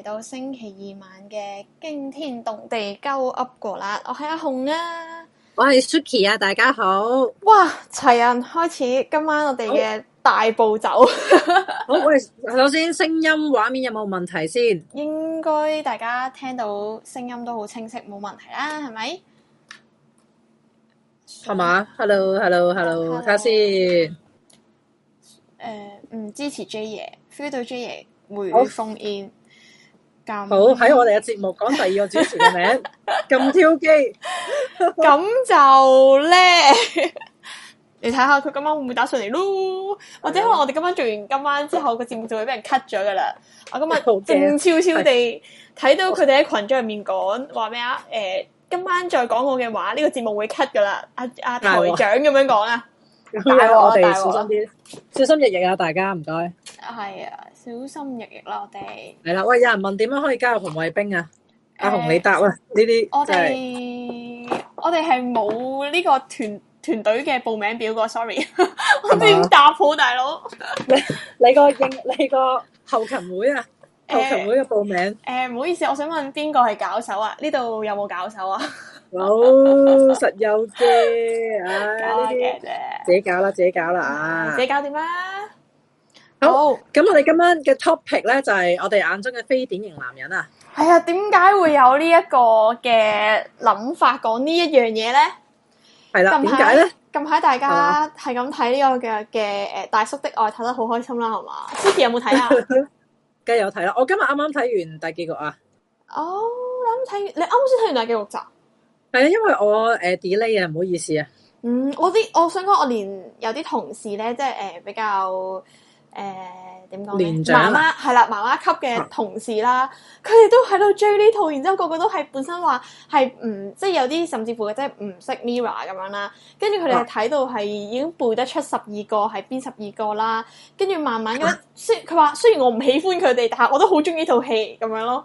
嚟到星期二晚嘅驚天動地 9up 過啦，我係阿紅啊，我係 Suki 啊，大家好，哇，齊人，開始今晚我哋嘅大步走，好，我哋首先聲音畫面有冇問題先？應該大家聽到聲音都好清晰，冇問題啦，係咪？係嘛，Hello，Hello，Hello，睇下先。誒，唔支持 J 爺，feel 到 J 爺會 phone in。按好，喺我哋嘅節目講第二個主持嘅名，咁挑機，咁就咧，你睇下佢今晚會唔會打上嚟咯？吧或者可能我哋今晚做完今晚之後，這個節目就會俾人 cut 咗噶啦。我今日靜悄悄地睇到佢哋喺群組入面講話咩啊？誒、呃，今晚再講我嘅話，呢、這個節目會 cut 噶啦。阿、啊、阿、啊、台長咁樣講啊， 大王大 我哋小心啲，小心翼翼啊！大家唔該，係啊。 小心翼翼啦，我哋係啦。喂，有人問點樣可以加入紅衛兵啊？阿紅你答啊，呢啲我哋我哋係冇呢個團團隊嘅報名表過，sorry，我點答好大佬？你你個應你個後勤會啊？後勤會嘅報名？誒，唔好意思，我想問邊個係搞手啊？呢度有冇搞手啊？有，實有嘅，啊，呢啲自己搞啦，自己搞啦，啊，自己搞掂啦。好，咁，我哋今晚嘅 topic 咧就係、是、我哋眼中嘅非典型男人啊。係啊，點解會有一呢一個嘅諗法講呢一樣嘢咧？係啦，點解咧？近排大家係咁睇呢個嘅嘅誒大叔的愛，睇得好開心啦，係嘛？Suki 有冇睇啊？梗係有睇啦。 我今日啱啱睇完第幾局啊？哦，啱睇，你啱先睇完第幾局集？係啊，因為我誒、呃、delay 啊，唔好意思啊。嗯，我啲我想講，我連有啲同事咧，即係誒比較。誒，點講、呃？媽媽係啦，媽媽長級嘅同事啦，佢哋、啊、都喺度追呢套，然之後個個都係本身話係唔即係有啲甚至乎即係唔識 Mirror 咁樣啦。跟住佢哋睇到係已經背得出十二個係邊十二個啦。跟住慢慢咁，雖佢話雖然我唔喜歡佢哋，但係我都好中意呢套戲咁樣咯。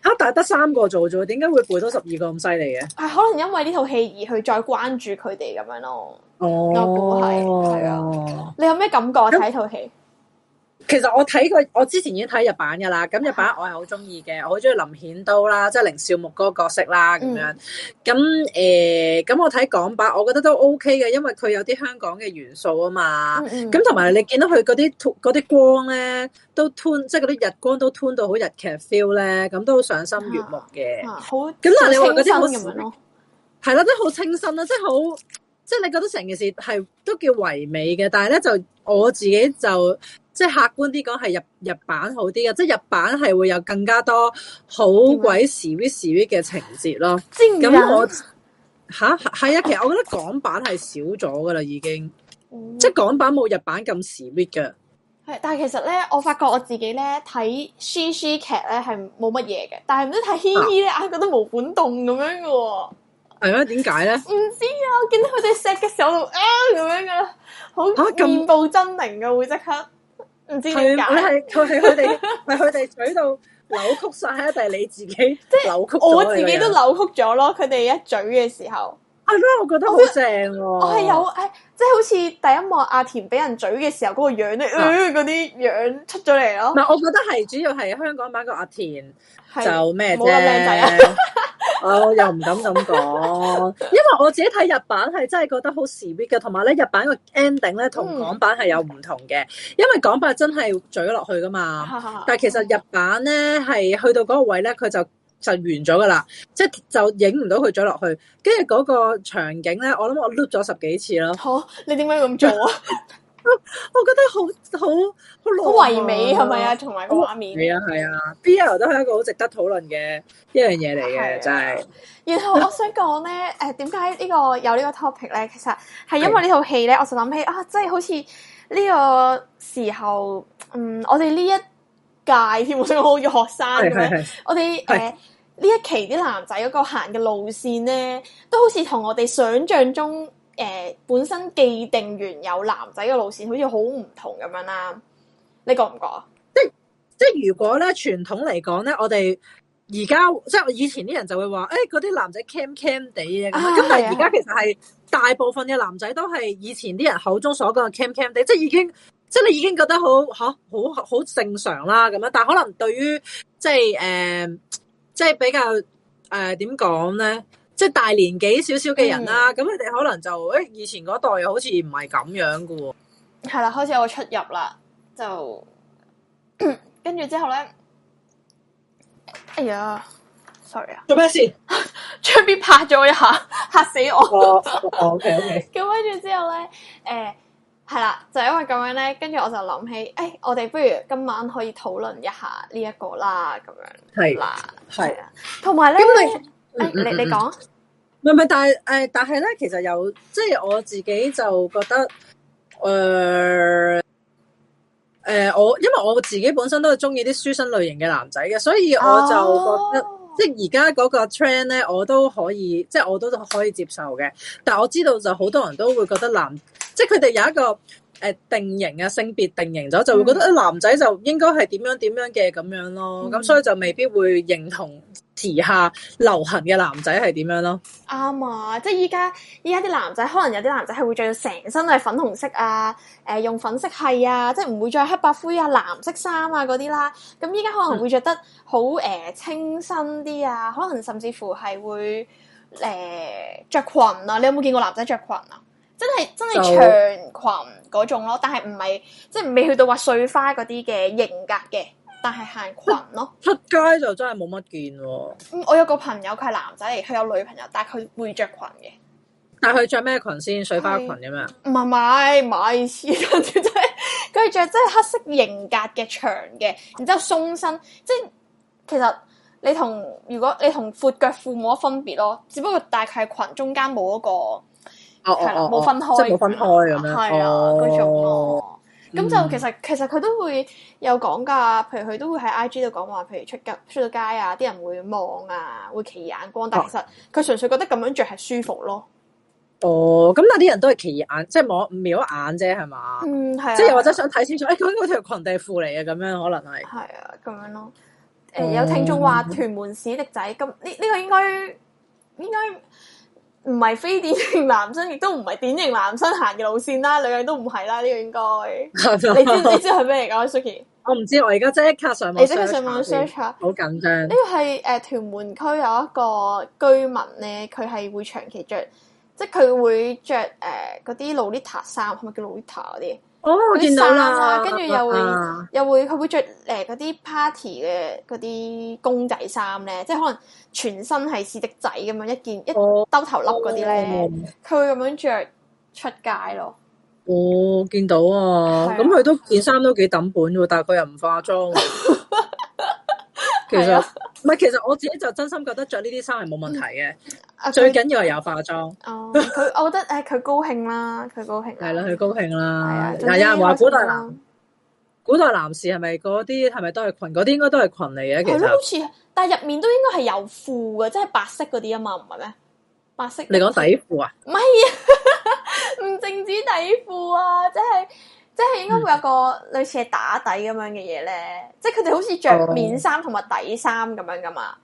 吓、啊，但係得三個做咗，點解會背多十二個咁犀利嘅？係、啊、可能因為呢套戲而去再關注佢哋咁樣咯。哦，都係係啊。嗯、你有咩感覺睇套戲？其實我睇過，我之前已經睇日版噶啦，咁日版我係好中意嘅，我好中意林遣都啦，即係凌少木嗰個角色啦，咁樣。咁誒、嗯、咁、呃、我睇港版，我覺得都 OK 嘅，因為佢有啲香港嘅元素啊嘛。咁同埋你見到佢嗰啲，啲光咧都即係嗰啲日光都 turn 到好日劇 feel 咧，咁都好賞心悅目嘅、啊啊。好，咁但係你話嗰啲好，係咯，即係好清新啦，即係好，即係你覺得成件事係都叫唯美嘅，但係咧就。我自己就即係客觀啲講，係日日版好啲嘅，即係日版係會有更加多好鬼 sweet sweet 嘅情節咯。咁我吓係啊，其實我覺得港版係少咗噶啦，已經，嗯、即係港版冇日版咁 sweet 嘅。係，但係其實咧，我發覺我自己咧睇 C C 劇咧係冇乜嘢嘅，但係唔知睇 E E 咧，硬、啊、覺得冇本動咁樣噶喎。係咩？點解咧？唔知啊，我見到佢哋錫嘅時候，就啊咁樣噶、啊。吓！變報真名嘅會即刻，唔 知點解，係佢係佢哋係佢哋嘴到扭曲曬啊，定係你自己即係扭曲？ 我自己都扭曲咗咯。佢哋一嘴嘅時候，係、啊、我覺得好正、哦。我係有誒，即係好似第一幕阿田俾人嘴嘅時候嗰、嗰個樣咧，嗰、呃、啲、啊、樣出咗嚟咯。唔、啊、我覺得係主要係香港版個阿田是就咩冇咁靚仔。 我、oh，又唔敢咁講，因為我自己睇日版係真係覺得好 sweet 嘅，同埋咧日版個 ending 咧同港版係有唔同嘅，因為港版真係咀落去噶嘛， 但係其實日版咧係去到嗰個位咧，佢就就完咗噶啦，即係就影、是、唔到佢咀落去，跟住嗰個場景咧，我諗我碌咗十幾次咯。好， 你點解咁做啊？我覺得好好好唯美係咪哇啊？同埋個畫面係啊，係啊，BL 都係一個好值得討論嘅一樣嘢嚟嘅， 啊、真係。然後我想講咧，誒，點解呢個有呢個 topic 咧？其實係因為呢套戲咧，我就諗起啊，啊，即係好似呢個時候，嗯，我哋呢一屆添，我想我學生，啊啊啊啊、我哋誒呢一期啲男仔嗰個行嘅路線咧，都好似同我哋想象中。誒、呃、本身既定原有男仔嘅路線，好似好唔同咁樣啦，你覺唔覺啊？即即如果咧傳統嚟講咧，我哋而家即以前啲人就會話，誒嗰啲男仔 cam cam 地嘅，咁、啊、但係而家其實係的大部分嘅男仔都係以前啲人口中所講嘅 cam cam 地，即已經即你已經覺得好嚇好好正常啦咁樣，但可能對於即係誒、呃、即比較誒點講咧？呃即係大年紀少少嘅人啦，咁佢哋可能就誒、欸，以前嗰代又好似唔係咁樣嘅喎。係啦，開始有出入啦，就跟住 之後咧，哎呀，sorry 啊，做咩先？出邊 拍咗一下，嚇死我！哦、 oh, oh,，OK OK。咁跟住之後咧，誒、呃，係啦，就因為咁樣咧，跟住我就諗起，誒、哎，我哋不如今晚可以討論一下呢一個啦，咁樣。係。嗱，係啊，同埋咧。你你講，唔係唔係，但係誒，但係咧，其實有，即係我自己就覺得，誒，誒，我因為我自己本身都係中意啲書生類型嘅男仔嘅，所以我就覺得，即係而家嗰個 trend 咧，我都可以，即係我都都可以接受嘅。但係我知道就好多人都會覺得男，即係佢哋有一個。呃、定型啊，性別定型咗，就會覺得，嗯哎，男仔就應該係點樣點樣嘅咁樣咯，咁、嗯、所以就未必會認同時下流行嘅男仔係點樣咯。啱，嗯，啊，即係依家依家啲男仔可能有啲男仔係會着到成身係粉紅色啊，誒，呃、用粉色系啊，即係唔會着黑白灰啊、藍色衫啊嗰啲啦。咁依家可能會着得好誒，嗯呃，清新啲啊，可能甚至乎係會誒着，呃、裙啊。你有冇見過男仔着裙啊？真係真係長裙嗰種咯，但係唔係即係未去到話碎花嗰啲嘅型格嘅，但係限裙咯。出街就真係冇乜見。我有個朋友佢係男仔嚟，佢有女朋友，但係佢會着裙嘅。但係佢着咩裙先？碎花裙咁樣？唔係唔係，買絲裙啫。佢着即係黑色型格嘅長嘅，然之後鬆身，即係其實你同如果你同闊腳褲冇乜分別咯，只不過大概係裙中間冇一個。係啦，冇、哦哦哦、 分開，即係冇分開咁樣，係 啊嗰種咯。咁就其實其實佢都會有講噶，譬如佢都會喺 I G 度講話，譬如出街出到街啊，啲人會望啊，會奇異眼光，但其實佢純粹覺得咁樣着係舒服咯。哦，咁那啲人都係奇異眼，即係望瞄一眼啫，係嘛？嗯，係、啊。即係又或者想睇清楚，誒、啊，嗰嗰、啊嗯哎、條裙定褲嚟嘅咁樣，可能係。係、嗯、啊，咁樣咯。誒， 有聽眾話屯門市的仔咁，呢 呢、 嗯這個應該應該。唔係非典型男生，亦都唔係典型男生行嘅路線、這個、啦，兩樣都唔係啦，呢個應該。 你知唔知 知係咩嚟噶？Suki，我唔知，我而家即刻上網。你即係上網 search 下，好緊張。呢個係誒、呃，屯門區有一個居民咧，佢係會長期着，即係佢會着誒嗰啲 Lolita 衫，係、呃、咪叫 Lolita 嗰啲？啲衫啊，跟住又會又會，佢、啊、會着誒嗰啲 party 嘅嗰啲公仔衫咧，即係可能全身係似的仔咁樣一件、哦、一件兜頭笠嗰啲咧，佢、哦哦哦、會咁樣着出街咯。哦，見到啊，咁佢、啊、都件衫、啊、都幾揼本喎，但係佢又唔化妝。 其實唔係， 其實我自己就真心覺得着呢啲衫係冇問題嘅。啊、最緊要係有化妝。哦，佢，我覺得誒，佢、呃、高興啦，佢高興。係啦，佢高興啦。係啊， 嗱，有人話古代男，古代男士係咪嗰啲？係咪都係裙？嗰啲應該都係裙嚟嘅。其實，好似，但係入面都應該係有褲嘅，即係白色嗰啲啊嘛，唔係咩？白色？你講底褲啊？唔係啊，唔淨止底褲啊，即係。即係應該會有個類似係打底咁樣嘅嘢咧，即係佢哋好似着面衫同埋底衫咁樣噶嘛。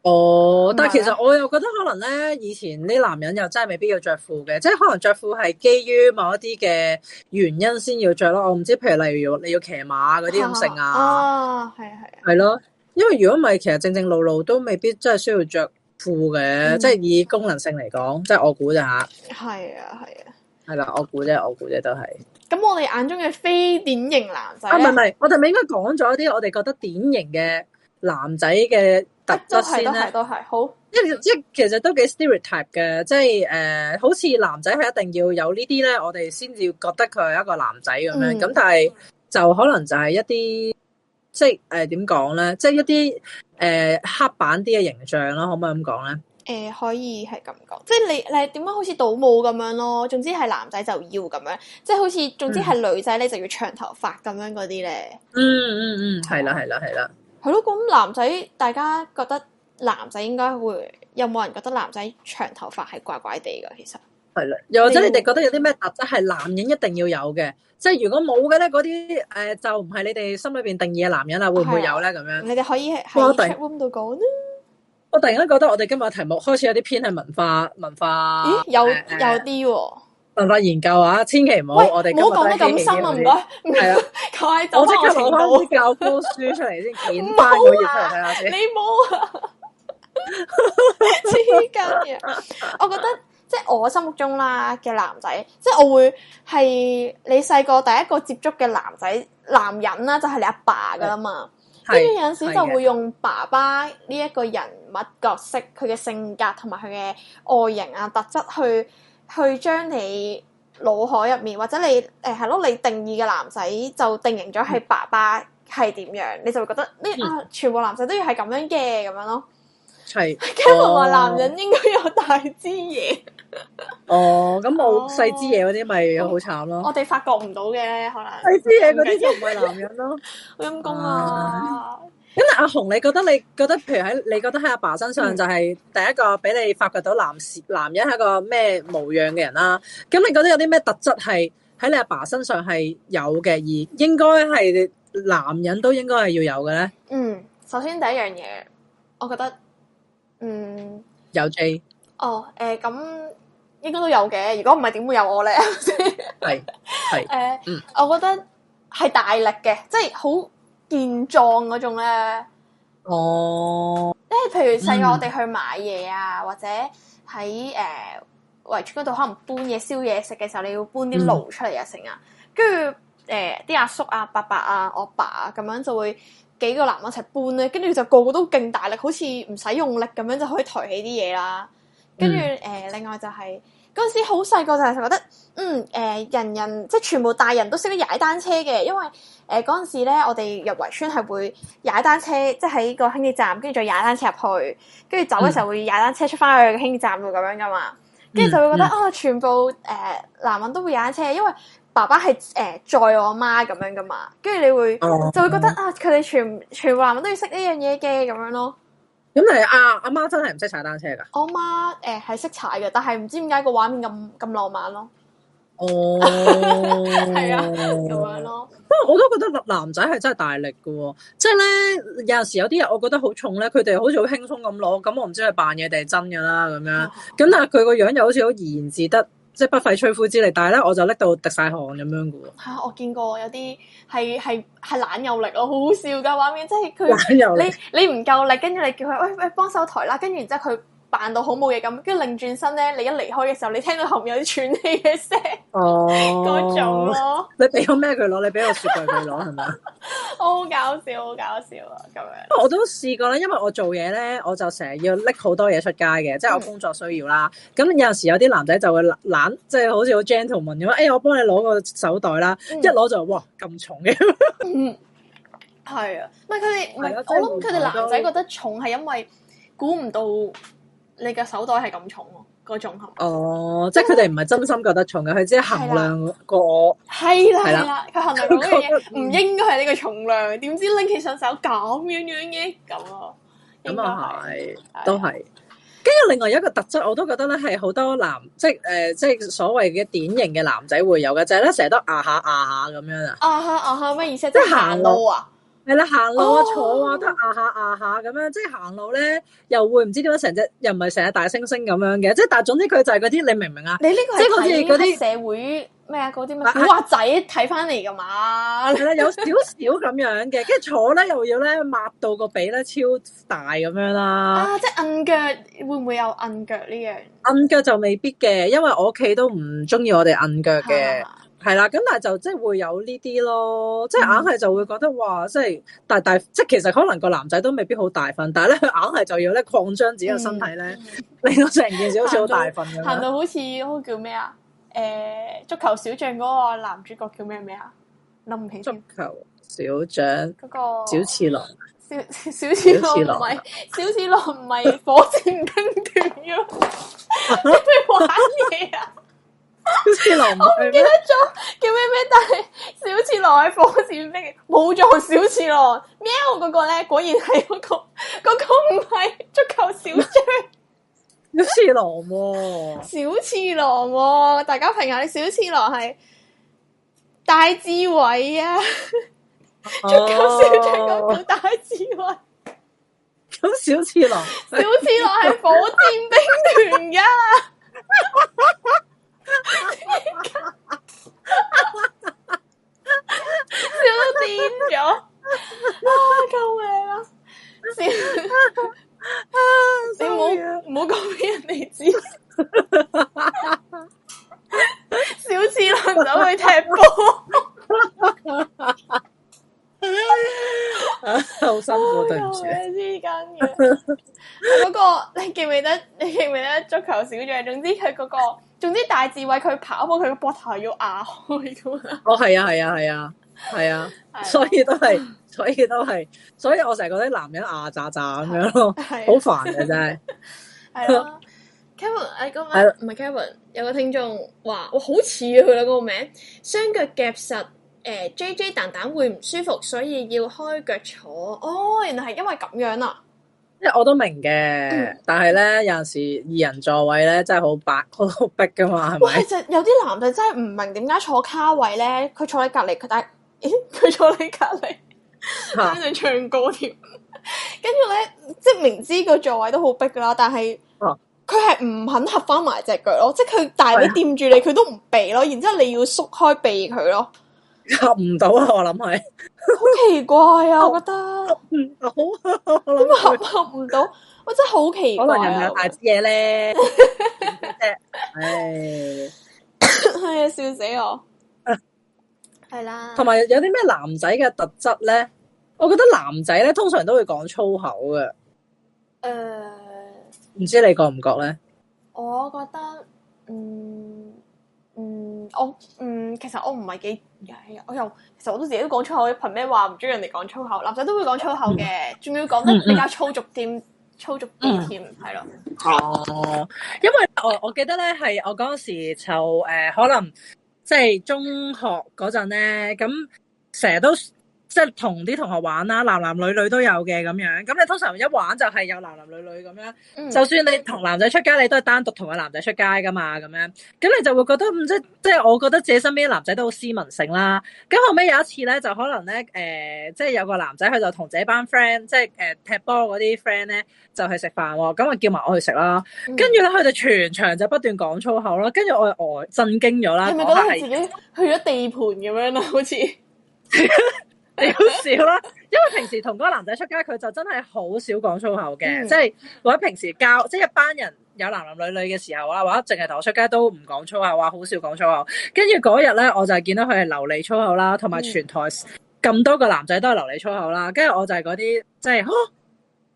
哦，但係其實我又覺得可能咧，以前啲男人又真係未必要着褲嘅，即係可能着褲係基於某一啲嘅原因先要着咯。我唔知，譬如例如你要騎馬嗰啲咁性啊，係係係咯。因為如果唔係，其實正正路路都未必真係需要着褲嘅，嗯、即係以功能性嚟講，即係我估咋？吓。係啊係啊，係啦、啊啊，我估啫，我估啫，都係。咁我哋眼中嘅非典型男仔啊，唔係，我哋咪應該講咗一啲我哋覺得典型嘅男仔嘅特質先咧，都係好，因為即其實都幾 stereotype 嘅，即係誒、呃，好似男仔係一定要有呢啲咧，我哋先至覺得佢係一個男仔咁樣，咁、嗯、但係就可能就係一啲即係誒點講咧，即係、呃、一啲誒、呃、黑板啲嘅形象啦，可唔可以咁講咧？誒、呃，可以係咁講，即係你你點樣好似倒模咁樣咯。總之係男仔就要咁樣，即係好似總之係女仔咧，嗯，就要長頭髮咁樣嗰啲咧。嗯嗯嗯，係啦係啦係啦。係咯，咁，啊，男仔大家覺得男仔應該會有冇人覺得男仔長頭髮係怪怪地噶？其實係啦，又或者你哋覺得有啲咩特質係男人一定要有嘅？即係如果冇嘅咧，嗰啲誒就唔係你哋心裏邊定義嘅男人啦。會唔會有咧？咁的樣你哋可以喺 chat room 度講啦。我突然間覺得我哋今日嘅題目開始有啲偏係文化文化，文化咦有有啲、哦、文化研究啊，千祈唔好我哋唔好講得咁深啊唔該，係啊，了 求係導航程度我即刻攞翻啲教科書出嚟先，剪翻睇下你冇啊？黐筋嘅，我覺得即係、就是、我心目中啦嘅男仔，即、就、係、是、我會係你細個第一個接觸嘅男仔男人啦，就係你阿爸㗎啦嘛。嗯跟住有陣時就會用爸爸呢一個人物角色，佢嘅的性格同埋佢嘅外形啊、特質，去去將你腦海入面或者你誒係咯，你定義嘅男仔就定型咗係爸爸係點樣，你就會覺得呢的啊全部男仔都要係咁樣嘅咁樣咯。係的，跟住話男人應該有大支嘢。 哦，咁冇細枝嘢，嗰啲咪好慘咯。我哋發覺唔到嘅，可能細枝嘢嗰啲就唔係男人咯，好陰公啊！咁但係阿紅，你覺得你覺得譬如喺你覺得喺阿爸身上就係第一個俾你發覺到男士男人係一個咩模樣嘅人啦？咁你覺得有啲咩特質係喺你阿爸身上係有嘅，而應該係男人都應該係要有嘅咧？嗯，首先第一樣嘢，我覺得嗯有 J 哦，誒咁。應該都有嘅，如果唔係點會有我咧？係係誒，呃嗯、我覺得係大力嘅，即係好健壯嗰種咧。哦，即係譬如細個我哋去買嘢啊，嗯、或者喺誒圍村嗰度可能搬嘢、燒嘢食嘅時候，你要搬啲爐出嚟啊，成啊、嗯，跟住誒啲阿叔啊、伯伯啊、我爸啊咁樣就會幾個男人一齊搬咧，跟住就個個都勁大力，好似唔使用力咁樣就可以抬起啲嘢啦。跟住誒，另外就係嗰陣時好細個，就係覺得嗯誒、呃，人人即係全部大人都識得踩單車嘅，因為誒嗰陣時咧，我哋入圍村係會踩單車，即係喺個輕鐵站，跟住再踩單車入去，跟住走嘅時候會踩單車出翻去個輕鐵站度咁樣噶嘛，跟住就會覺得、嗯嗯、啊，全部誒、呃、男人都會踩單車，因為爸爸係誒載我媽咁樣噶嘛，跟住你會、嗯嗯、就會覺得啊，佢哋全全部男人都要識呢樣嘢嘅咁樣咯。咁但係阿阿媽真係唔識踩單車㗎？我媽誒係識踩嘅，但係唔知點解個畫面咁咁浪漫咯。哦，係 啊，咁 樣咯。不過我都覺得男仔係真係大力嘅喎，哦，即係咧有陣時有啲人我覺得重好重咧，佢哋好似好輕鬆咁攞，咁我唔知係扮嘢定係真嘅啦咁樣。咁，哦，但係佢個樣又好似好怡然自得。即係不費吹灰之力，但係咧我就拎到滴晒汗咁樣嘅喎。啊，我見過有啲係係係懶有力咯，好好笑嘅畫面。即係佢，你你唔夠力，跟住你叫佢喂，喂幫手抬啦，跟住然之後佢。扮到好冇嘢咁，跟住擰轉身咧，你一離開嘅時候，你聽到後面有啲喘氣嘅聲，哦，嗰種咯。你俾個咩佢攞？你俾個雪櫃佢攞係咪啊？ 好搞笑，好搞笑啊！咁樣，我都試過啦。因為我做嘢咧，我就成日要拎好多嘢出街嘅，即係我工作需要啦。咁、mm. 有陣時有啲男仔就會懶，即、就、係、是、好似好 gentleman 咁。誒、欸，我幫你攞個手袋啦，mm. 一攞就哇咁重嘅。嗯、 mm.，係啊，唔係佢哋，我諗佢哋男仔覺得重係因為估唔到。你嘅手袋係咁重喎、喔，嗰種係。哦、oh, 但，即係佢哋唔係真心覺得重嘅，佢只係衡、e、的量過我。係啦，係啦，佢衡量嗰嘢唔應該係呢個重量，點知拎起上手咁樣樣嘅咁啊？咁啊係，都係。跟、嗯、住另外一個特質，我都覺得咧係好多男，即係誒、呃，即係所謂嘅典型嘅男仔會有嘅就係咧，成日都壓下壓下咁樣啊。壓下壓下咩意思？即係行路啊。係啦，行路啊，坐啊，都壓下壓下咁樣。即係行路咧，又會唔知點解成隻又唔係成隻大猩猩咁樣嘅。即係但係總之佢就係嗰啲你明唔明啊？你呢個即係睇嗰啲社會咩啊，嗰啲乜古惑仔睇翻嚟噶嘛？係啦， 有少少咁樣嘅，跟住坐咧又要咧抹到個髀咧超大咁樣啦。啊，即係摁腳會唔會有摁腳呢樣？摁腳就未必嘅，因為我屋企都唔中意我哋摁腳嘅。 係啦，咁、嗯、但係就即係會有呢啲咯，即係硬係就會覺得哇，即係大大，即係其實可能個男仔都未必好大份，但係咧佢硬係就要咧擴張自己個身體咧，嗯嗯、令到成件事好似好大份咁。行到，到好似嗰個叫咩啊？誒、欸，足球小將嗰個男主角叫咩咩啊？諗唔起，足球小將嗰個小次郎，小小，小次郎唔係小次郎唔係火箭兵團嘅咩？玩嘢啊！小次郎， 我唔記得咗叫咩咩，但係小次郎喺火箭兵冇錯，小次郎，喵嗰個咧果然係、那個、那個個唔係足球小將， 小次郎、哦，小次郎、哦，大家評下你小次郎係大智慧啊， 足球小將個個大智慧， 小次郎，小次郎係火箭兵團噶。笑到癲咗！啊， 救命啊！笑， 你！你唔好唔好講俾人哋知， 小次郎走去踢波 啊，好辛苦，對唔住。 足球小將，總之佢嗰、嗰個，總之戴志偉佢跑過，佢個膊頭要壓開㗎嘛。 哦，係啊，係啊，係啊，係啊， 啊所，所以都係，所以都係，所以我成日覺得男人牙渣渣咁樣咯，好煩呀真係。Kevin，哎、啊，今日係唔係 Kevin？有個聽眾話，我好似佢啦，嗰個名，雙腳夾實，誒、呃、，J J 蛋，蛋蛋會唔舒服，所以要開腳坐哦。哦，原來係因為咁樣啊。即係我都明嘅，但係咧有陣時二人座位咧真係好白，好好逼噶嘛，係咪？其實有啲男仔真係唔明點解坐卡位咧，佢坐喺隔籬，佢但係，咦？佢坐喺隔籬，跟住、啊、 唱歌添。跟住咧，即係明知個座位都好逼噶啦，但係，佢係唔肯合翻埋隻腳咯，即係佢大髀掂住你，佢喂都唔避咯，然之後你要縮開避佢咯。合唔到啊！我諗係 好奇怪啊，我覺得唔好啊，點合不合唔到？ 我真係好奇怪，啊，我話人有大隻嘢咧，唉，係啊，笑死我！係 啦，同埋有啲咩男仔嘅特質咧？我覺得男仔咧通常都會講粗口嘅。誒、呃，唔知你覺唔覺咧？我覺得，嗯。嗯，我嗯，其實我唔係幾，我又，其實我都自己都講粗口，憑咩話唔中意人哋講粗口？男仔都會講粗口嘅，仲要講得比較粗俗啲，嗯、粗俗啲添，係咯、嗯。了哦，因為我我記得咧，係我嗰時就誒、呃，可能即係、就是、中學嗰陣咧，咁成日都。即係同啲同學玩啦，男男女女都有嘅咁樣。咁你通常一玩就係、是、有男男女女咁樣。嗯、就算你同男仔出街，你都係單獨同個男仔出街㗎嘛咁樣。咁你就會覺得、嗯、即即係我覺得自己身邊男仔都好斯文性啦。咁後尾有一次咧，就可能咧誒、呃，即係有個男仔佢就同這班 friend 即係誒、呃、踢波嗰啲 friend 咧，就去食飯喎、啊。咁啊叫埋我去食啦。跟住咧佢哋全場就不斷講粗口咯。跟住我我、呃、震驚咗啦。係咪覺得自己去咗地盤咁樣啦？好似。 你好笑啦， 因為平時同嗰個男仔出街，佢就真係好少講粗口嘅，嗯、即係或者平時教，即係一班人有男男女女嘅時候啦，或者淨係同我出街都唔講粗口，話好少講粗口。跟住嗰日咧，我就係見到佢係流利粗口啦，同埋全台咁多個男仔都係流利粗口啦。跟住我就係嗰啲，即係、啊，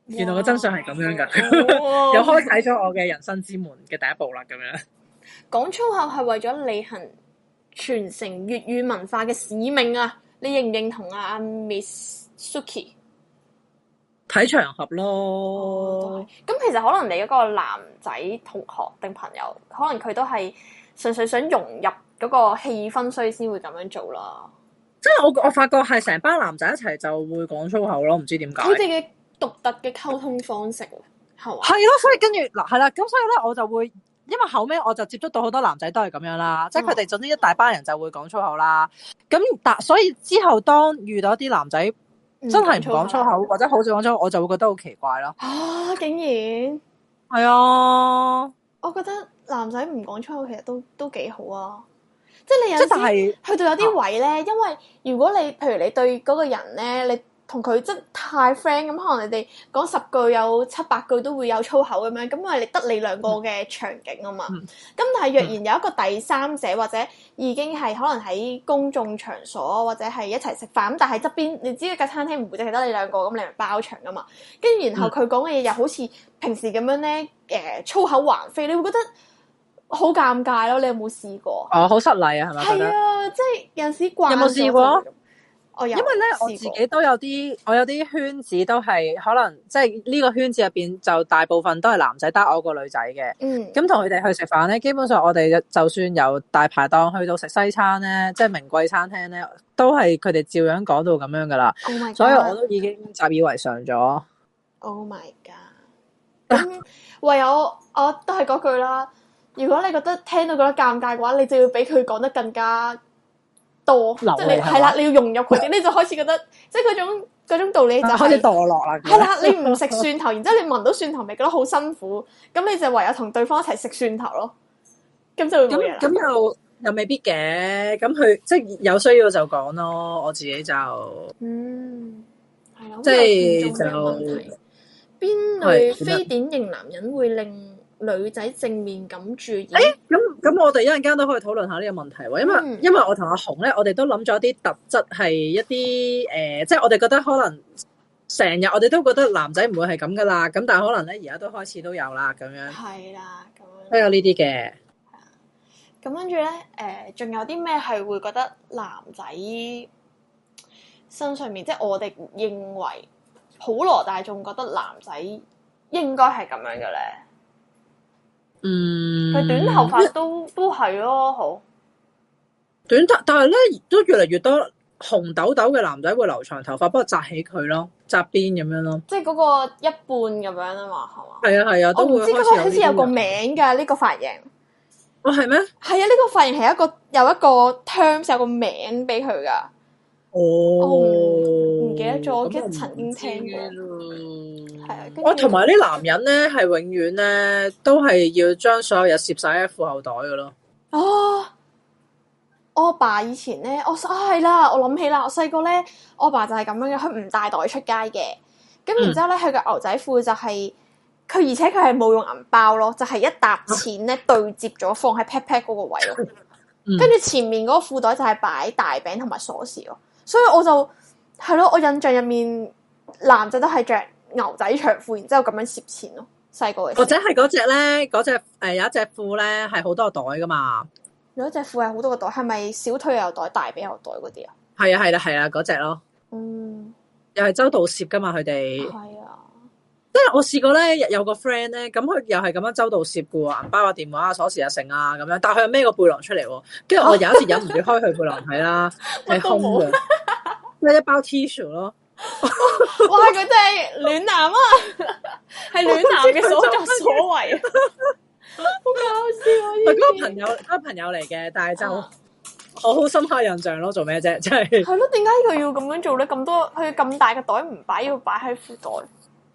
原來個真相係咁樣噶，哇 又開啟咗我嘅人生之門嘅第一步啦。咁樣講粗口係為咗履行傳承粵語文化嘅使命啊！你認唔認同啊，Miss Suki？睇場合咯。咁、oh, 其實可能你嗰個男仔同學定朋友，可能佢都係純粹想融入嗰個氣氛，所以先會咁樣做啦。即係我我發覺係成班男仔一齊就會講粗口咯，唔知點解。佢哋嘅獨特嘅溝通方式係嘛？係咯，所以跟住嗱係啦，咁所以咧我就會。因為後尾我就接觸到好多男仔都係咁樣啦，嗯、即係佢哋總之一大班人就會講粗口啦。咁但所以之後當遇到一啲男仔真係唔講粗口或者好少講粗口，我就會覺得好奇怪囉。啊，竟然係啊！我覺得男仔唔講粗口其實都都幾好啊，即係你有啲即係去到有啲位咧，啊、因為如果你譬如你對嗰個人咧，你。同佢真太 friend 咁，可能你哋講十句有七八句都會有粗口咁樣，咁因為得你兩個嘅場景啊嘛。咁、嗯嗯、但係若然有一個第三者或者已經係可能喺公眾場所或者係一齊食飯咁，但係側邊你知架餐廳唔會淨係得你兩個咁，你係包場噶嘛。跟住然後佢講嘅嘢又好似平時咁樣咧，誒、呃、粗口橫飛，你會覺得好尷尬咯。你有冇試過？哦，好失禮啊，係咪？係啊，即係有時慣有冇試過？因為咧，過我自己都有啲，我有啲圈子都係可能，即係呢個圈子入邊就大部分都係男仔，得我一個女仔嘅。嗯，咁同佢哋去食飯咧，基本上我哋就算由大排檔去到食西餐咧，即係名貴餐廳咧，都係佢哋照樣講到咁樣噶啦。Oh my god！所以我都已經習以為常咗。Oh my god！ 唯有我，我都係嗰句啦。如果你覺得聽到覺得尷尬嘅話，你就要比佢講得更加。多流係了啦，你,吧你要融入佢哋，吧你就開始覺得，即係嗰種嗰種道理就是、開始墮落啦。係啦，你唔食蒜頭， 然之後你聞到蒜頭咪覺得好辛苦，咁你就唯有同對方一齊食蒜頭咯。咁就會冇嘢啦。咁又又未必嘅，咁佢即係有需要就講咯。我自己就嗯係咯，即係是就邊類非典型男人會令。女仔正面感著，誒、哎，咁咁，我哋一陣間都可以討論下呢個問題喎。因為、嗯、因為我同阿紅咧，我哋都諗咗啲特質係一啲誒、呃，即係我哋覺得可能成日，我哋都覺得男仔唔會係咁噶啦。咁但係可能咧，而家都開始都有啦，咁樣係啦，咁、啊嗯、都有、嗯、呢啲嘅。咁跟住咧，誒，仲有啲咩係會覺得男仔身上面，即、就、係、是、我哋認為普羅大眾覺得男仔應該係咁樣嘅咧？嗯，佢短頭髮都都係咯、哦，好短頭，但係咧都越嚟越多紅豆豆嘅男仔會留長頭髮，不過紮起佢咯，紮邊咁樣咯，即係嗰個一半咁樣啊嘛，係嘛？係啊，係啊，我唔知佢好似有個名噶呢個髮型，哦係咩？係啊，呢、嗯呢個髮型係一個有一個 terms、這個哦啊這個、有，個，terms，有個名俾佢噶，哦。Um, 記得咗曾經聽過，係啊！我同埋啲男人咧，係永遠咧都係要將所有嘢攝晒喺褲後袋嘅咯。啊！我爸以前咧，我啊啦，我諗起啦，我細個咧，我爸，爸就係咁樣嘅，佢唔帶袋出街嘅。咁然之後咧，佢個、嗯、牛仔褲就係、是、佢，而且佢係冇用銀包咯，就係、是、一沓錢咧、啊、對接咗放喺 pat pat 嗰個位咯。跟住、嗯、前面嗰個褲袋就係擺大餅同埋鎖匙咯，所以我就。係咯， 我印象入面男仔都係着牛仔長褲，然之後咁樣攝錢咯，細個嘅。或者係嗰隻咧，嗰隻誒有一隻褲咧係好多袋噶嘛。有一隻褲係好多個袋，係咪小腿又有袋，大髀又有袋嗰啲啊？係啊係啦係啊，嗰隻咯。嗯，又係周道攝噶嘛佢哋。係啊，即係我試過咧，有個 friend 咧，咁佢又係咁樣周道攝嘅喎，銀包啊、電話啊、鎖匙啊、成啊，咁樣，但係佢又孭個背囊出嚟，跟住我有一次忍唔住開佢背囊睇 啦，係空嘅。 咪一包 T 恤咯， 哇！佢真係暖男啊，係 暖男嘅所作所為，我 好搞笑！係、啊、朋友，係朋友嚟嘅，但係就、uh。我好深刻印象咯。做咩啫？即係係咯？點解佢要咁樣做咧？咁多佢咁大嘅袋唔擺，要擺喺褲袋？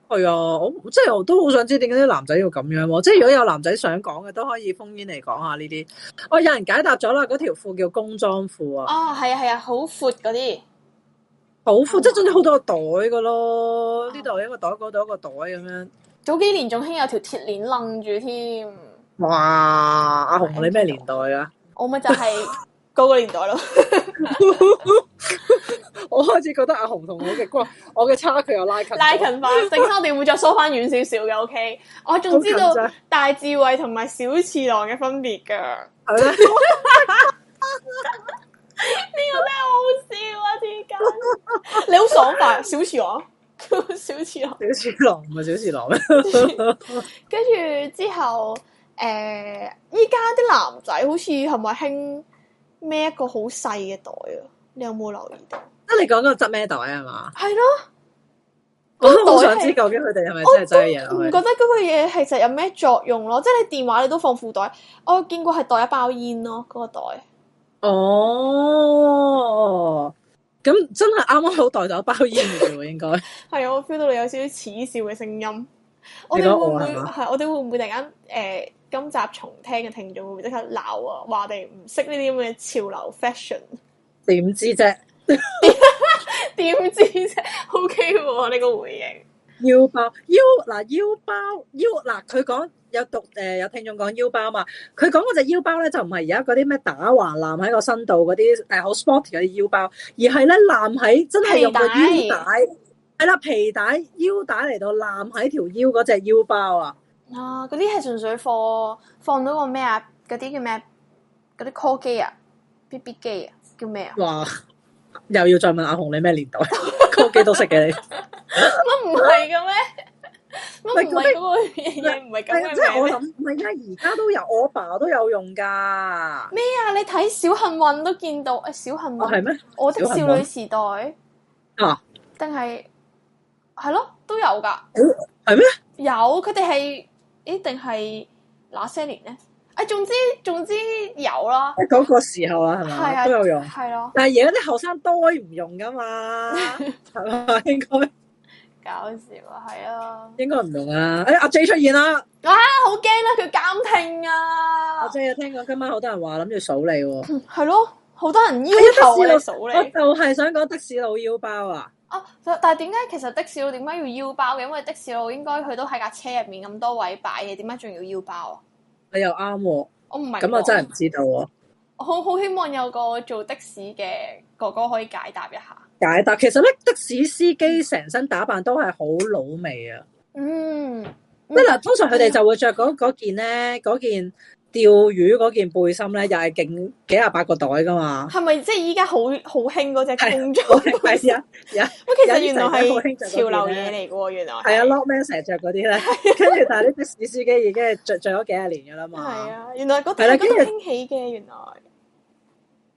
係啊、 哎，我即係我都好想知點解啲男仔要咁樣。即係如果有男仔想講嘅，都可以烽煙嚟講下呢啲。我、哦、有人解答咗啦，嗰條褲叫工裝褲啊。哦，係啊，係啊，好闊嗰啲。好闊，即係真係好多個袋噶咯，呢度、啊、一個袋，嗰度一個袋咁樣。早幾年仲興有條鐵鏈楞住添。哇！阿紅、啊啊，你咩年代啊？我咪就係嗰個年代咯。 我開始覺得阿紅同我嘅我嘅差距又拉近 拉近翻，剩翻我哋會再縮翻遠少少嘅。O、okay? K，我仲知道大智慧同埋小次郎嘅分別噶。好、嗯 呢 個咩好笑啊！依家 你好爽快，小刺狼， 小刺狼，小刺狼唔係小刺狼。跟 住 之後，誒、呃，依家啲男仔好似係咪興孭一個好細嘅袋啊？你有冇留意到？啊，你講嗰個執咩袋啊？係嘛？係咯，我都好想知究竟佢哋係咪真係執嘢。唔覺得嗰個嘢其實有咩作用咯，即係你電話你都放褲袋，我見過係袋一包煙咯，嗰、嗰個袋。哦，咁真係啱啱好袋咗包煙嘅喎，應該係啊，我 feel 到你有少少恥笑嘅聲音。我哋會唔會係吧？我哋會唔會突然間誒、呃？今集重聽嘅聽眾會唔會即刻鬧啊？話我哋唔識呢啲咁嘅潮流 fashion？點知啫？點 知啫？O K，呢、okay 啊呢個回應。腰包，腰嗱，腰包，腰嗱，佢講有讀誒，有聽眾講腰包嘛，佢講嗰隻腰包咧，就唔係而家嗰啲咩打橫攬喺個身度嗰啲，誒，好 sport 嘅腰包，而係咧，攬喺，真係用個腰帶係啦，皮帶腰帶嚟到攬喺條腰嗰隻腰包啊。嗱，嗰啲係純粹放放咗個咩啊，嗰啲叫咩？嗰啲 call 機啊 bb 機啊叫咩啊哇又要再問阿紅你咩年代？我幾多識嘅你，乜唔係嘅咩？乜唔係咁嘅嘢？唔係咁嘅。即係我諗，唔係啊！而家都有，我爸都有用噶。咩啊？你睇小幸運都見到誒、哎！小幸運係咩？哦、我的少女時代啊？定係係咯，都有噶。係咩、哦？有佢哋係誒？定係那些年咧？誒、哎，總之。總之有啦，一嗰、啊那個時候啊，係咪都有用，係咯、啊。但係而家啲後生多唔用噶嘛，係咪？ 應該搞笑啊，係啊！應該唔用啊。哎，阿 J 出現啦，啊好驚啦，佢監聽啊。阿 J、嗯、啊，聽講今晚好多人話諗住數你，係咯，好多人要求你數你，哎、我就係想講的士佬腰包啊。啊，但係點解其實的士佬點解要腰包嘅？因為的士佬應該佢都喺架車入面咁多位擺嘅，點解仲要腰包啊？你又啱。嗯嗯 Oh、 我唔係咁，我真係唔知道喎。我好好希望有個做的士嘅哥哥可以解答一下。解答其實咧，的士司機成身打扮都係好老味啊。 嗯，咩、嗯、嗱，通常佢哋就會着嗰件咧，嗰 件。釣魚嗰件背心咧，又係幾幾廿八個袋噶嘛？係咪即係依家好好興嗰隻工裝？係啊，喂，其實原來係潮流嘢嚟噶喎，原來係啊，logman 成日着嗰啲咧。跟住， 但係呢隻的士司機已經係着着咗幾廿年噶啦嘛。係啊， 原來嗰啲係啦，興起嘅原來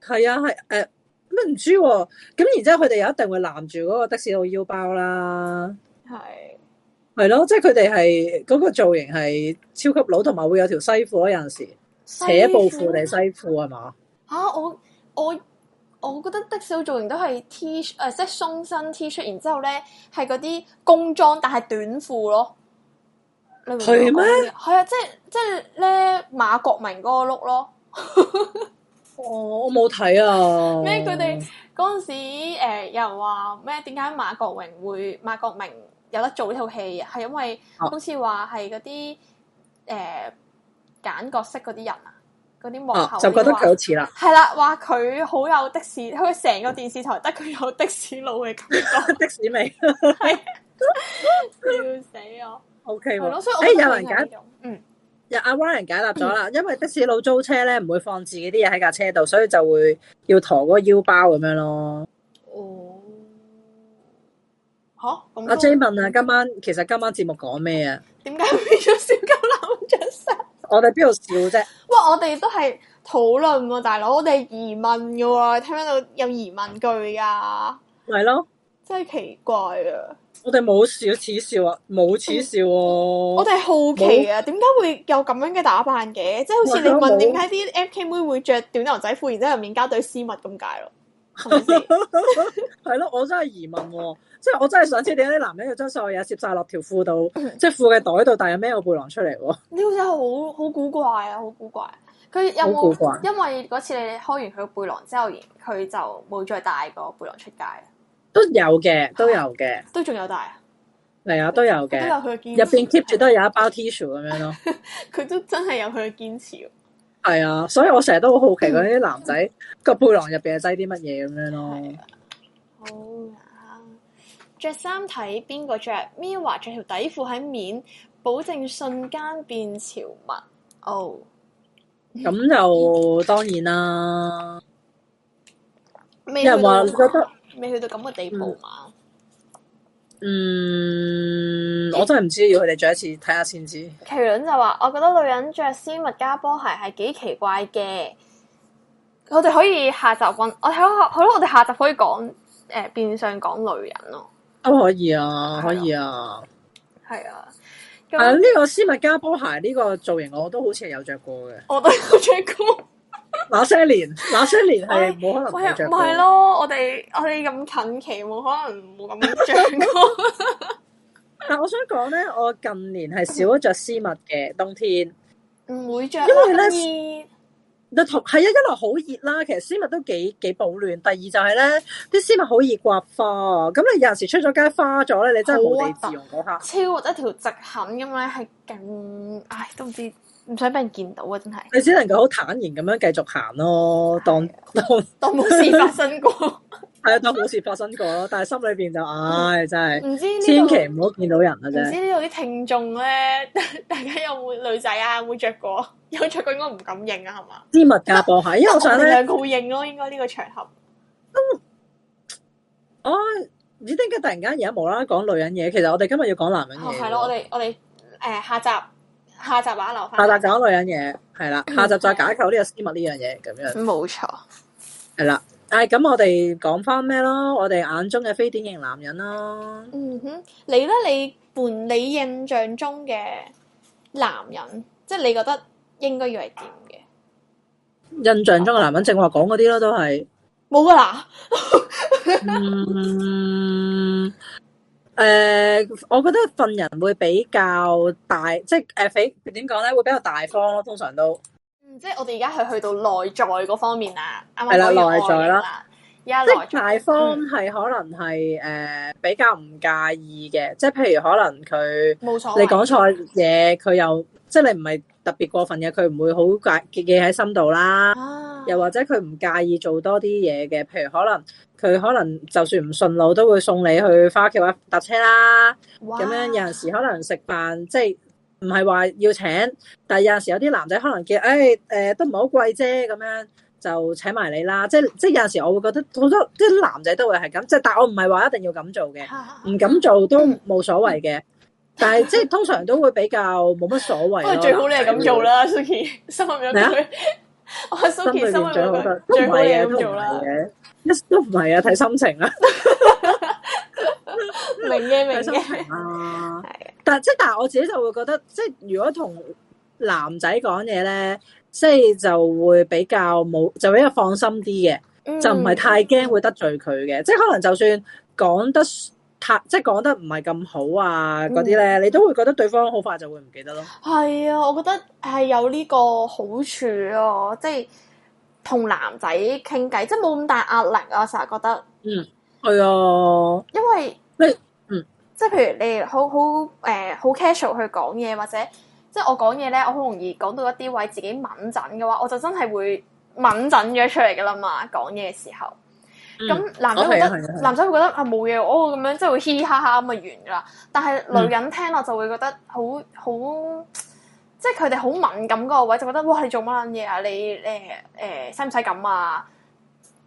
係啊，係誒 原來，乜唔知？咁然之後佢哋又一定會攔住嗰個的士佬腰包啦。係。係咯，即係佢哋係嗰個造型係超級老，同埋會有條西褲，有陣時斜褲褲，斜布褲定西褲係嘛？吓吧、啊、我我我覺得的士佬造型都係 T 恤誒、呃，即係鬆身 T 恤，然之後咧係嗰啲工裝，但係短褲咯。係咩嗎？係、 哦、啊，即係即係咧馬國明嗰個 look 咯。我冇睇啊！咩佢哋嗰陣時誒，有人話咩？點解馬國榮會馬國明？有得做呢套戲，係因為好似話係嗰啲誒揀角色嗰啲人啊，嗰啲幕後就覺得佢好似啦，係啦，話佢好有的士，佢成個電視台得佢有，有的士佬嘅感覺，的士味，笑死我。O K 喎，所以誒、欸、有人解，嗯，阿阿 Warren 解答咗啦，因為的士佬租車咧唔會放自己啲嘢喺架車度，所以就會要陀嗰個腰包咁樣咯。哦。吓阿 J 問啊，今晚其實今晚節目講咩啊？點解變咗小金男着衫？我哋邊度笑啫？哇！我哋都係討論喎，大佬，我哋疑問噶、啊，聽唔聽到有疑問句噶、啊？係咯，真係奇怪啊！我哋冇笑，恥笑啊，冇恥笑喎、啊嗯。我哋好奇啊，點解沒會有咁樣嘅打扮嘅？即、就、係、是、好似你問點解啲 MK 妹會着短牛仔褲，然之後面加對絲襪咁解咯？係咯， 我真係疑問，即係我真係想知點解啲男人要將所有嘢攝晒落條褲度， 即係褲嘅袋度，但係又孭個背囊出嚟。呢個真係好好古怪啊，好古怪。佢有冇因為嗰次你哋開完佢個背囊之後，佢就冇再帶個背囊出街？都有嘅，都有嘅，都仲 有帶。嚟啊，都有嘅。都有佢嘅堅持，入邊 keep 住都係有一包 tissue 咁樣咯。佢都真係有佢嘅堅持。係啊，所以我成日都好好奇嗰啲男仔個背囊入邊係擠啲乜嘢咁樣咯。好啊，着衫睇邊個着，m i a 著條底褲喺面，保證瞬間變潮物。哦，咁就當然啦。 嗯、人話覺得未去到咁嘅地步嘛。嗯。嗯，我都係唔知，要佢哋着一次睇下先知。麒麟就話，我覺得女人着絲襪加波鞋係幾奇怪嘅。我哋可以下集講，我睇下好咯。我哋下集可以講誒、呃，變相講女人咯。都、哦、可以啊，可以啊，係啊。啊、呢、這個絲襪加波鞋呢個造型，我都好似係有着過嘅。我都有着過 那些年，那些年係冇可能唔係、哎、咯，我哋我哋咁近期冇可能冇咁着。但係、 啊、我想講咧，我近年係少咗着絲襪嘅，冬天，唔會着。因為咧，同係啊，一路好熱啦，其實絲襪都幾幾保暖。第二就係咧，啲絲襪好易刮花。咁你有陣時出咗街花咗咧，你真係冇地自容嗰刻。超得條直痕咁樣，係勁唉，都唔知。唔想俾人見到啊！真係你只能夠好坦然咁樣繼續行咯，當當當冇事發生過，係啊， 當冇事發生過咯。但係心裏邊就唉、哎，真係唔知千祈唔好見到人啊！真係唔知呢度啲聽眾咧，大家有冇女仔啊？有冇着過？有着過應該唔敢認啊，係嘛？私物噶波鞋， 因為我想咧兩個會認咯，應該呢個場合。咁我唔知點解突然間而家無啦啦講女人嘢。其實我哋今日要講男人嘢，係咯、哦，我哋我哋誒下集。下集挽留下，下集搞女人嘢係啦， 下集再解構呢個私密呢樣嘢咁樣。冇錯錯，係啦。但係，咁我哋講翻咩咯？我哋眼中嘅非典型男人咯。嗯哼，你咧？你伴你印象中嘅男人，即係你覺得應該要係點嘅？印象中嘅男人，正話講嗰啲咯，都係冇噶啦。了 誒，uh, 我覺得份人會比較大，即係誒，點講咧，會比較大方咯。通常都，嗯，即係我哋而家係去到內在嗰方面啊，啱啱內在啦。內在即係大方係可能係誒、呃、比較唔介意嘅，嗯、即係譬如可能佢冇錯，所你講錯嘢佢又即係你唔係特別過分嘅，佢唔會好介記喺心度啦。啊、又或者佢唔介意做多啲嘢嘅，譬如可能。佢可能就算唔順路都會送你去花橋啊，搭車啦。咁樣有陣時可能食飯，即係唔係話要請，但有陣時有啲男仔可能見，誒誒都唔係好貴啫，咁樣就請埋你啦。即即有陣時我會覺得好多啲男仔都會係咁，即係但我唔係話一定要咁做嘅，唔咁做都冇所謂嘅。但係即係通常都會比較冇乜所謂。不過最好你係咁做啦，Suki 心諗咁佢，我 Suki 心諗佢最好嘢咁做啦。都唔係啊，睇心情。 心情啊，明嘅明嘅。但係即係，但係我自己就會覺得，即係如果同男仔講嘢咧，即係就會比較冇，就比較放心啲嘅，嗯、就唔係太驚會得罪佢嘅。即係可能就算講得太，即係講得唔係咁好啊嗰啲咧，呢嗯、你都會覺得對方好快就會唔記得咯。係啊，我覺得係有呢個好處咯、啊，即係。同男仔傾偈，即係冇咁大壓力，嗯、啊！成日覺得，嗯，係啊，因為嗯，即係譬如你好好誒好 casual 去講嘢，或者即係我講嘢咧，我好容易講到一啲位自己敏感嘅話，我就真係會敏感咗出嚟噶啦嘛，講嘢嘅時候。咁、嗯、男仔、嗯 okay, okay, okay。會覺得，男仔會覺得啊冇嘢，我會咁樣即係會嘻嘻哈哈咁就完啦。但係女人聽落就會覺得好好。嗯即係佢哋好敏感個位，就覺得哇，你做乜撚嘢啊？你誒誒使唔使咁啊？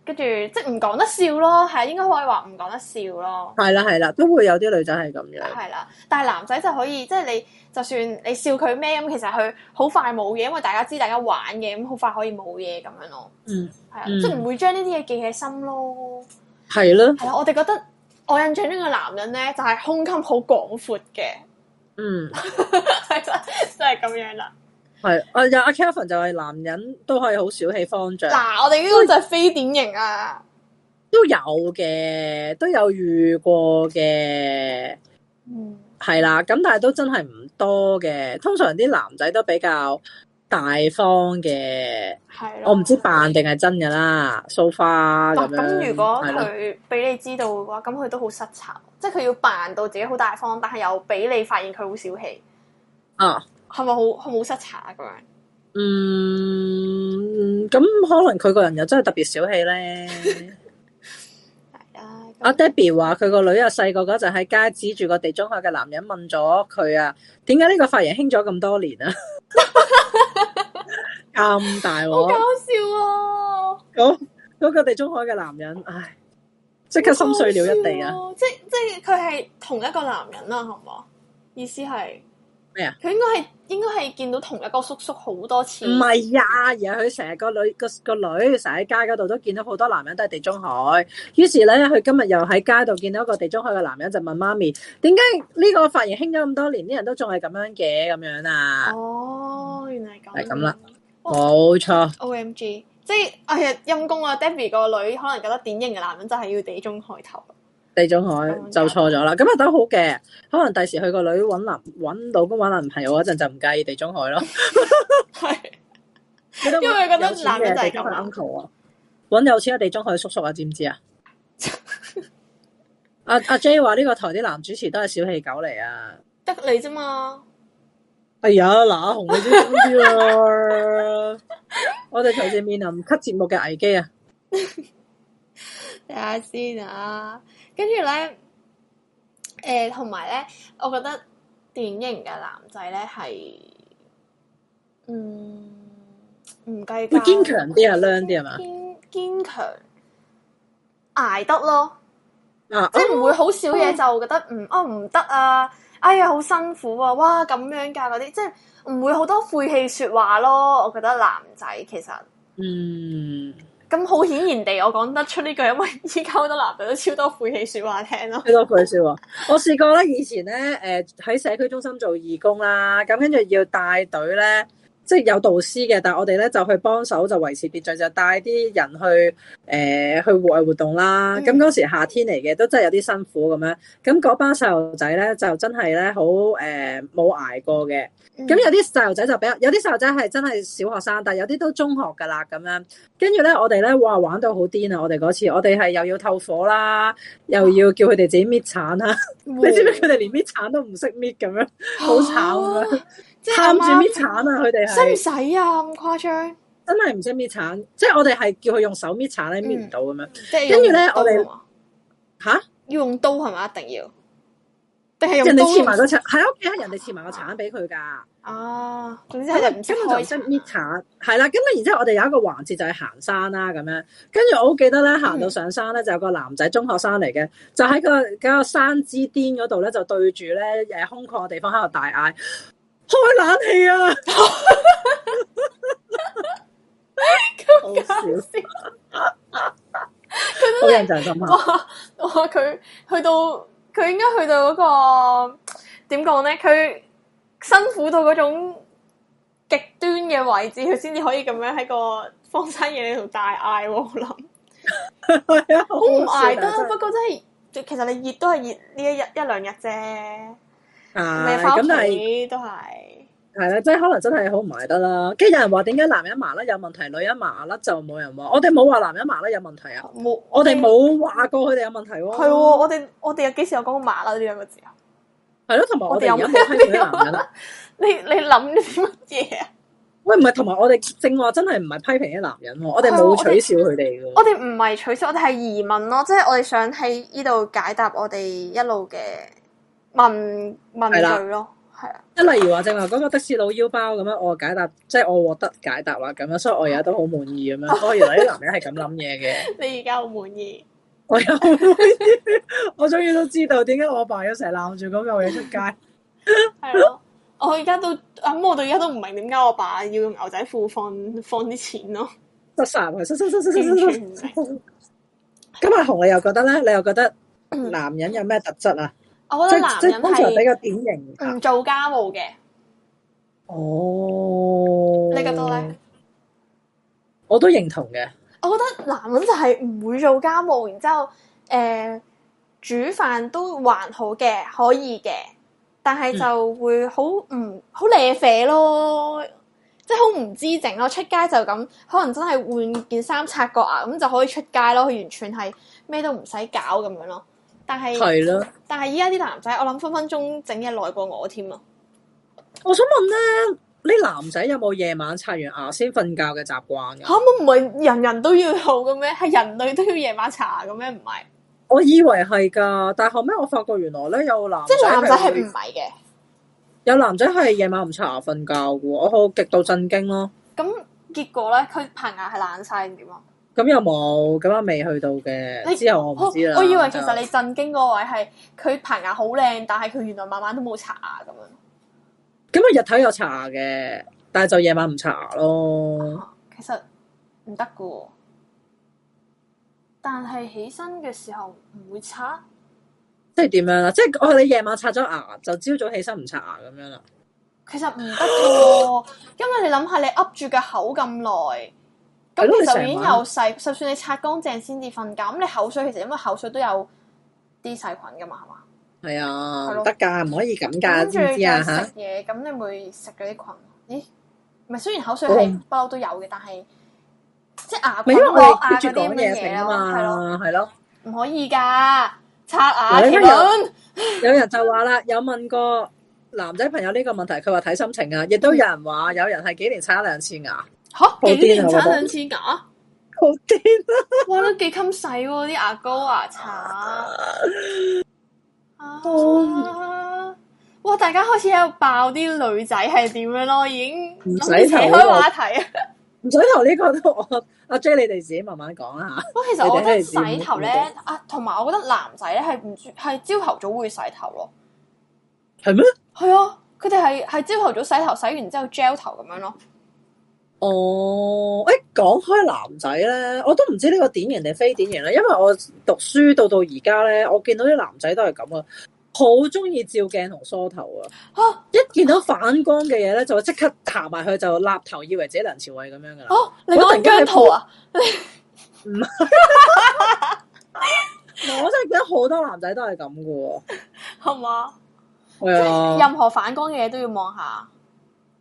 跟住即係唔講得笑咯，係應該可以話唔講得笑咯。係啦係啦，都會有啲女仔係咁樣。係啦，但係男仔就可以，即係你就算你笑佢咩咁，其實佢好快冇嘢，因為大家知大家玩嘅，咁好快可以冇嘢咁樣咯。嗯，係啊了，嗯、即係唔會將呢啲嘢記喺心咯。係咯了，係啊，我哋覺得我印象中嘅男人咧，就係、是、胸襟好廣闊嘅。嗯，係 啦 ，就係咁樣啦。係、啊，阿、啊、阿 Kevin 就係男人都可以好小氣方丈。嗱，我哋呢個就係非典型啊，啊都有嘅，都有遇過嘅，嗯，係啦，咁但係都真係唔多嘅。通常啲男仔都比較，大方嘅，的我唔知扮定係真嘅啦，梳化的，咁、啊、如果佢俾你知道嘅話，咁佢了都好失策，即係佢要扮到自己好大方，但係又俾你發現佢好小氣。啊，係咪好佢冇失策啊？咁樣、嗯，嗯，咁可能佢個人又真係特別小氣咧。係啊， 阿 Debbie 話佢個女啊，細個嗰陣喺街指住個地中海嘅男人問咗佢啊，點解呢個髮型興咗咁多年啊？咁 大，好搞笑啊！咁嗰個地中海嘅男人，唉，即刻心碎了一地啊！即即佢係同一個男人啦，好咪啊？意思係咩啊？佢麼應該係。應該係見到同一個叔叔好多次。唔係呀，而係佢成日個女個個女成日喺街嗰度都見到好多男人都係地中海。於是咧，佢今日又喺街度見到一個地中海嘅男人，就問媽咪：點解呢個髮型興咗咁多年，啲人都仲係咁樣嘅咁樣啊？哦，原來係咁，係咁啦，冇錯。OMG，即係哎呀陰公啊！Debbie 個女可能覺得典型嘅男人就係要地中海頭。地中海就錯咗啦，咁啊都好嘅，可能第時去個女搵男搵老公搵男朋友嗰陣就唔介意地中海咯。係 因為覺得男嘅地中海 uncle 啊，搵 有錢嘅地中海叔叔，叔知知 啊，知唔知啊？阿阿 J 話呢個台啲男主持都係小氣狗嚟啊，得你啫嘛。哎呀，嗱阿紅你知唔知啊？ 我哋隨時面臨 cut 節目嘅危機啊！睇下 先啊！跟住咧，誒，同埋咧，我覺得典型嘅男仔咧係，嗯，唔計，會堅強啲啊靚啲係嘛，堅堅強，捱得咯，啊、即係唔會好少嘢就覺得唔、嗯，哦唔得啊，哎呀好辛苦啊，哇咁樣噶嗰啲，即係唔會好多晦氣説話咯。我覺得男仔其實，嗯。咁好顯然地，我講得出呢句，因為依家好多男仔都超多晦氣説話聽咯。好多晦氣説話，我試過咧，以前咧，誒、呃、喺社區中心做義工啦，咁跟住要帶隊咧。即係有導師嘅，但係我哋咧就去幫手，就維持秩序，就帶啲人去誒、呃、去戶外活動啦。咁嗰、嗯、時夏天嚟嘅，都真係有啲辛苦咁樣。咁嗰班細路仔咧就真係咧好誒冇、呃、捱過嘅。咁、嗯、有啲細路仔就比較，有啲細路仔係真係小學生，但係有啲都中學㗎啦咁樣。跟住咧我哋咧哇玩到好癲啊！我哋嗰次我哋係又要透火啦，又要叫佢哋自己搣橙啦。哦、 你知唔知佢哋連搣橙都唔識搣咁樣，好 慘啊！喊住搣橙啊！佢哋使唔使啊？咁誇張，真係唔識搣橙，即係我哋係叫佢用手搣橙咧，搣唔到咁樣。跟住咧，我哋吓、啊、要用刀係咪一定要，定係用人哋切埋個橙，喺屋企人哋切埋個橙俾佢噶。哦，咁即係唔識咁樣搣橙。係啦，咁啊，然、嗯啊、之後、嗯、我哋有一個環節就係行山啦、啊，咁樣。跟住我好記得咧，行到上山咧，就有個男仔、嗯、中學生嚟嘅，就喺、嗰個嗰、嗰個山之巔嗰度咧，就對住咧誒空曠嘅地方喺度大嗌。開冷氣啊！好 搞笑，佢都好正常咁。哇！佢去到佢應該去到嗰、嗰個點講咧？佢辛苦到嗰種極端嘅位置，佢先至可以咁樣喺個荒山野嶺度大嗌。我諗、 嗯、好唔捱得，不，不過真係其實你熱都係熱呢一,一,一,一兩日一兩日啫。係咁，家家哎、都係係啦，即係可能真係好唔埋得啦。跟住有人話，點解男人麻甩有問題，女人麻甩就冇人話。我哋冇話男人麻甩有問題啊，冇沒我哋冇話過佢哋有問題喎、啊。係喎、哦，我哋我哋有幾時有講過麻甩呢兩個字啊？係咯，同埋我哋有冇批評啲男人？ 你你諗乜嘢啊？喂，唔係，同埋我哋正話真係唔係批評啲男人，我哋冇取笑佢哋噶。我哋唔係取笑，我哋係疑問咯，即係我哋想喺呢度解答我哋一路嘅。問問佢咯，係啦啊，即啦 例如話正話嗰個的士佬腰包咁樣，我解答即係我獲、就是、得解答啦，咁樣所以我而家都好滿意咁樣。我以、哦、為啲男人係咁諗嘢嘅。 你而家好滿意？我又好滿意。 我終於都知道點解我爸要成日攬住嗰嚿嘢出街。係 咯、 啊，我而家都，咁、嗯、我到而家都唔明點解我爸要用牛仔褲放放啲錢咯。得三係，咁阿紅你又覺得咧？你又覺得男人有咩特質啊？嗯我覺得男人比較典型，唔做家務嘅。哦，oh, 你覺得咧？我都認同嘅。我覺得男人就係唔會做家務，然之後誒、呃、煮飯都還好嘅，可以嘅。但係就會好唔好瀨瀨咯，即係好唔知整咯。出街就咁，可能真係換件衫、擦個牙咁就可以出街咯。佢完全係咩都唔使搞咁樣咯。係啦，但係依家啲男仔，我諗分分鐘整日耐過我添啊！我想問咧，呢男仔有冇夜晚刷完牙先瞓覺嘅習慣嘅？吓，我唔係人人都要好嘅咩？係人類都要夜晚刷牙嘅咩？唔係，我以為係噶，但係後尾我發覺原來咧有，有男，即男仔係唔係嘅，有男仔係夜晚唔刷牙瞓覺嘅喎，我好極度震驚咯。咁結果咧，佢排牙係爛晒定點啊？咁又冇？咁啊，未去到嘅。欸、之後我唔知啦、哦。我以為其實你震驚嗰位係佢排牙好靚，但係佢原來晚晚都冇刷牙咁樣。咁啊，日頭有刷牙嘅，但係就夜晚唔刷牙咯、哦。其實唔得噶，但係起身嘅時候唔會刷、啊。即係點樣啦？即係我你夜晚刷咗牙，就朝早起身唔刷牙咁樣啦。其實唔得噶，因為 你諗下你噏住個口咁耐。就咁你成日，就算你擦乾淨先至瞓覺，咁你口水其實因為口水都有啲細菌噶嘛，係嘛的？係啊，唔得噶，唔可以咁噶，知唔知啊？吓，食嘢咁你會食嗰啲菌？咦，唔係，雖然口水係不嬲都有嘅，嗯、但係即係牙菌落牙住啲嘢，嘅嘢啊嘛，係咯，唔可以噶，刷牙嘅人。 有人就話啦，有問過男仔朋友呢個問題，佢話睇心情啊，亦都有人話有人係幾年刷一兩次牙。 吓幾年產兩千㗎？Oh, 好癲！啊、 哇，都幾襟洗喎啲牙膏牙刷啊！哇，大家開始喺度爆啲女仔係點樣咯？已經唔使扯開話題啊！唔使頭呢個，阿 J、 這個、你哋自己慢慢講啦吓。不、啊、其實我覺得洗頭咧，啊、嗯，同埋我覺得男仔咧係唔係朝頭早會洗頭咯？係咩嗎？係啊，佢哋係係朝頭早洗頭，洗完之後 gel 頭咁樣咯。哦，誒、oh,，講開男仔咧，我都唔知呢個典型定非典型啦，因為我讀書到到而家咧，我見到啲男仔都係咁啊，好中意照鏡同梳頭啊，一見到反光嘅嘢咧，就會即刻爬埋去就立頭，以為自己梁朝偉咁樣噶啦。哦、啊，你講姜濤啊？唔係，我真係覺得好多男仔都係咁噶喎，係嘛？即係任何反光嘅嘢都要望下。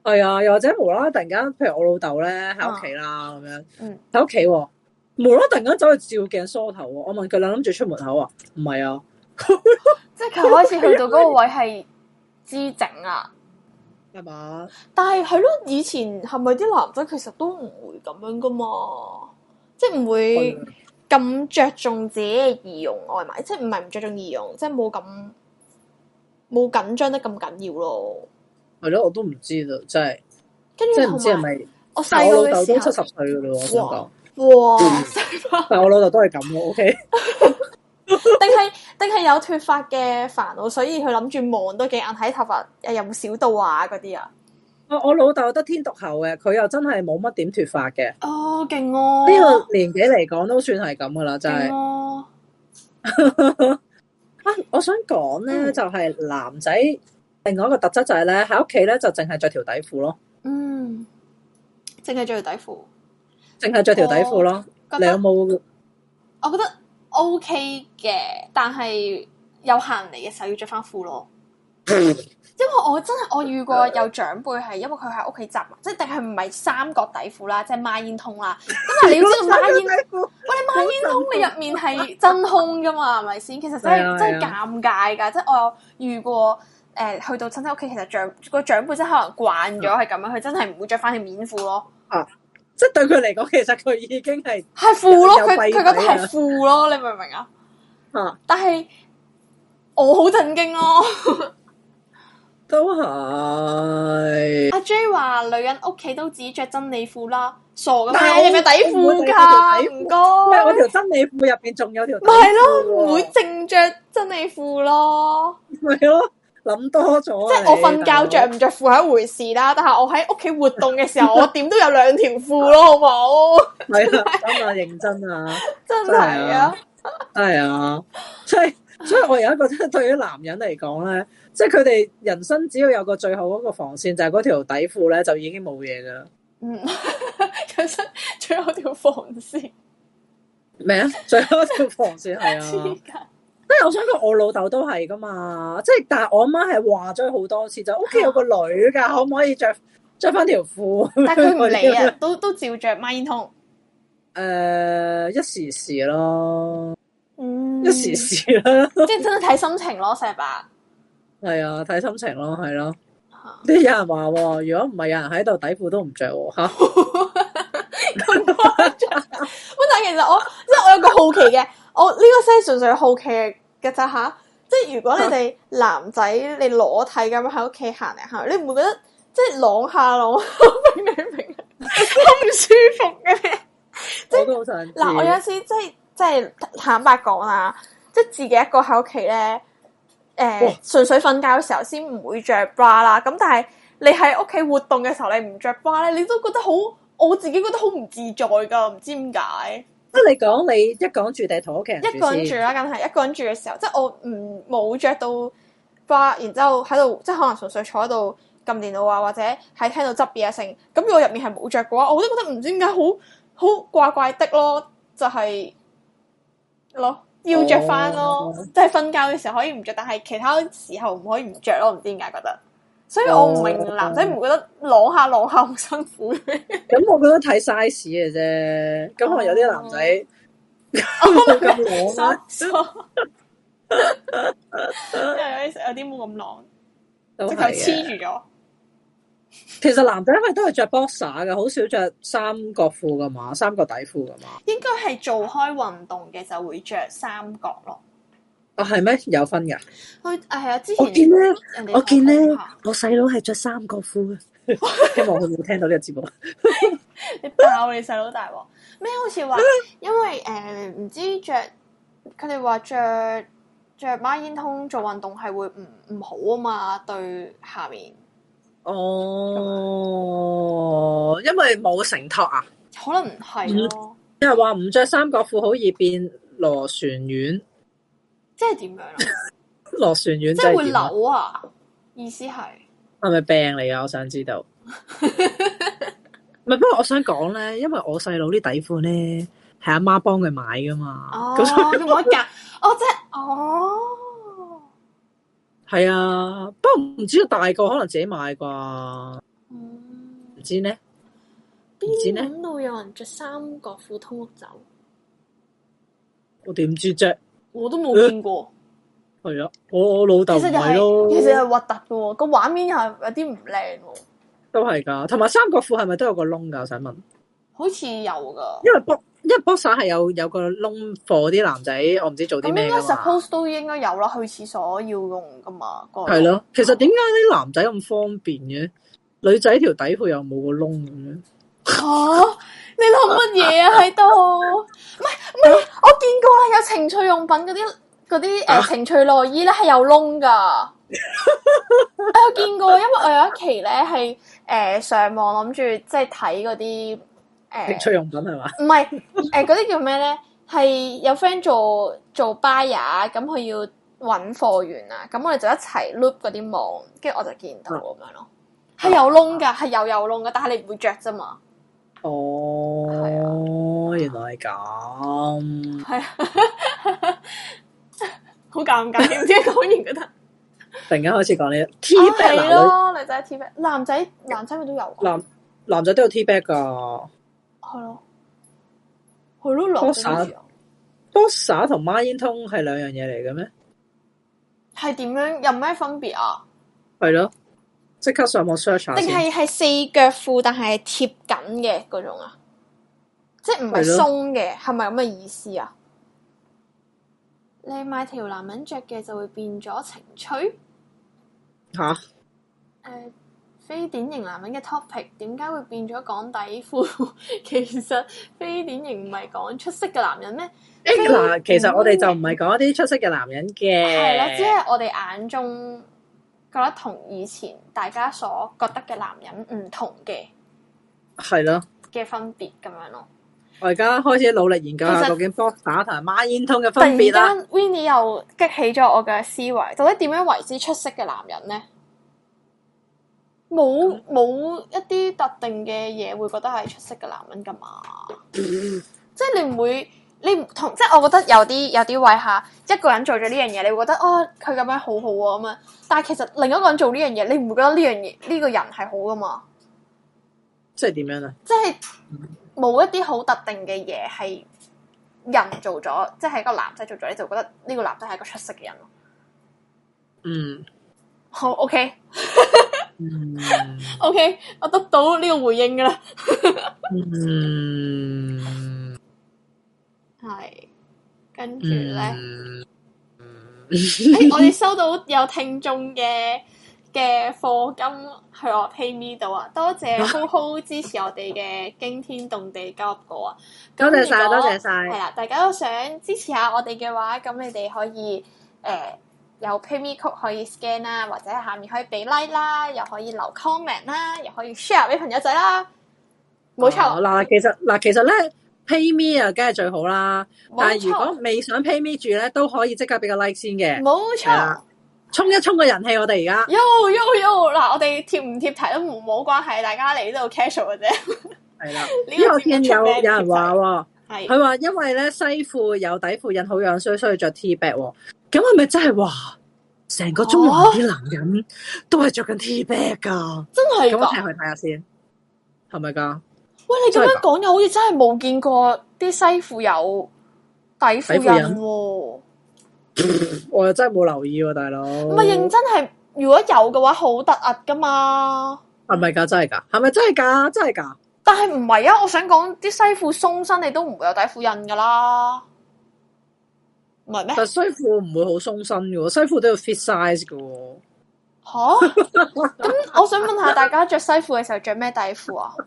係啊，又或者無啦，突然間，譬如我老豆咧喺屋企啦，咁樣、嗯、喺屋企，無啦，突然間走去照鏡梳頭啊！我問佢諗諗住出門口啊？唔係啊，即係佢開始去到嗰個位係姿整啊，係咪吧？但係係咯，以前係咪啲男仔其實都唔會咁樣噶嘛、啊？即係唔會咁着重自己嘅儀容外貌，即係唔係唔着重儀容，即係冇咁冇緊張得咁緊要咯。係咯，我都唔知道，真係，跟住，即係唔知係咪？我細佬老豆都七十歲噶啦，我想講，哇！但我老豆都係咁咯，OK。定係定係有脫髮嘅煩惱，所以佢諗住望多幾眼睇頭髮，誒有冇少到啊？嗰啲啊，我老豆得天獨厚嘅，佢又真係冇乜點脫髮嘅。哦，勁哦！呢個年紀嚟講都算係咁噶啦，真係。啊，我想講咧，就係男仔。另外一個特質就係咧，喺屋企咧，就淨係着條底褲咯，嗯，淨係着條底褲，淨係着條底褲咯。你有冇？我覺得 OK 嘅，但係有行嚟嘅時候要着翻褲咯。 因為我真係我遇過有長輩係，因為佢喺屋企扎，即係定係唔係三角底褲啦，即係孖煙筒啦。咁但你要知道孖煙筒，我哋孖煙筒你入面係真空噶嘛，係咪先？其實真係真係尷尬噶，即係我遇過。誒，去到親戚屋企，其實着個長輩真係可能慣咗係咁樣，佢真係唔會着翻去棉褲咯。啊，即係對佢嚟講，其實佢已經係係褲咯，佢佢覺得係褲咯，你明唔明啊？啊，但係我好震驚咯，都係阿 J 話女人屋企都只着真理褲啦，傻但咩？你咪底褲噶，唔該。咩？我條真理褲入邊仲有條，咪係咯，唔會淨着真理褲咯，係咯。諗多咗、啊，即係我瞓覺我着唔着褲係一回事啦、啊。但係我喺屋企活動嘅時候， 我點都有兩條褲咯，好唔好？係啦，咁啊認真啊，真係 啊，係 啊，所以所以，就是、我有一個對於男人嚟講咧，即係佢哋人生只要有個最後嗰個防線，就係嗰條底褲咧，就已經冇嘢噶。嗯， 其實最後條防線， 線，咩啊？最後條防線係啊。即係我想講，我老豆都係噶嘛，即係，但係我阿媽係話咗好多次，就屋企有個女噶，可唔可以着着翻條褲？但佢唔理啊， 都都照着孖煙筒。誒、呃，一時時咯，嗯、一時時啦，即係真係睇心情咯，石爸。係 啊，睇心情咯，係咯、啊。即係有人話，如果唔係，有人喺度底褲都唔着。哈咁多着。哈！但其實我即係我有個好奇嘅。 我呢、oh, 個聲純粹好奇嘅咋吓，即係如果你哋男仔 你裸體咁樣喺屋企行嚟行，你唔會覺得即係裸下裸 明唔明？好唔 舒服嘅。即係。我都好想。嗱，我有次即係即係坦白講啊，即係自己一個喺屋企咧，誒、呃，純哇粹瞓覺嘅時候先唔會着 bra 啦。咁但係你喺屋企活動嘅時候，你唔着 bra 咧，你都覺得好，我自己覺得好唔自在噶，唔知點解。即係你講你一個人住定同屋企人,一人、啊，一個人住啦，梗係一個人住嘅時候，即係我唔冇着到，花，然之後喺度，即係可能純粹坐喺度撳電腦啊，或者喺聽到執嘢聲，咁如果入面係冇着嘅話，我都覺得唔知點解好好怪怪的咯，就係攞要着翻咯，即係瞓覺嘅時候可以唔着，但係其他時候唔可以唔着咯，唔知點解覺得。所以我唔明、oh, okay. 男仔唔覺得攞下攞下好辛苦嘅。咁 我覺得睇 size 嘅啫，咁可能有啲男仔，有啲有啲冇咁狼，直頭黐住咗。 其實男仔因為都係着 boxer 嘅，好少着三角褲噶嘛，三角底褲噶嘛。應該係做開運動嘅就會着三角咯。哦，係咩？有分噶？佢係啊，之前我見咧，見呢家我見咧，我細佬係着三角褲嘅。 希望佢冇聽到呢個節目。 你爆你細佬大鑊咩？好似話因為誒唔、嗯、知着，佢哋話着着孖煙通做運動係會唔唔好啊嘛？對下面哦，因為冇承托啊，可能係咯。即係話唔着三角褲好易變螺旋丸。即係點樣？落 船遠，即係會扭啊！意思係係咪病嚟啊？我想知道。唔係， 不過我想講咧，因為我細佬啲底褲咧係阿媽幫佢買噶嘛。哦，咁我夾哦，即係哦，係啊。不過唔知道大個可能自己買啩。唔、嗯、知咧，邊知咧？點會有人着三角褲通屋走？我點知啫？我都冇見過，係啊、哎！我我老豆唔係咯，其實係核突嘅喎，個畫面又係有啲唔靚喎，都係㗎。同埋三角褲係咪都有個窿㗎？我想問，好似有㗎，因為 box 因為 boxer 係有有個窿 for 啲男仔，我唔知做啲咩嘅嘛應。應該 supposed 都應該有啦，去廁所要用㗎嘛。係、那、咯、個，其實點解啲男仔咁方便嘅，女仔條底褲又冇個窿咁樣？嗯吓、啊！你諗乜嘢啊？喺度？唔係唔係，我見過啦，有情趣用品嗰啲嗰啲誒情趣內衣咧係有窿噶、 啊。我有見過，因為我有一期咧係誒上網諗住即係睇嗰啲誒情趣用品係嘛？唔係誒，嗰啲叫咩咧？係有 friend 做做 buyer，咁佢要揾貨源啊，咁我哋就一齊碌嗰啲網，跟住我就見到咁樣咯。係、啊、有窿噶，係又有窿噶，但係你唔會着啫嘛。哦，原來係咁，係啊，好尷尬，點知講完覺得，突然間開始講呢？T back 女仔 T back 男仔男仔，咪都有，男男仔都有 T back 噶，係咯，係咯，兩樣。Bossa 同孖煙通係兩樣嘢嚟嘅咩？係點樣有咩分別啊？係咯。即刻上網 search 定係係四角褲，但係貼緊嘅嗰種啊，即係唔係鬆嘅，係咪咁嘅意思啊？你買條男人着嘅就會變咗情趣吓？誒、啊呃，非典型男人嘅 topic 點解會變咗講底褲？ 其實非典型唔係講出色嘅男人咩？嗱、欸，其實我哋就唔係講一啲出色嘅男人嘅，係咯、啊，只係、就係、我哋眼中。覺得同以前大家所覺得嘅男人唔同嘅，係咯嘅分別咁樣咯。我而家開始努力研究下實究竟 boss 同孖煙通嘅分別啦。Winnie 又激起咗我嘅思維，到底點樣為之出色嘅男人咧？冇冇、嗯、一啲特定嘅嘢會覺得係出色嘅男人噶嘛？嗯、即係你唔會。你唔同即係，我覺得有啲有啲位下，一個人做咗呢樣嘢，你會覺得哦，佢咁樣好好啊咁啊，但係其實另一個人做呢樣嘢，你唔會覺得呢樣嘢呢個人係好噶嘛？即係點樣啊？即係冇一啲好特定嘅嘢係人做咗，即係一個男仔做咗，你就覺得呢個男仔係一個出色嘅人咯。嗯，好 OK，OK，okay. 嗯 okay，我得到呢個回應噶啦。 嗯。係，跟住咧，誒，我哋收到有聽眾嘅嘅課金喺我 PayMe 度啊，多謝好好支持我哋嘅驚天動地 9up 過啊！多謝晒，多謝晒。係啦，大家都想支持下我哋嘅話，咁你哋可以誒、呃，有 PayMe Code 可以 scan 啦，或者下面可以俾 like 啦，又可以留 comment 啦，又可以 share 俾朋友仔啦。冇錯。嗱，其實嗱，其實咧。pay me 啊，梗係最好啦。錯但係如果未想 pay me 住咧，都可以即刻俾個 like 先嘅。冇錯錯，衝一衝個人氣，我哋而家。Yo y 嗱，我哋貼唔貼題都冇冇關係，大家嚟呢度 casual 嘅啫。係啦了，呢 個天有有人話喎，係佢話因為咧西褲有底褲印好樣衰，所以着 T b a g k 咁係咪真係話成個中環啲男人都係着緊 T b a g k 噶？真係咁，我一齊去睇下先，係咪噶？喂，你咁樣講又好似真係冇見過啲西褲有底褲印喎、啊。底褲印 我又真係冇留意喎、啊，大佬。唔係認真係，如果有嘅話，好突兀噶嘛。係咪噶？真係真係噶？係咪真係噶？真係噶？但係唔係啊！我想講啲西褲鬆身，你都唔會有底褲印噶啦。唔係咩？但西褲唔會好鬆身嘅，西褲都要 fit size 嘅。吓？咁我想問下大家，着西褲嘅時候着咩底褲啊？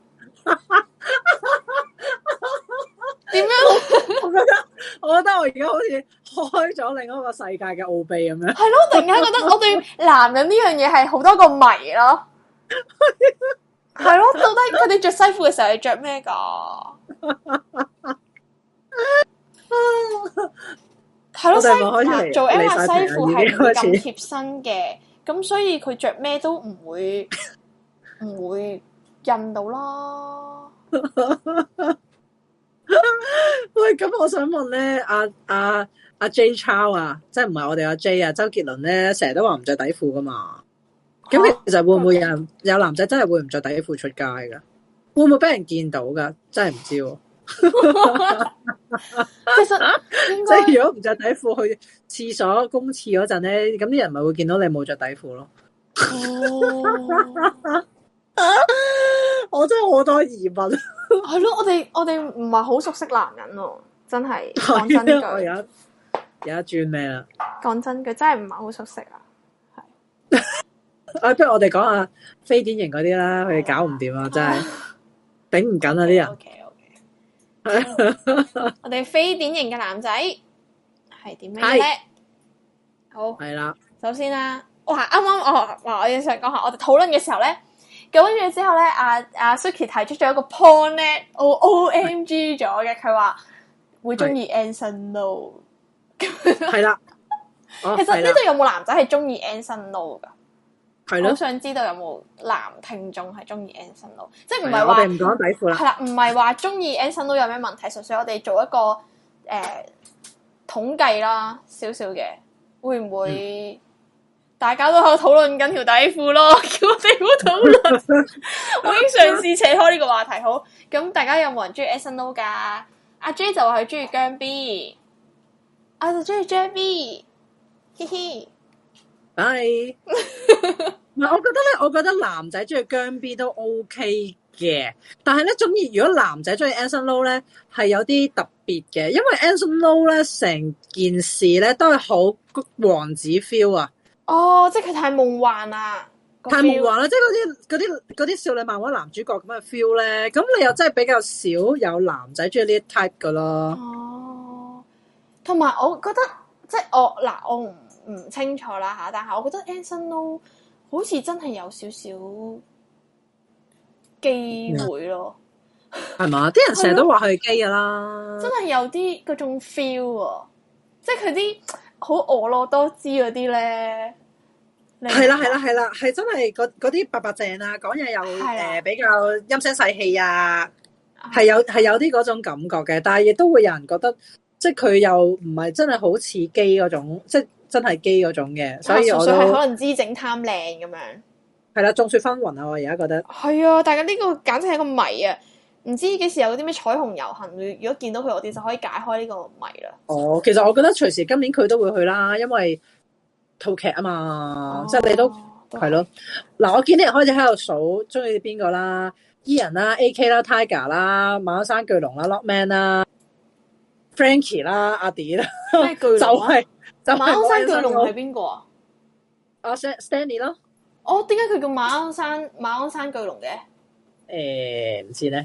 點樣我？我覺得，我覺得我而家好似開咗另一個世界嘅奧秘咁樣。係咯，突然間覺得我對男人呢樣嘢係好多個謎咯。係咯， 到底佢哋着西褲嘅時候係着咩㗎？係咯，西做 M 碼西褲係咁貼身嘅，咁所以佢着咩都唔會唔會。 印度咯， 喂，咁我想問咧，阿阿阿 J 超啊，即係唔係我哋阿、啊、J 啊，周杰倫咧，成日都話唔着底褲噶嘛，咁其實會唔會有人 有男仔真係會唔着底褲出街噶？會唔會俾人見到噶？真係唔知、啊， 其實即係如果唔着底褲去廁所公廁呢、公廁嗰陣咧，咁啲人咪會見到你冇着底褲咯。哦啊、我真係好多疑問，係咯，我哋我哋唔係好熟悉男人，真係講真有一轉咩啦？講 真佢真係唔係好熟悉 啊！係，不如 我哋講下非典型嗰啲啦，佢哋搞唔掂啊，真係頂唔緊啊啲人。OK OK，我哋非典型嘅男仔係點樣咧？好係啦，首先啦，哇，啱啱我，哇，我想講下，我哋討論嘅時候咧。咁跟住之後咧，阿、啊、阿、啊、Suki 提出咗一個 point 呢，O O M G 咗嘅，佢話的會中意 Anson Lo，係啦。其實呢度的有冇男仔係中意 Anson Lo 噶？係咯的，好想知道有冇男聽眾係中意 Anson Lo，即係唔係話，唔講底褲啦。係啦，唔係話中意 Anson Lo 有咩問題？純粹我哋做一個誒、呃、統計啦，少少嘅，會唔會？嗯大家都喺度討論緊條底褲咯，叫我哋唔好討論。 我已經嘗試扯開呢個話題好，好咁，大家有冇人中意 Anson Lo 噶？阿、啊、J 就話佢中意姜 B，我、啊、就中意姜 B，嘻嘻。 Bye。 我覺得咧，我覺得男仔中意姜 B 都 OK 嘅，但係咧，總之如果男仔中意 Anson Lo 咧，係有啲特別嘅，因為 Anson Lo 咧成件事咧都係好王子 feel 啊。哦、oh，即係佢太夢幻啦，太夢幻啦，即係嗰啲啲啲少女漫畫男主角咁嘅 feel 咧，咁你又真係比較少有男仔中意呢一 type 噶咯。哦、啊，同埋我覺得即係我嗱、啊，我唔唔清楚啦吓，但係我覺得 Anson Lo 都好似了了真係有少少機會咯。係嘛，啲人成日都話佢係基噶啦，真係有啲嗰種 feel，即係佢啲。好婀娜多姿嗰啲咧，係啦係啦係啦，係真係嗰啲白白淨啊，講嘢又誒的、呃、比較陰聲細氣啊，係有係有啲嗰種感覺嘅，但係亦都會有人覺得，即係佢又唔係真係好似機嗰種，即係真係機嗰種嘅，所以我都係可能知整貪靚咁樣，係啦眾說紛紜啊，我而家覺得係啊，但係呢個簡直係個謎啊！唔知幾時有啲咩彩虹遊行？如果見到佢，我哋就可以解開呢個謎啦。哦，其實我覺得隨時今年佢都會去啦，因為套劇啊嘛，哦、即係你都係咯。嗱、哦啦嗯，我見啲人開始喺度數中意邊個啦，E 人啦，A K 啦，Tiger 啦，馬鞍山巨龍啦，Lockman 啦，Frankie 啦，阿迪啦， 就係、就、馬鞍山巨龍係邊個啊？阿、啊、Stanley 咯。哦，點解佢叫馬鞍山馬鞍山巨龍嘅？誒、欸，唔知咧。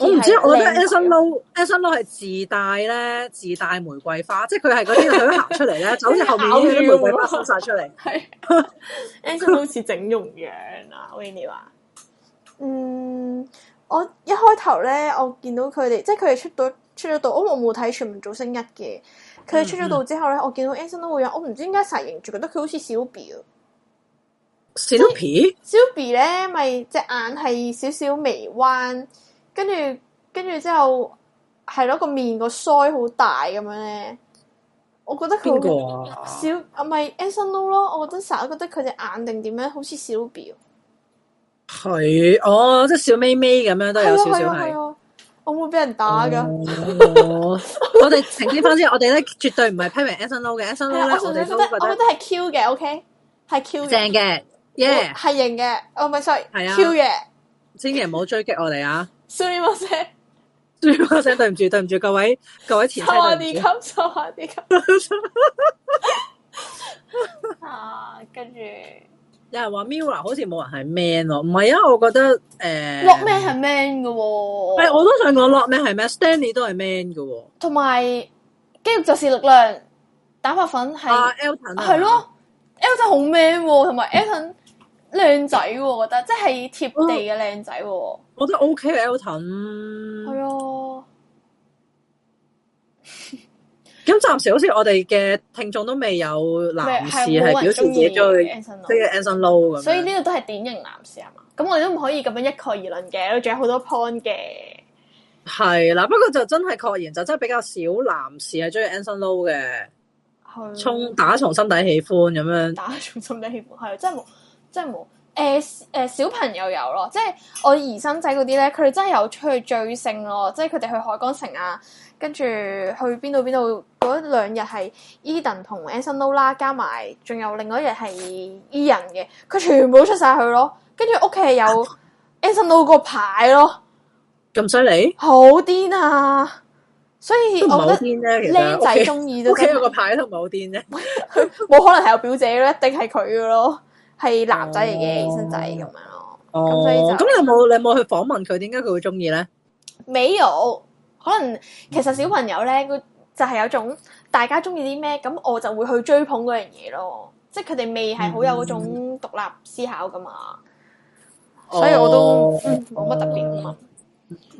我唔知，我覺得 Anson Lo, Anson Lo 係自帶咧，自帶玫瑰花，即係佢係嗰啲佢行出嚟咧， 就好似後面嗰啲玫瑰花送曬出嚟。係，Anson Lo 似整容樣啊，Winnie 話。嗯，我一開頭咧，我見到佢哋，即係佢哋出到出咗度。我冇睇全民造星一嘅。佢哋出咗度之後咧，我見到 Anson Lo 個樣，我唔知點解成型住，覺得佢好似小 B 小 B？小 B 咧，咪隻眼係少少微彎。跟住，跟住之後係咯個面個腮好大咁樣咧。我覺得佢小啊，唔係。Anson Lo 咯，我覺得成日覺得佢隻眼定點樣，好似小表。係哦，即係小眯眯咁樣，都有少少係。我唔會俾人打噶。我哋澄清翻先，我哋咧絕對唔係批評 Anson Lo 嘅。Anson Lo 我覺得係 Q 嘅。OK，係 Q 嘅。正嘅，耶，係型嘅。我唔係衰，係啊，Q 嘅。千祈唔好追擊我哋啊。sorry 冇聲，對唔住，對唔住，各位，各位前妻。受下啲金，受下啲金。啊，跟住有人話 Mirror 好似冇人係 man 咯、哦，唔係啊，我覺得誒、呃、，Lokman 係 man 噶、哦，係我都想講 Lokman 係 man，Stanley 都係 man 噶、哦，同埋肌肉就是力量，蛋白粉係，係咯 Alton 好 man，同埋 Alton 靚仔，我覺得即係貼地嘅靚仔。啊我覺得 OK，Elton、OK。係啊。咁暫、 嗯、時好似我哋嘅聽眾都未有男士係 表示自己中意，中意 Anson Lo 咁。 Lo 所以呢度都係典型男士啊嘛。咁我哋都唔可以咁樣一概而論嘅，仲有好多 point 嘅。係啦、啊，不過就真係確然就真係比較少男士係中意 Anson Lo 嘅。沖打從心底喜歡咁樣。 啊、打從心底喜歡係，真係冇，真係冇。誒誒、欸，小朋友有咯，即係我姨甥仔嗰啲咧，佢哋真係有出去追星咯，即係佢哋去海港城啊，哪裡哪裡 e、跟住去邊度邊度，嗰兩日係 Eden an 同 anson l o 啦，加埋仲有另外一日係 E 人嘅，佢全部都出晒去咯，跟住屋企有 anson l o 個牌咯，咁犀利，好癲啊！所以我覺得僆仔中意都屋企個牌都唔係好癲啫，冇 可能係我表姐咯，一定係佢嘅咯。係男仔嚟嘅，身仔咁樣咯。哦，咁你有冇你有冇去訪問佢，點解佢會中意咧？冇，可能其實小朋友咧，佢就係有種大家中意啲咩，咁我就會去追捧嗰樣嘢咯。即係佢哋未係好有嗰種獨立思考噶嘛，所以我都冇乜特別問，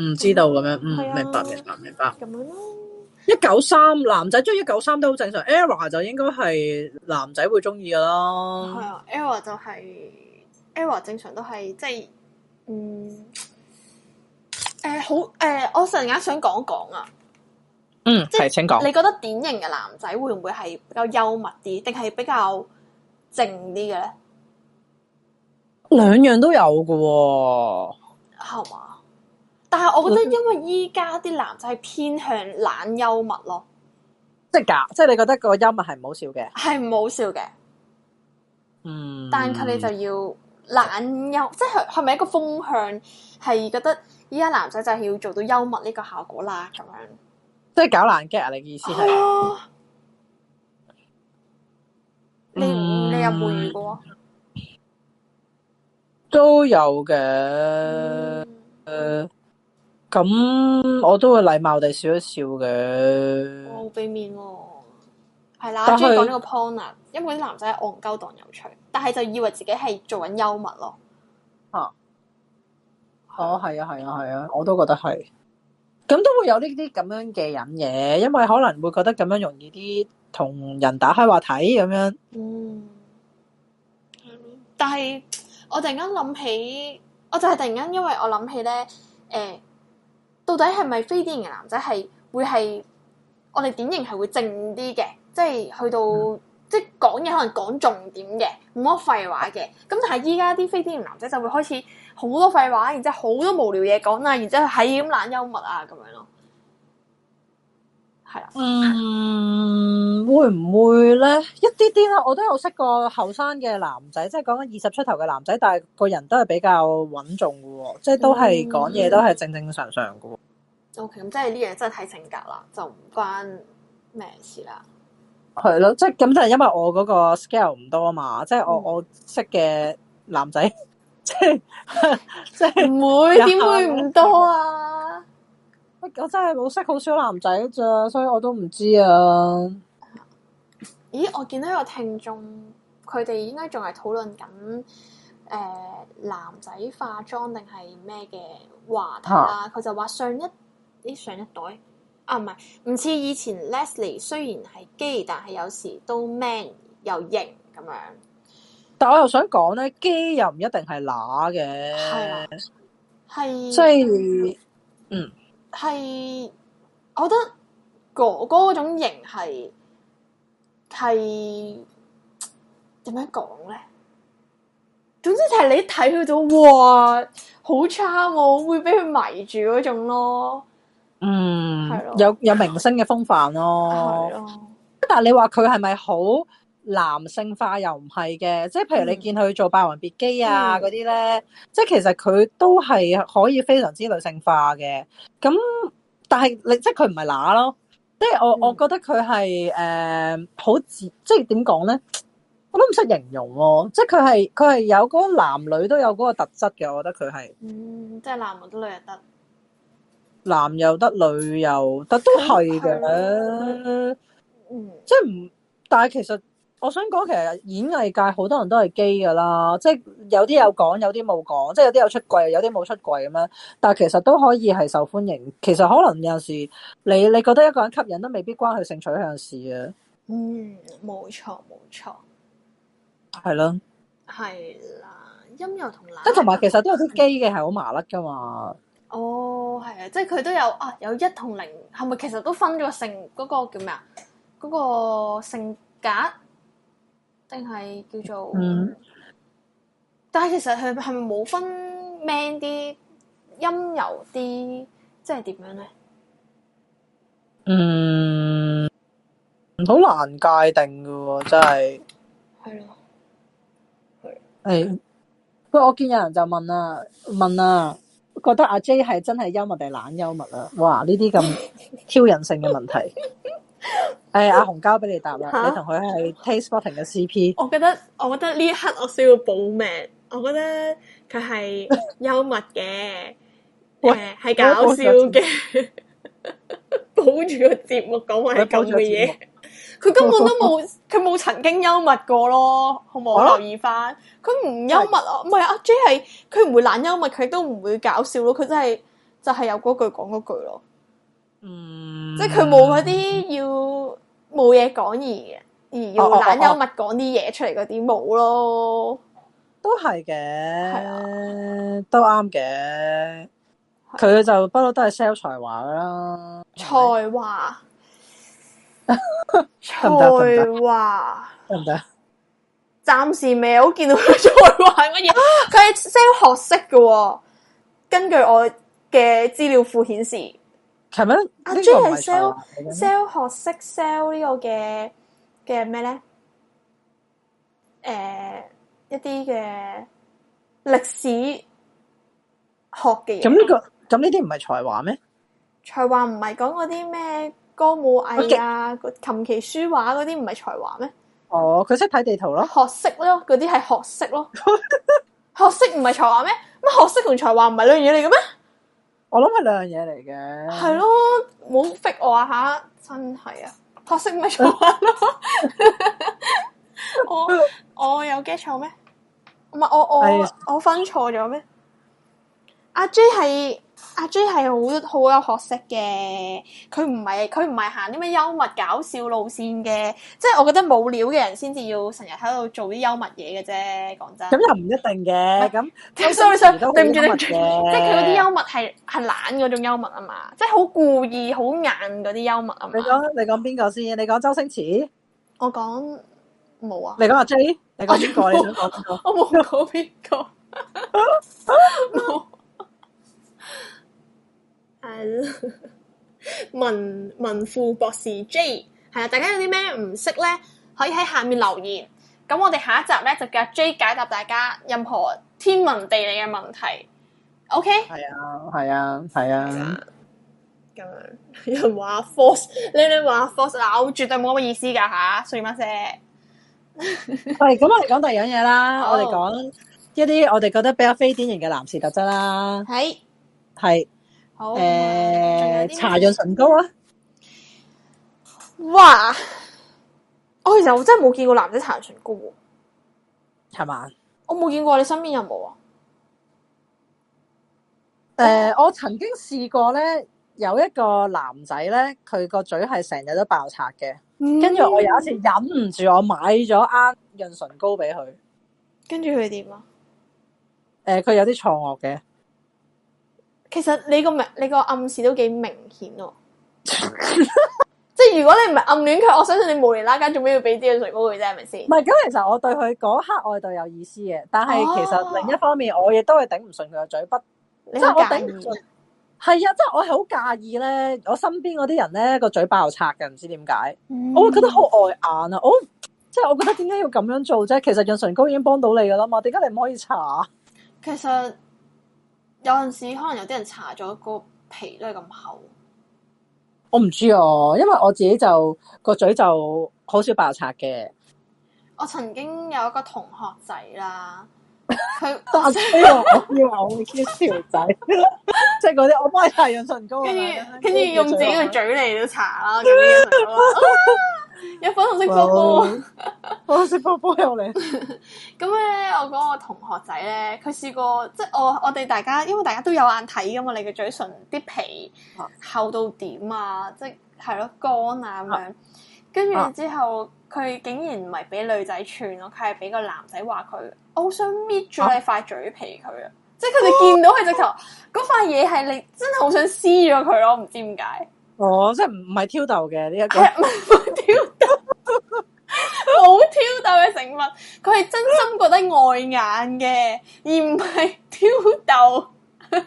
唔知道咁樣。嗯，明白明白明白。咁樣。一九三男仔追一九三都好正常 Era 就應該係男仔會中意噶啦。係啊 Era 就係 Era 正常都係即係，嗯，誒好誒，我突然間想講講啊。嗯，係，請講。你覺得典型嘅男仔會唔會係比較幽默啲，定係比較靜啲嘅咧？兩樣都有噶喎。好嘛。但係我覺得，因為依家啲男仔偏向懶幽默咯，即係假，即係你覺得個幽默係唔好笑嘅，係唔好笑嘅，嗯，但佢哋就要懶幽，即係係咪一個風向？係覺得依家男仔就要做到幽默呢個效果啦，咁樣，即係搞爛 gag 啊？你嘅意思係、哦啊嗯，你你有冇遇過？都有嘅，誒、嗯。呃咁我都會禮貌地笑一笑嘅。好卑鄙喎，係啦，啊，中意講呢個 point 啊，因為啲男仔戇鳩當有趣，但係就以為自己係做緊幽默咯。吓，啊？哦，係啊，係啊，係啊，我都覺得係。咁都會有呢啲咁樣嘅人嘅，因為可能會覺得咁樣容易啲同人打開話題咁樣嗯。嗯，但係我突然間諗起，我就係突然間，因為我諗起咧，誒，欸。到底係咪非典型男仔係會係我哋典型係會正啲嘅，即係去到、嗯、即係講嘢可能講重點嘅，唔多廢話嘅。咁但係依家啲非典型男仔就會開始好多廢話，然之後好多無聊嘢講啊，然之後係咁懶幽默啊咁樣咯。係啊，嗯，會唔會咧？一啲啲啦，我都有識過後生嘅男仔，即係講緊二十出頭嘅男仔，但係個人都係比較穩重嘅，即係都係講嘢都係正正常常嘅。OK，咁即係呢嘢真係睇性格啦，就唔關咩事啦。係咯，即係咁就係因為我嗰個 scale 唔多啊嘛，即係我、嗯、我識嘅男仔，即係 即係唔會，點 會唔多啊？我真係冇識好少男仔咋，所以我都唔知啊。咦，我見到有個聽眾，佢哋應該仲係討論緊誒男仔化妝定係咩嘅話題啊。佢就話上一啲上一代啊，唔係唔似以前 Leslie，雖然係 gay 但係有時都 man 又型咁樣。但我又想講咧 gay 又唔一定係乸嘅，係即係嗯。係，我覺得哥哥嗰種型係係點樣講咧？總之就係你睇佢到哇，好 charm，會俾佢迷住嗰種咯。嗯，係咯，有有明星嘅風範咯。係 咯，但係你話佢係咪好？男性化又唔係嘅，即係譬如你見佢做《霸王別姬》啊嗰啲咧，即係其實佢都係可以非常之女性化嘅。咁但係你即係佢唔係乸咯，即係我、嗯、我覺得佢係誒好自，即係點講咧？我都唔識形容喎、啊。即係佢係佢係有嗰個男女都有嗰個特質嘅。我覺得佢係嗯，即係男女都女又得，男又得女又得都係嘅。嗯、即係唔，但係其實。我想講其實演藝界好多人都係基噶啦，即係有啲有講，有啲冇講，即係有啲有出櫃，有啲冇出櫃咁樣。但係其實都可以係受歡迎。其實可能有陣時你你覺得一個人吸引都未必關佢性取向事啊。嗯，冇錯冇錯，係咯，係啦的，陰柔同男，即同埋其實都有啲基嘅係好麻甩噶嘛。哦，係啊，即係佢都有啊，有一同零係咪？其實都分咗性嗰個叫咩啊？嗰個性格。定係叫做，嗯、但係其實佢係咪冇分 man 啲、陰柔啲，即係點樣咧？嗯，好難界定噶喎，真係。係咯，係。誒，不過、欸、我見有人就問啦、啊，問啦、啊，覺得阿 J 係真係幽默定係懶幽默啊？哇，呢啲咁挑釁性嘅問題。 係阿紅，交俾你答啦，哈你同佢係 TasteSpotting 嘅 CP 我。我覺得我覺得呢一刻我需要保命，我覺得佢係幽默嘅，喂係、 呃、搞笑嘅，保住 個節目講埋咁嘅嘢。佢 根本都冇佢冇曾經幽默過咯，好冇？ 我留意翻，佢唔幽默啊，唔係阿 J 係佢唔會懶幽默，佢都唔會搞笑咯，佢真係就係、是就是、有嗰句講嗰句咯。嗯，即係佢冇嗰啲要。 冇嘢講而而用懶幽默講啲嘢出嚟嗰啲冇咯，都係嘅，嗎都啱嘅。佢的就華 行不嬲都係 sell 才華啦，才華，才華得唔得？暫時未有見到佢才華乜嘢？佢係 sell 學識嘅，根據我嘅資料庫顯示。係咪阿 J 係 sell sell 學識 sell 呢個嘅嘅咩咧？誒、呃，一啲嘅歷史學嘅嘢。咁呢個咁呢啲唔係才華咩？才華唔係講嗰啲咩歌舞藝啊、琴棋書畫嗰啲唔係才華咩？哦，佢識睇地圖咯。學識咯，嗰啲係學識咯。 學識唔係才華咩？乜學識同才華唔係兩樣嘢嚟嘅咩？我諗係兩樣嘢嚟嘅，係、 啊啊、咯，冇 逼 我啊吓，真係啊，拍識咩錯啊？我有我有 get 錯咩？唔係我我我分錯咗咩？阿 J 係阿 J 係好好有學識嘅，佢唔係佢唔係行啲咩幽默搞笑路線嘅，即係我覺得冇料嘅人先至要成日喺度做啲幽默嘢嘅啫。講真，咁又唔一定嘅。咁 sorry sorry，對唔住你，即係佢嗰啲幽默係係懶嗰種幽默啊嘛，即係好故意好硬嗰啲幽默啊嘛。你講你講邊個先？你講周星馳？我講冇啊。你講阿 J？你講邊個？你講邊個？我冇講邊個。係啦，文文富博士 J 係啦，大家有啲咩唔識咧，可以喺下面留言。咁我哋下一集咧就由 J 解答大家任何天文地理嘅問題。OK。係 啊，係啊，係 啊。 咁有人話 force，你你話 force，嗱，絕對冇乜意思噶吓，算乜啫？係咁，我哋講第二樣嘢啦，我哋講一啲我哋覺得比較非典型嘅男士特質啦。係，係。 誒，搽潤唇膏啊！哇，我其實我真係冇見過男仔搽唇膏喎，係嘛吧？我冇見過，你身邊有冇啊？誒、呃，我曾經試過咧，有一個男仔咧，佢個嘴係成日都爆拆嘅，跟住、嗯、我有一次忍唔住，我買咗啱潤唇膏俾佢，跟住佢點啊？誒，佢有啲錯愕嘅。其實你個明，你個暗示都幾明顯咯。 即係如果你唔係暗戀佢，我相信你無厘啦家做咩要俾啲潤唇膏佢啫，係咪先？唔係，咁其實我對佢嗰刻外在有意思嘅，但係其實另一方面，啊、我亦都係頂唔順佢嘅嘴筆。即係我頂唔順。係啊，即、就、係、是、我係好介意咧。我身邊嗰啲人咧，個嘴巴又拆嘅，唔知點解，我會覺得好礙眼啊！我即係我覺得點解、就是、要咁樣做啫？其實潤唇膏已經幫到你噶啦嘛，點解你唔可以搽？其實。有陣時可能有啲人搽咗個皮都係咁厚，我唔知啊，因為我自己就個嘴就好少白搽嘅。我曾經有一個同學仔啦，佢，我以為我會叫條仔， 即係嗰啲我幫你搽潤唇膏，跟住跟住用自己嘅嘴嚟都搽啦咁樣有粉紅色波波哇，粉紅色波波又嚟。咁咧， 我講我同學仔咧，佢試過，即係我我哋大家，因為大家都有眼睇噶嘛，你嘅嘴唇啲皮厚到點啊？即係係咯乾啊咁樣。跟住之後，佢竟然唔係俾女仔串咯，佢係俾個男仔話佢，我好想搣咗你塊嘴皮佢啊！即係佢哋見到佢直頭嗰塊嘢係你，真係好想撕咗佢咯，我唔知點解。哦，即係唔唔係挑逗嘅呢一個，唔 挑逗，冇挑逗嘅成分，佢係真心覺得礙眼嘅，而唔係挑逗。點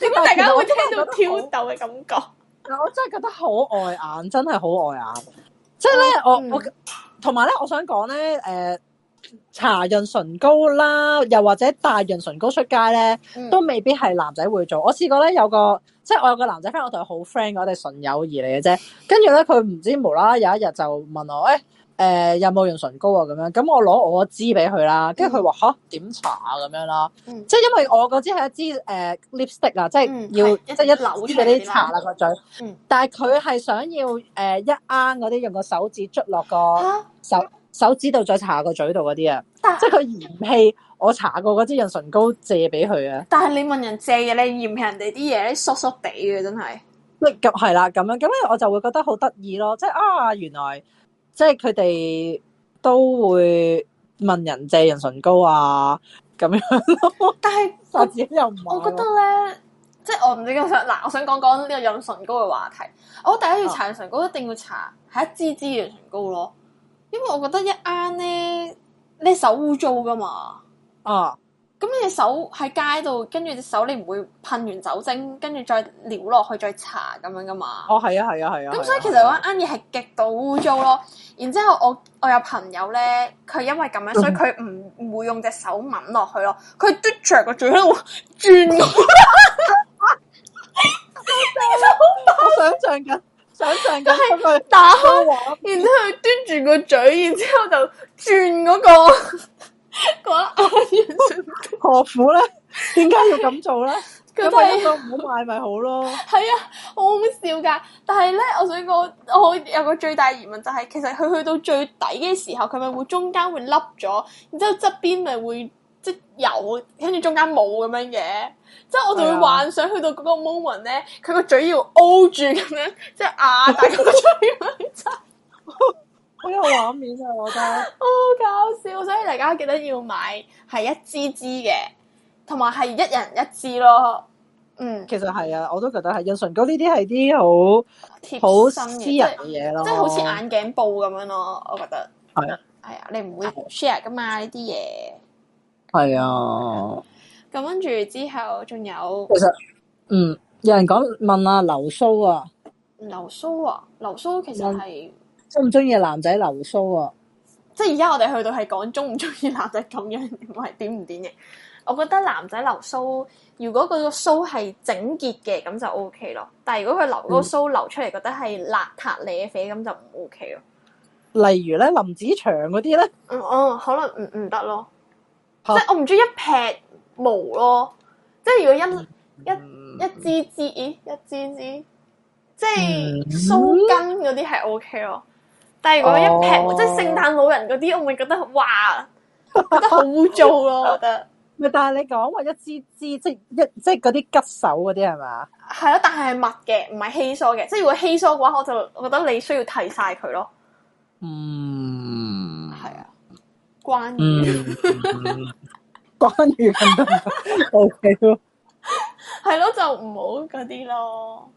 解但 大家會聽到挑逗嘅感覺？我真係覺得好礙眼，真係好礙眼。即係咧，我我同埋咧，我想講咧，誒、呃。搽潤唇膏啦，又或者帶潤唇膏出街咧，都未必係男仔會做。嗯、我試過咧，有個即係我有個男仔 friend，我同佢好 friend，我哋純友誼嚟嘅啫。跟住咧，佢唔知無啦啦有一日就問我，誒、欸，誒、呃、有冇潤唇膏啊？咁樣，咁我攞我支俾佢啦，跟住佢話吓點搽咁樣啦。啊嗯、即係因為我嗰支係一支誒 lipstick 啊，即係要即係一扭咁啲搽啦個嘴。但係佢係想要誒、呃、一啱嗰啲用個手指捽落個手。嗯手指度再搽個嘴度嗰啲啊，但 即係佢嫌棄我搽過嗰支潤唇膏借俾佢啊！但係你問人借嘅，你嫌棄人哋啲嘢，你索索地嘅真係。喂咁係啦，咁樣咁咧，我就會覺得好得意咯，即係啊，原來即係佢哋都會問人借潤唇膏啊，咁樣咯。但係我自己又唔，我覺得咧，即係我唔知點想。嗱，我想講講呢個潤唇膏嘅話題。我第一要搽潤唇膏，一定要搽係、啊、一支支潤唇膏咯。因為我覺得一啱咧，你手污糟噶嘛，啊，咁你隻手喺街度，跟住隻手你唔會噴完酒精，跟住再撩落去再擦咁樣噶嘛，哦係啊係啊係啊，咁、啊啊啊啊、所以其實嗰啱嘢係極度污糟咯。然之後我我有朋友咧，佢因為咁樣，嗯、所以佢唔會用隻手吻落去咯，佢嘟著個嘴喺度轉。我想象緊。就係打開，然之後端住個嘴，然之後就轉嗰、嗰個嗰，何苦咧？點解要咁做咧？咁咪都唔好買咪好咯？係啊，好好笑噶！但係咧，我想講，我有個最大疑問就係、是，其實佢去到最底嘅時候，佢咪會中間會凹咗，然之後側邊咪會即、就是、有，跟住中間冇咁樣嘅。即係我就會幻想去到嗰個 moment 咧，佢個嘴要 O 住咁樣，即係 啊，大個嘴咁樣，真好有畫面性，我覺得 好搞笑。所以大家記得要買係一支支嘅，同埋係一人一支咯。嗯，其實係啊，我都覺得係潤唇膏呢啲係啲好好私人嘅嘢咯，即係好似眼鏡布咁樣咯。我覺得係啊，係啊對、哎，你唔會 share 噶嘛呢啲嘢，係啊對。對 對 咁跟住之後，仲有其實，嗯，有人講問，問啊，留鬚啊，留鬚啊，留鬚其實係鍾唔鍾意男仔留鬚啊？即係而家我哋去到係講鍾唔鍾意男仔咁樣，唔係點唔點型。我覺得男仔留鬚，如果佢個鬚係整潔嘅，咁就 OK 咯。但係如果佢留嗰個鬚留、嗯、出嚟，覺得係邋遢、惹匪，咁就唔 OK 咯。例如咧，林子祥嗰啲咧，嗯嗯，可能唔唔得咯，即係我唔鍾意一劈。好毛咯，即係如果一一一支支，咦一支支，即係須根嗰啲係 OK 咯。但係如果一劈，哦、即係聖誕老人嗰啲，我咪覺得哇，覺得好污糟咯。我覺得。咪 但係你講話一支支，即係一即係嗰啲吉手嗰啲係嘛？係咯，但係係密嘅，唔係稀疏嘅。即係如果稀疏嘅話，我就我覺得你需要剃晒佢咯。嗯，係啊，關於、嗯。 關於 O K 咯，係咯，就唔好嗰啲咯。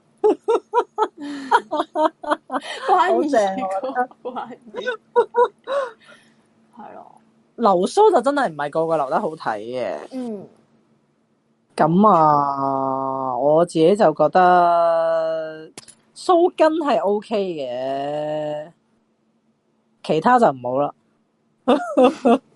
關於、那個，關於係咯。留鬚就真係唔係個個留得好睇嘅。嗯。咁啊，我自己就覺得鬚根係 O K 嘅，其他就唔好啦。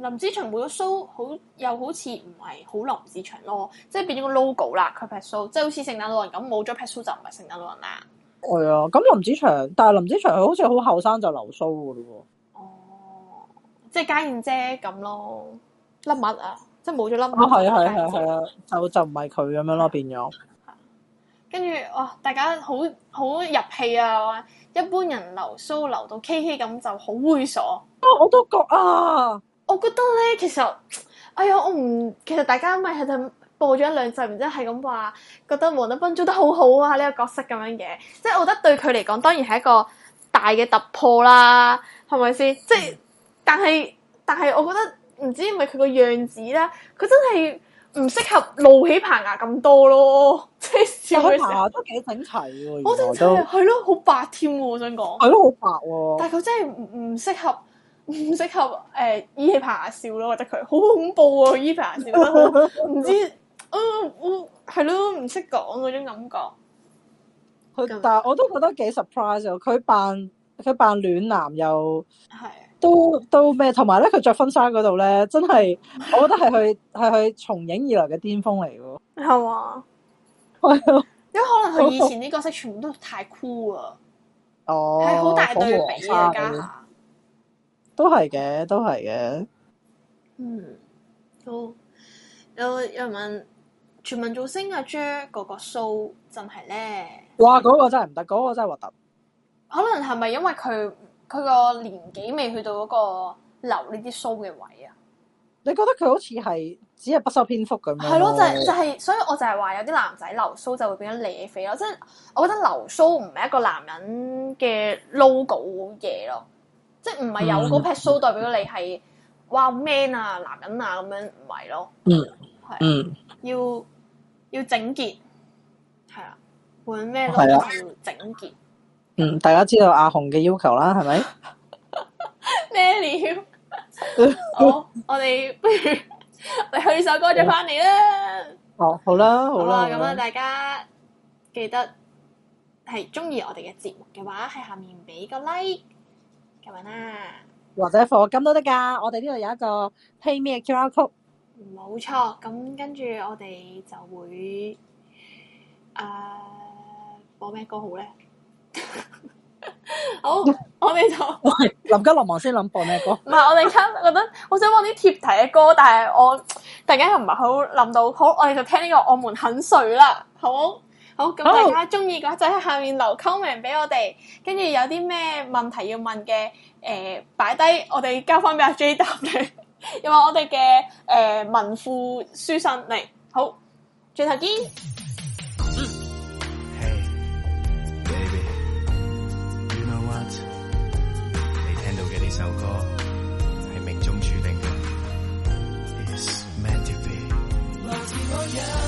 林子祥冇咗須，好又好似唔係好林子祥咯，即係變咗個 logo 啦。佢白須，即係好似聖誕老人咁，冇咗白須就唔係聖誕老人啦。係啊，咁林子祥，但係林子祥佢好似好後生就留須嘅咯。哦，即係家燕姐咁咯，粒癦啊？即係冇咗粒癦，係啊係啊係啊，就就唔係佢咁樣咯，啊、變咗了。跟住、啊、哇，大家好好入戲啊！一般人留須留到 K K 咁就好猥瑣。啊，我都覺啊。我覺得咧，其實，哎呀，我唔，其實大家咪係咁播咗一兩集，然之後係咁話，覺得黃德斌做得好好啊，呢、這個角色咁樣嘅。即係我覺得對佢嚟講，當然係一個大嘅突破啦，係咪先？即係，但係，但係，我覺得唔知係咪佢個樣子咧，佢真係唔適合露起棚牙咁多咯，即係。露起棚牙都幾整齊好整齊，我都係咯，好白添、啊，我想講，係咯、啊，好白。但係佢真係唔唔適合。唔適合誒，伊、呃、爬下笑咯，我覺得佢好恐怖啊！佢伊爬下笑，唔知啊，係、呃、咯，唔識講嗰種感覺。佢但係我都覺得幾 surprise 哦！佢扮佢扮暖男又係，都都咩？同埋咧，佢着婚紗嗰度咧，真係我覺得係佢係佢從影以來嘅巔峰嚟嘅。係嘛吧？ 因為可能佢以前啲角色全部都太 cool 啊，係好、oh, 大對比啊，家都係嘅，都係嘅。嗯，都有有人問，全民造星阿 Joe、er、嗰個鬚真係咧？哇，嗰、那個真係唔得，嗰、那個真係核突。可能係咪因為佢佢個年紀未去到嗰個留呢啲鬚嘅位啊？你覺得佢好似係只係不修邊幅咁？係咯，就係、是、就係、是，所以我就係話有啲男仔留鬚就會變咗脷肥咯。即係我覺得留鬚唔係一個男人嘅 logo 嘢咯。即係唔係有嗰撇鬚代表你係、嗯、哇 man 啊男人啊咁、啊、樣唔係咯，係要要整潔係啊，換咩要整潔。嗯，大家知道阿紅嘅要求啦，係咪咩料？我 我哋不如嚟唱首歌再翻嚟啦。哦，好啦，好啦，咁啊，啦啦大家記得係中意我哋嘅節目嘅話，喺下面俾個 like。啦，或者火金都得㗎。我哋呢度有一個 Pay Me 嘅 QR code，冇錯。咁跟住我哋就會誒、呃、播咩歌好咧？ 好， 我未們錯。 喂，臨急臨忙先諗播咩歌？唔係，我哋而家覺得想我想播啲貼題嘅歌，但係我突然間又唔係好諗到。好，我哋就聽呢、這個《我們很碎》啦。好。好，咁大家中意嘅話就喺下面留 comment 俾我哋，跟住有啲咩問題要問嘅，誒，擺低，我哋交翻俾阿 J 豆嘅， 又話我哋嘅誒文庫書信嚟，好，轉頭見。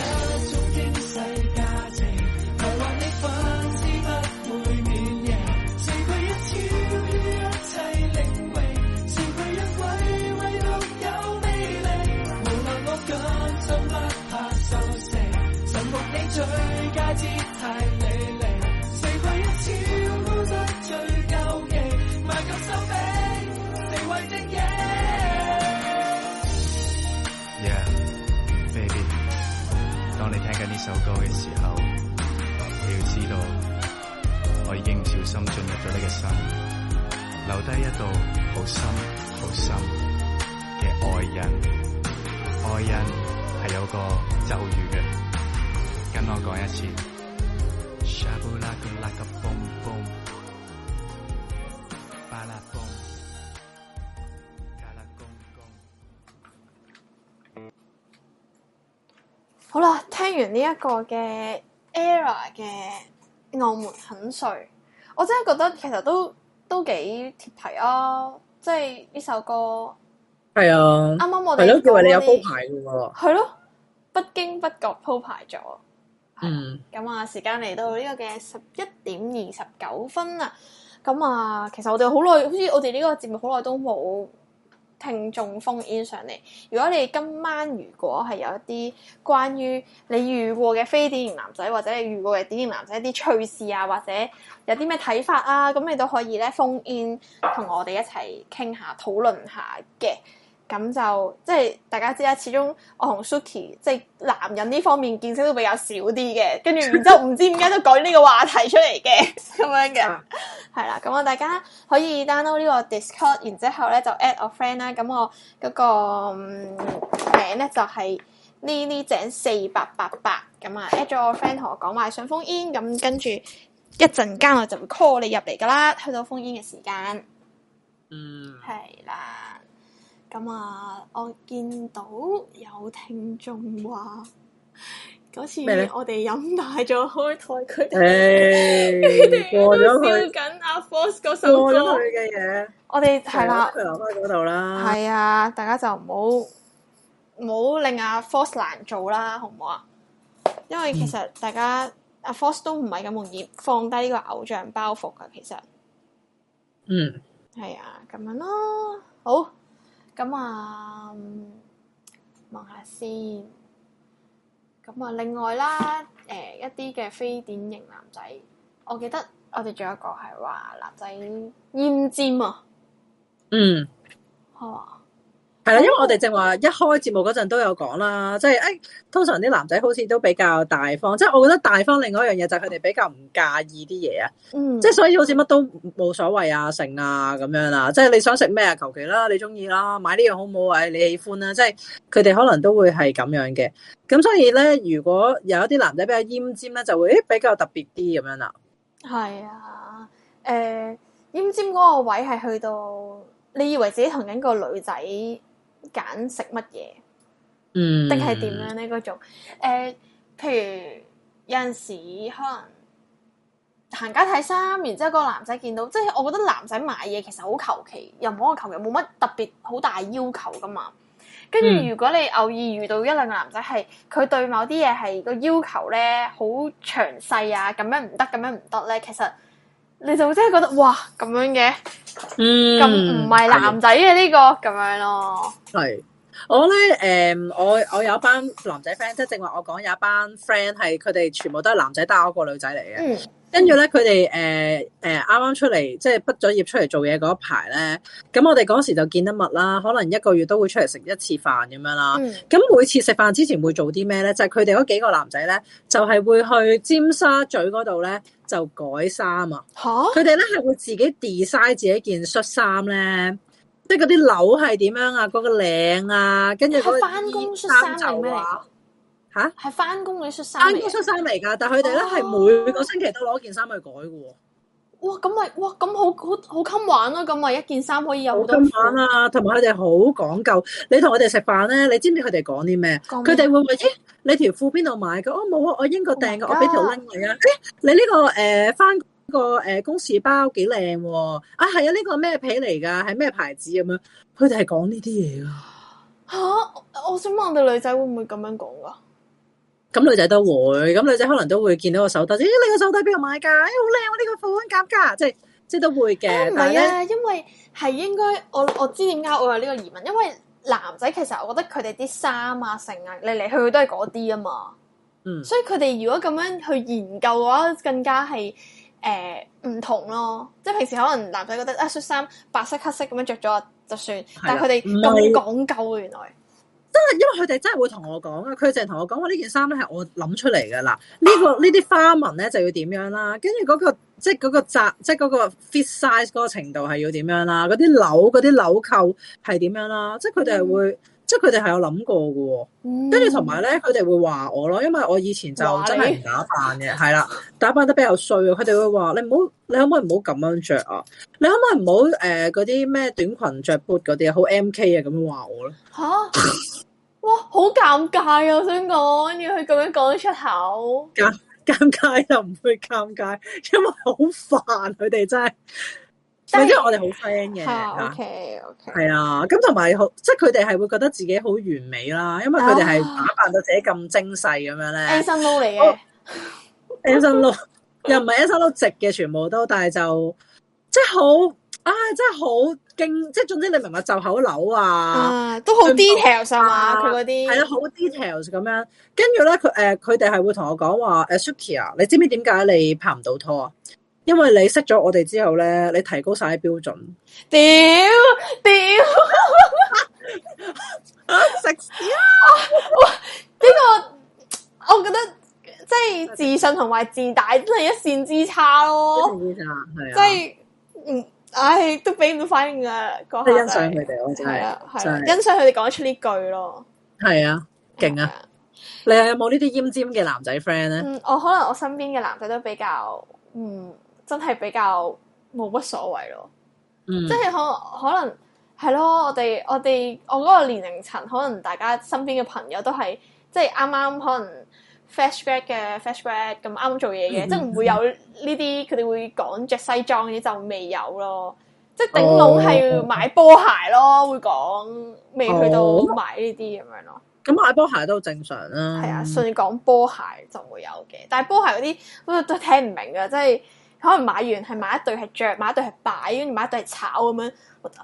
最佳姿態，你嚟，地位一超，孤身最高技，埋骨收尾，地位 y e a yeah baby。當你聽緊呢首歌嘅時候，你要知道，我已經唔小心進入咗你嘅心，留低一道好深、好深嘅愛人。愛人係有個咒語嘅。跟我講一次。 好啦，聽完呢一個嘅 Era 嘅《我們很碎》，我真係覺得其實都都幾貼題啊！即係呢首歌係啊，啱啱我哋都以為你有鋪排噶喎，係咯，不經不覺鋪排咗。嗯，咁啊，時間嚟到呢個嘅十一點二十九分啦。咁啊，其實我哋好耐，好似我哋呢個節目好耐都冇聽眾 phone in 上嚟。如果你今晚如果係有一啲關於你遇過嘅非典型男仔，或者你遇過嘅典型男仔一啲趣事啊，或者有啲咩睇法啊，咁你都可以咧 phone in 同我哋一齊傾下、討論下嘅。咁就即係大家知啦，始終我同 Suki 即係男人呢方面見識都比較少啲嘅，跟住然之後唔知點解都講呢個話題出嚟嘅咁樣嘅，係啦、嗯。咁 我大家可以 download 呢個 Discord，然之後咧就 add 我 friend 啦。咁我嗰個名咧就係呢呢井四八八八。咁啊 add 咗我 friend 同我講話想封煙，咁跟住一陣間我就會 call 你入嚟噶啦，去到封煙嘅時間。嗯，係啦。咁啊！我見到有聽眾話嗰次我哋飲大咗開台，佢哋我哋過緊阿 Force 嗰首歌嘅嘢。我哋係啦，佢了了留翻嗰度啦。係啊，大家就唔好唔好令阿 Force 難做啦，好唔好啊？因為其實大家、嗯、阿 Force 都唔係咁容易放低呢個偶像包袱㗎，其實嗯、係啊，咁樣咯，好。咁啊，望下、嗯、先。咁、嗯、啊，另外啦，誒、呃、一啲嘅非典型男仔，我記得我哋仲有一個係話男仔奄尖啊。嗯，係啊。係啦，嗯、因為我哋正話一開節目嗰陣都有講啦，即係誒，通常啲男仔好似都比較大方，即係我覺得大方另外一樣嘢就係佢哋比較唔介意啲嘢啊，嗯，即係所以好似乜都冇所謂啊，剩啊咁樣啦，即係你想食咩啊，求其啦，你中意啦，買呢樣好唔好？啊，你喜歡啊，即係佢哋可能都會係咁樣嘅，咁所以咧，如果有一啲男仔比較奄尖咧，就會比較特別啲咁樣啦。係啊，誒、呃，奄尖嗰個位係去到你以為自己同緊個女仔。揀食乜嘢，嗯，定係點樣呢？嗰種，誒、呃，譬如有陣時可能行街睇衫，然之後個男仔見到，即係我覺得男仔買嘢其實好求其，又唔好話求其，冇乜特別好大要求噶嘛。跟住如果你偶爾遇到一兩個男仔係，佢對某啲嘢係個要求咧，好詳細啊，咁樣唔得，咁樣唔得咧，其實。你就會真係覺得哇咁樣嘅，咁唔係男仔嘅呢個咁的樣咯。係我咧，誒，我呢、嗯、我，我有班男仔 friend，即係正話我講有一班 friend 係佢哋全部都係男仔帶我一個女仔嚟嘅。嗯跟住咧，佢哋誒誒啱啱出嚟，即係畢咗業出嚟做嘢嗰一排咧。咁我哋嗰時就見得密啦，可能一個月都會出嚟食一次飯咁樣啦。咁、嗯、每次食飯之前會做啲咩咧？就係佢哋嗰幾個男仔咧，就係、是、會去尖沙咀嗰度咧，就改衫啊。佢哋咧係會自己 design 自己件恤衫咧，即係嗰啲紐係點樣啊，嗰、那個領啊，跟住佢翻工衫嚟咩？就吓，係翻工你出生嚟，翻工出生嚟噶。啊、但係佢哋咧係每個星期都攞件衫去改嘅。哇，咁咪哇，咁好好好襟玩啊！咁咪一件衫可以有多好多款啊。同埋佢哋好講究。你同我哋食飯咧，你知唔知佢哋講啲咩？佢哋會唔會咦，你條褲邊度買？佢哦冇啊，我英國訂嘅，oh、我俾條 link 你啊、欸。你呢、這個誒翻個誒公事包幾靚啊？係啊，呢、啊這個咩皮嚟噶？係咩牌子咁樣？佢哋係講呢啲嘢啊！吓。我想問我哋女仔會唔會咁樣講噶？咁女仔都會，咁女仔可能都會見到個手袋，咦、哎？你手、哎這個手袋邊度買㗎？咦！好靚、哦、啊！呢個貨款夾價，即係即係都會嘅。唔係啊，因為係應該，我我知點解我有呢個疑問，因為男仔其實我覺得佢哋啲衫啊、成啊嚟嚟去去都係嗰啲啊嘛。嗯，所以佢哋如果咁樣去研究嘅話，更加係誒唔同咯。即係平時可能男仔覺得啊，恤衫白色、黑色咁樣着咗就算，啊、但係佢哋咁講究、啊、原來。真係，因為佢哋真係會同我講啊，佢淨係同我講話呢件衫咧係我諗出嚟嘅啦。呢、這個呢啲花紋咧就要點樣啦？跟住嗰個即係嗰個紮，即係嗰個 fit size 嗰個程度係要點樣啦？嗰啲紐嗰啲紐扣係點樣啦？即係佢哋係會。嗯即係佢哋係有諗過嘅，跟住同埋咧，佢哋會話我咯，因為我以前就真係唔打扮嘅，係啦，打扮得比較衰，佢哋會話你唔好，你可唔可以唔好咁樣着啊？你可唔可以唔好誒嗰啲咩短裙着 boot 嗰啲啊？好 MK 啊咁樣話我囉吓，哇，好尷尬啊！我想講要佢咁樣講出口，尷 尷尬就唔會尷尬，因為好煩佢哋真係。 因為、嗯、我哋好 friend 嘅，係啊，咁同埋好，即係佢哋係會覺得自己好完美啦，因為佢哋係打扮到自己咁精細咁樣咧。S L 嚟嘅，S L 又唔係 S L 值嘅全部都，都，但係就即係好啊，真係好勁，即、哎、係、就是、總之你明白袖口紐啊，啊，都好 details 啊嘛，佢嗰啲係啊，好 details 咁樣。跟住咧，佢誒佢哋係會同我講話誒，Suki 啊，你知唔知點解你拍唔到拖啊？因為你識咗我哋之後咧，你提高晒啲標準。屌屌，食屎 啊！呢、這個，我覺得即係自信同埋自大都係一線之差咯。一線之差係啊，即係唔唉都俾唔反應啊。即係欣賞佢哋，我真係真係欣賞佢哋講得出呢句咯。係啊，勁啊！啊你又有冇呢啲奄尖嘅男仔 friend 咧？我可能我身邊嘅男仔都比較嗯。真係比較冇乜所謂咯，嗯、即係可可能係咯，我哋我哋我嗰個年齡層，可能大家身邊嘅朋友都係即係啱啱可能 fresh grad 嘅 fresh grad 咁啱做嘢嘅，嗯、即係唔會有呢啲佢哋會講着西裝嘅就未有咯。即係頂籠係要買波鞋咯，哦、會講未去到買呢啲咁樣咯。咁、嗯嗯、買波鞋都正常啦，係啊，順講、啊、波鞋就會有嘅，但係波鞋嗰啲都都聽唔明㗎，即係。即可能買完係買一對係着，買一對係擺，跟住買一對係炒咁樣，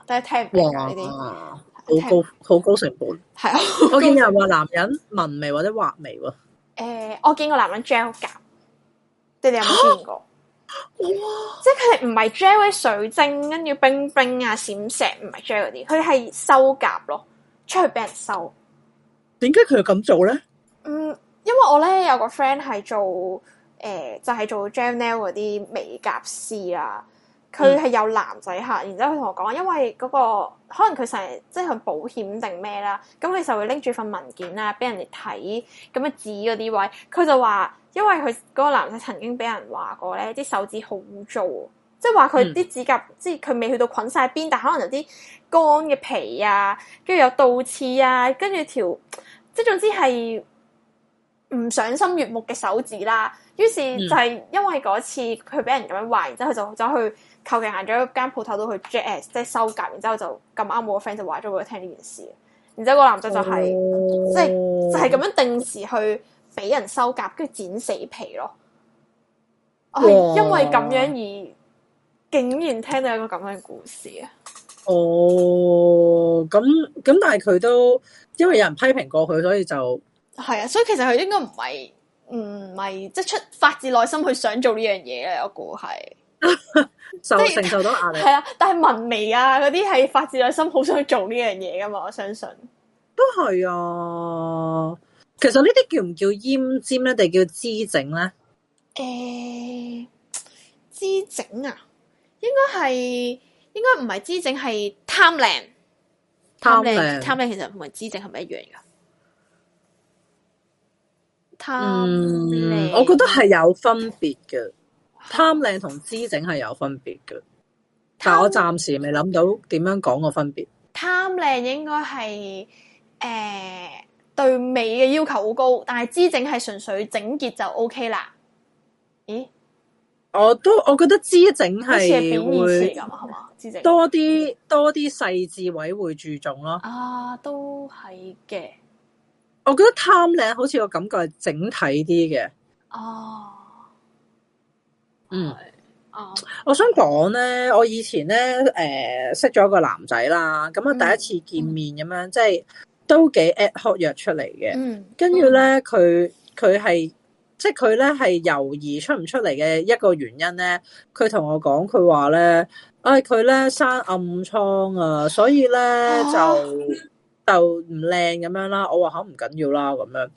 大家聽唔明啊！呢啲好高好高成本。係啊、 嗯，我見人話男人紋眉或者畫眉喎。誒，我見個男人 gel 夾，你哋有冇見過？哇！即係佢哋唔係 gel 嗰啲水晶，跟住冰冰啊、閃石，唔係 gel 嗰啲，佢係收夾咯，出去俾人收。點解佢要咁做咧？嗯，因為我咧有個 friend 係做。誒、呃、就係、是、做 gel nail 嗰啲美甲師啊，佢係有男仔客，然之後佢同我講，因為嗰、那個可能佢成日即係佢保險定咩啦，咁佢就會拎住份文件啊，俾人哋睇咁嘅指嗰啲位，佢就話因為佢嗰、那個男仔曾經俾人話過咧，啲手指好污糟，即係話佢啲指甲、嗯、即係佢未去到捆晒邊，但可能有啲乾嘅皮啊，跟住有倒刺啊，跟住條即係總之係。唔賞心悅目嘅手指啦，於是就係因為嗰次佢俾人咁樣壞，然之後佢就走去求其行咗一間鋪頭度去剪，即係修甲，然之後就咁啱我個 friend 就話咗俾佢聽呢件事，然之後個男仔就係即係就係咁樣定時去俾人修甲，跟住剪死皮咯。係、哦哎、因為咁樣而竟然聽到一個咁樣嘅故事啊！哦，咁咁但係佢都因為有人批評過佢，所以就。係啊，所以其實佢應該唔係，唔係即係出發自內心去想做呢樣嘢嘅，我估係就承受到壓力係 啊。但係文眉啊嗰啲係發自內心好想做呢樣嘢噶嘛，我相信都係啊。其實叫叫呢啲叫唔叫閹尖咧，定叫姿整咧？誒，姿整啊，應該係應該唔係姿整，係貪靚。貪靚領，貪靚領，其實同埋姿整係咪一樣噶？貪嗯，我覺得係有分別嘅，貪靚同姿整係有分別嘅，但係我暫時未諗到點樣講個分別。貪靚應該係誒對美嘅要求好高，但係姿整係純粹整潔就 OK 啦。咦？我都我覺得姿整係會咁係嘛？多啲多啲細緻位會注重咯、啊。啊，都係嘅。我覺得貪靚好似個感覺係整體啲嘅。哦，嗯，啊，我想講咧，我以前咧，誒、呃，識咗個男仔啦，咁啊，第一次見面咁樣，即係都幾 ad hoc 約出嚟嘅。嗯，跟住咧，佢佢係即係佢咧係猶豫出唔出嚟嘅一個原因咧。佢同我講，佢話咧，哎，佢咧生暗瘡啊，所以咧、oh. 就。就唔靚咁樣啦，我話好唔緊要啦咁樣，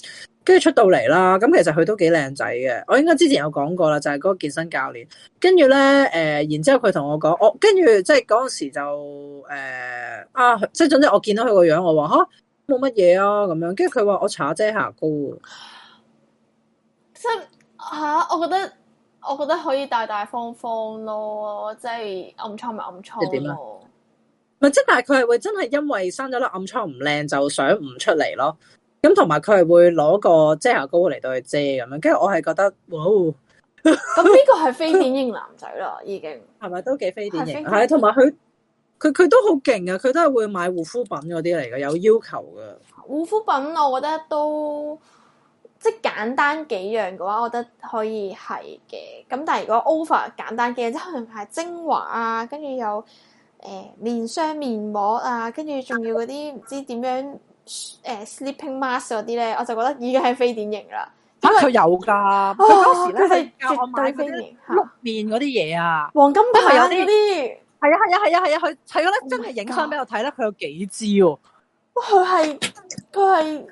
跟住出到嚟啦。咁其實佢都幾靚仔嘅。我應該之前有講過啦，就係嗰個健身教練。跟住咧，誒，然之後佢同我講，我跟住即係嗰陣時就誒啊，即係總之我見到佢個樣，我話吓冇乜嘢啊咁樣。跟住佢話我搽遮瑕膏即係吓，我覺得我覺得可以大大方方咯，即係暗瘡咪暗瘡咯。咪即係，但係佢係會真係因為生咗粒暗瘡唔靚，就想唔出嚟咯。咁同埋佢係會攞個遮瑕膏嚟到去遮咁樣。跟住我係覺得，哇！咁 呢個係非典型男仔啦，他已經係咪都幾非典型？係，同埋佢佢佢都好勁啊！佢都係會買護膚品嗰啲嚟嘅，有要求嘅護膚品。我覺得都即係簡單幾樣嘅話，我覺得可以係嘅。咁但係如果 over 簡單嘅，即係可能係精華啊，跟住有。誒面霜、欸、面膜啊，跟住仲要嗰啲唔知點樣誒 sleeping mask 嗰啲咧，我就覺得已經係非典型啦。咁佢係有㗎，佢當時咧教我買嗰啲碌面嗰啲嘢啊，黃金面啊，有啲係啊係啊係啊係啊，佢係我咧真係影相俾我睇咧，佢有幾支喎。哇！佢係佢係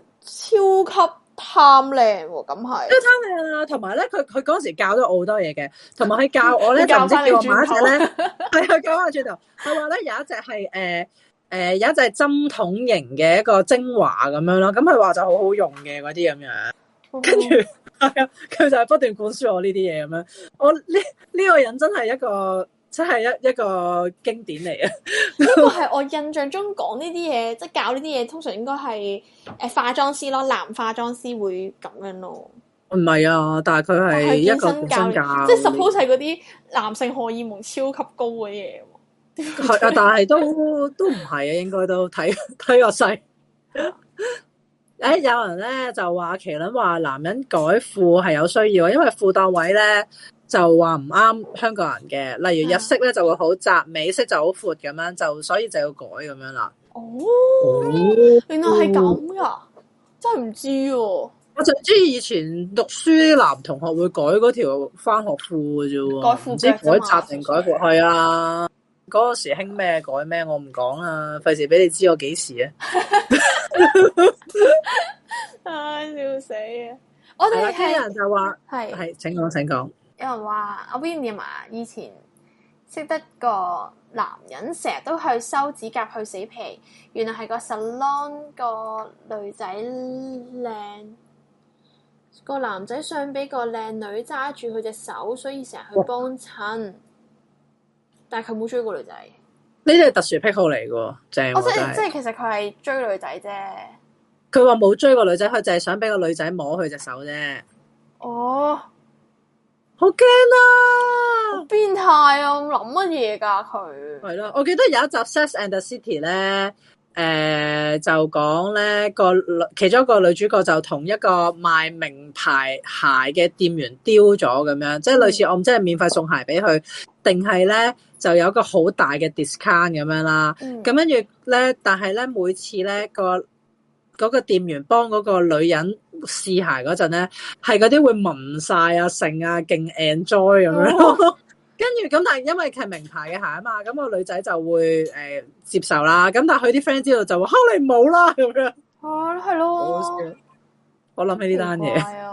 超級。貪靚喎，咁係都貪靚啦。同埋咧，佢佢嗰時教咗我好多嘢嘅，同埋佢教我咧， 你你就唔知叫乜一隻咧，係啊， 教翻轉頭，佢話咧有一隻係誒誒，有一隻係針筒型嘅一個精華咁樣咯。咁佢話就好好用嘅嗰啲咁樣， 跟住係啊，佢 就係不斷灌輸我呢啲嘢咁樣。我呢呢、這個人真係一個。真係一一個經典嚟啊！呢 個係我印象中講呢啲嘢，即係教呢啲嘢，通常應該係誒化妝師咯，男化妝師會咁樣咯。唔係啊，但係佢係一個教練，即係 suppose 係嗰啲男性荷爾蒙超級高嘅嘢。係 啊，但係都都唔係啊，應該都睇睇個細。誒、 欸，有人咧就話麒麟話男人改褲係有需要，因為褲檔位咧。就話唔啱香港人嘅，例如日式咧就會好窄，美式就好闊咁樣，就所以就要改咁樣啦。哦，oh，原來係咁噶，真係唔知喎。我就知以前讀書啲男同學會改嗰條返學褲嘅啫，唔知改窄定改闊係啊。嗰個時興咩改咩，我唔講啦，費事俾你知我幾時啊！唉，笑死啊！我哋聽人就話係係，請講請講。有人話阿 William 啊，以前識得個男人，成日都去修指甲去死皮，原來係個 salon 個女仔靚，個男仔想俾個靚女揸住佢隻手，所以成日去幫襯，但係佢冇追過個女仔。呢啲係特殊癖好嚟嘅，正。哦，即係即係，其實佢係追女仔啫。佢話冇追過個女仔，佢就係想俾個女仔摸佢隻手啫。哦。好驚啊，好變態啊！諗乜嘢噶佢？係咯，我記得有一集《Sex and the City》咧，誒、呃、就講咧個其中一個女主角就同一個賣名牌鞋嘅店員丟咗咁樣，即係類似我唔知係免費送鞋俾佢，定係咧就有一個好大嘅 discount 咁樣啦。咁跟住咧，但係咧每次咧個嗰個店員幫嗰個女人，試鞋嗰陣咧，係嗰啲會聞晒啊，剩啊，勁 enjoy 咁樣。跟住咁，但係因為係名牌嘅鞋啊嘛，咁個女仔就會誒接受啦。咁但係佢啲 friend 知道就話，吓，你冇啦咁樣。吓，係咯。我諗起呢單嘢。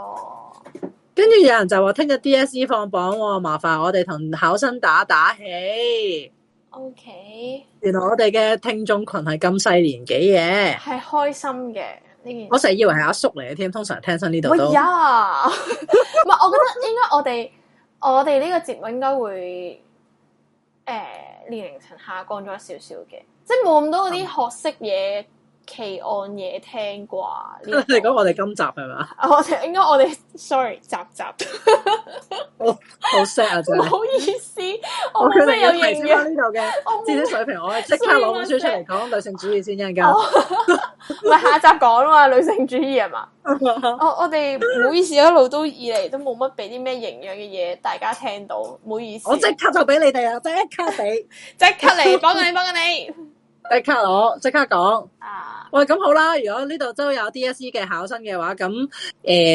跟住有人就話，聽日 DSE 放榜喎，麻煩我哋同考生打打氣。OK。原來我哋嘅聽眾群係咁細年紀嘅，係開心嘅。我成日以為係阿叔嚟嘅添，通常聽親呢度都。唔係，哎呀， 我覺得應該我哋 我哋呢個節目應該會誒、呃、年齡層下降咗少少嘅，即係冇咁多嗰啲學識嘢。嗯奇案嘢聽啩？你嚟講我哋今集係咪啊？我應該我哋，sorry，集集，我好 sad 啊！真唔好意思，我真係有營養呢度嘅知識水平，我即刻攞本書出嚟講女性主義先一陣間。唔係下集講啊嘛，女性主義啊嘛？我我哋唔好意思，一路都以嚟都冇乜俾啲咩營養嘅嘢，大家聽到唔好意思。我即刻就俾你哋啊！即刻俾，即刻嚟，幫緊你，幫緊你。即刻攞，即刻講。啊！喂，咁好啦，如果呢度都有 DSE 嘅考生嘅話，咁誒、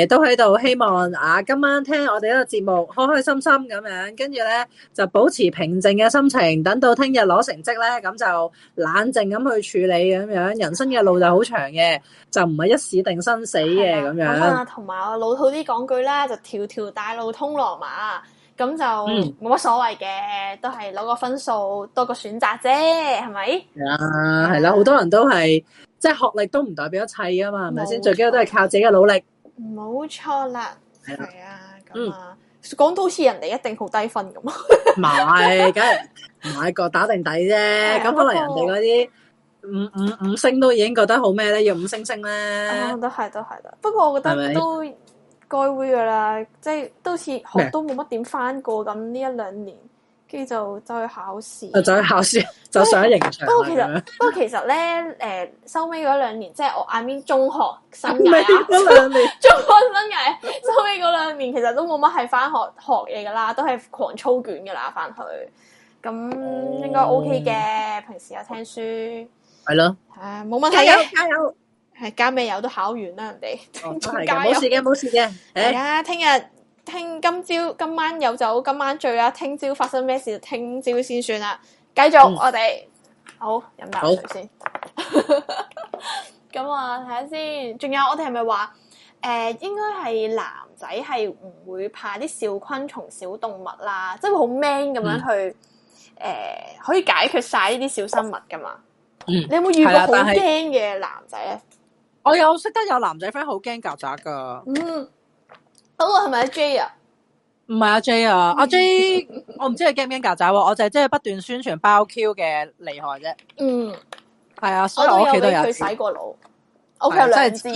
呃、都喺度希望啊，今晚聽我哋呢個節目，開開心心咁樣，跟住咧就保持平靜嘅心情，等到聽日攞成績咧，咁就冷靜咁去處理咁樣。人生嘅路就好長嘅，的就唔係一試定生死嘅咁樣。啊，同埋我老土啲講句啦，就條條大路通羅馬。咁就冇乜所謂嘅，都係攞個分數多個選擇啫，係咪？係啦，係啦，好多人都係即係學歷都唔代表一切㗎嘛，係咪先？最緊要都係靠自己嘅努力。冇錯啦，係啊，咁啊，講到好似人哋一定好低分咁，買，梗係買個打定底啫。咁可能人哋嗰啲五五五星都已經覺得好咩咧？要五星星咧，都係都係啦。不過我覺得都。該會噶啦，即係都似學都冇乜點翻過咁呢一兩年，跟住就再去考試，就去考試， 就上一現場。不過其實不過其實咧，誒、呃，收尾嗰兩年，即係我挨邊中學生涯，中學生涯收尾嗰兩年， 兩年其實都冇乜係翻學學嘢噶啦，都係狂操卷噶啦翻去，咁應該 O K 嘅，嗯、平時有聽書係咯，誒了，冇、啊、問題，加加油。加油係加咩油都考完啦，人哋冇、哦、事嘅，冇事嘅。係啊！ 聽日聽今朝，今晚有酒，今晚醉啦，聽朝發生咩事，聽朝先算啦。繼續，嗯、我哋好飲啖水好 先看看。咁啊，睇下先，仲有我哋係咪話誒？應該係男仔係唔會怕啲小昆蟲、小動物啦，即係會好 man 咁樣去誒、嗯呃，可以解決晒呢啲小生物噶嘛？嗯、你有冇遇過好驚嘅男仔咧？嗯嗯嗯我有識得有男仔 friend 好驚曱甴噶，嗯，嗰個係咪阿 J 啊？唔係阿 J 啊，阿、嗯啊、J，ay，我唔知佢驚唔驚曱甴，我就係即係不斷宣傳包 Q 嘅厲害啫。嗯，係啊，所以我屋企都有，洗過腦，屋企、啊、有兩支，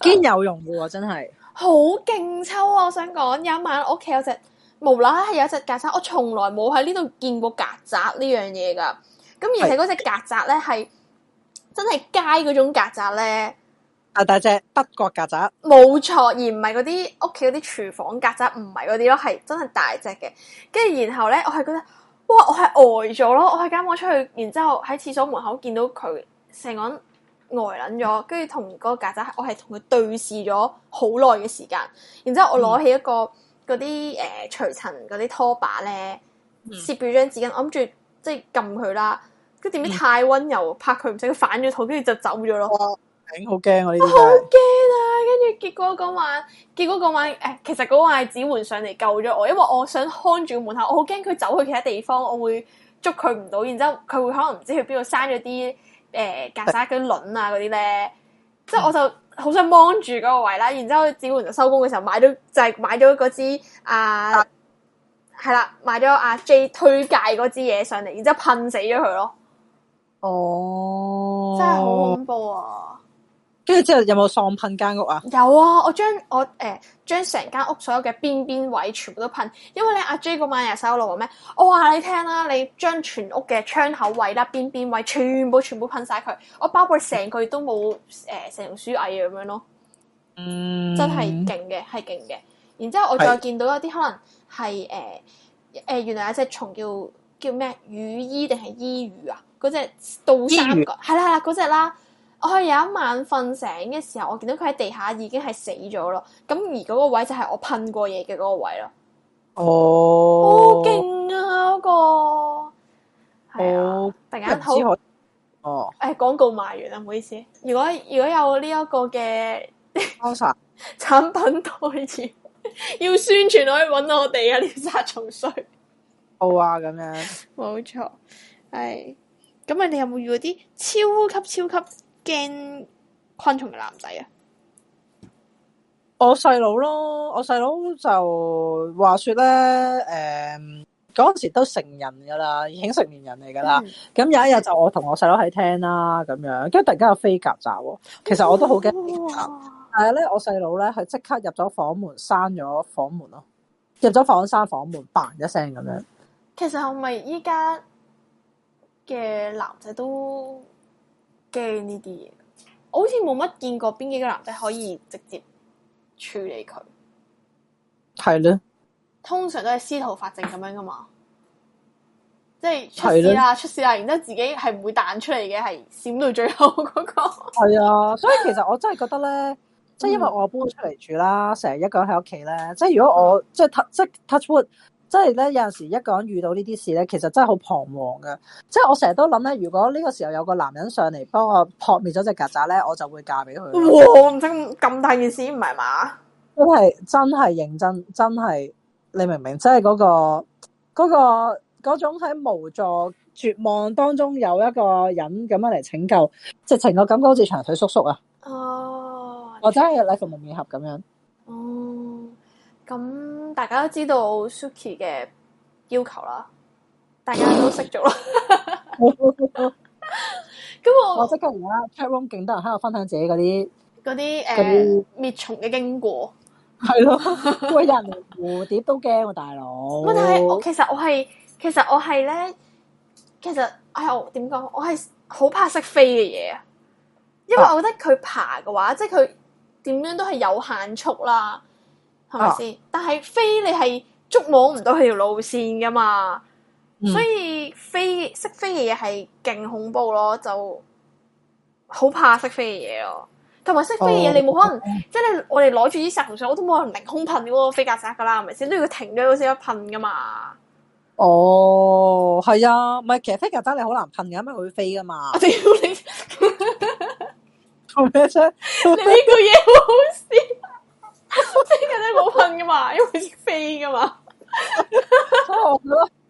堅 有用嘅、啊，真係 好勁抽啊！我想講有一晚屋企有隻無啦啦係有隻曱甴，我從來冇喺呢度見過曱甴呢樣嘢噶，咁而且嗰隻曱甴咧係。真係街嗰種曱甴咧，啊大隻德國曱甴，冇錯，而唔係嗰啲屋企嗰啲廚房曱甴，唔係嗰啲咯，係真係大隻嘅。跟住然後咧，我係覺得，哇，我係呆咗咯，我喺間房出去，然之後喺廁所門口見到佢成個人呆撚咗，跟住同嗰個曱甴，我係同佢對視咗好耐嘅時間。然之後我攞起一個嗰啲誒除塵嗰啲拖把咧，攝住張紙巾，我諗住即係撳佢啦。即點解太溫柔，拍佢唔使反咗肚，跟住就走咗咯。好驚啊，呢家好驚啊！跟住結果嗰晚，結果嗰晚誒、哎，其實嗰晚係子煥上嚟救咗我，因為我想看住門口，我好驚佢走去其他地方，我會捉佢唔到。然之後佢會可能唔知去邊度閂咗啲誒曱甴啲卵啊嗰啲咧，即係我就好想幫住嗰個位啦。然之後子煥就收工嘅時候買咗就係、是，買咗嗰支啊係啦、啊，買咗阿 J 推介嗰支嘢上嚟，然之後噴死咗佢咯。哦，真係好恐怖啊！跟住之後有冇喪噴間屋啊？有啊，我將我誒、將成間屋所有嘅邊邊位全部都噴，因為咧阿 J 嗰晚又收羅咩？我話你聽啦，你將全屋嘅窗口位啦，邊邊位全部全部噴晒佢。我包括成個月都冇誒、成蟲鼠蟻咁樣咯。嗯，真係勁嘅，係勁嘅。然之後我再見到一啲可能係誒誒，原來有隻蟲叫叫咩？雨衣定係衣魚啊？嗰隻倒三角係啦係啦嗰隻啦。我係有一晚瞓醒嘅時候，我見到佢喺地下已經係死咗咯。咁而嗰個位就係我噴過嘢嘅嗰個位咯。哦，好勁啊！嗰個好，突然間好，哦。誒，廣告賣完啦，唔好意思。如果如果有呢一個嘅 產品代言，要宣傳可以搵我哋啊！殺 呢，殺蟲水好啊，咁樣冇錯，係。咁你有冇遇過啲超級超級驚昆蟲嘅男仔啊？我細佬咯，我細佬就話說咧，誒嗰陣時都成人噶啦，已經成年人嚟噶啦。咁、嗯、有一日就我同我細佬喺廳啦，咁樣，跟住突然間有飛曱甴喎，其實我都好驚。哦、但係咧，我細佬咧，佢即刻入咗房門，閂咗房門咯，入咗房閂房門，嘭一聲咁樣。其實係咪依家？嘅男仔都驚呢啲嘢，我好似冇乜見過邊幾個男仔可以直接處理佢，係咧的，通常都係司徒法正咁樣噶嘛，即係出事啦，的出事啦，然之後自己係唔會彈出嚟嘅，係閃到最後嗰、那個，係 啊，所以其實我真係覺得咧， 即係因為我搬出嚟住啦，成日一個人喺屋企咧，即係如果我、嗯、即係即係 touch wood。即係咧，有陣時一個人遇到呢啲事咧，其實真係好彷徨嘅。即係我成日都諗咧，如果呢個時候有個男人上嚟幫我撲滅咗隻曱甴咧，我就會嫁俾佢。哇！咁大件事唔係嘛？真係真係認真，真係你明唔明？即係嗰個嗰個嗰種喺無助絕望當中，有一個人咁樣嚟拯救，直情我感覺好似長腿叔叔啊！哦，或者係禮物盲盒咁樣。咁、嗯、大家都知道 Suki 嘅要求啦，大家都識做啦。咁我我即刻而家 chat room，勁多人喺度分享自己嗰啲嗰啲誒滅蟲嘅經過了。係咯， 怪人蝴蝶都驚啊，大佬。 但係我其實我係其實我係咧，其實哎我點講？我係好怕識飛嘅嘢啊，因為我覺得佢爬嘅話，即係佢點樣都係有限速啦。係咪先？嗯、但係飛你係捉摸唔到佢條路線噶嘛，所以飛識飛嘅嘢係勁恐怖咯，就好怕識飛嘅嘢咯。同埋識飛嘅嘢你冇可能，哦、即係你我哋攞住啲石頭上，我都冇可能凌空噴噶咯，飛曱甴噶啦，係咪先？都要停咗先有噴噶嘛。哦，係啊，唔係其實飛曱甴你好難噴噶，因為佢會飛噶嘛。我哋要你，我咩啫？你個嘢好好笑。我聽日都冇瞓噶嘛，因為好似飛噶嘛。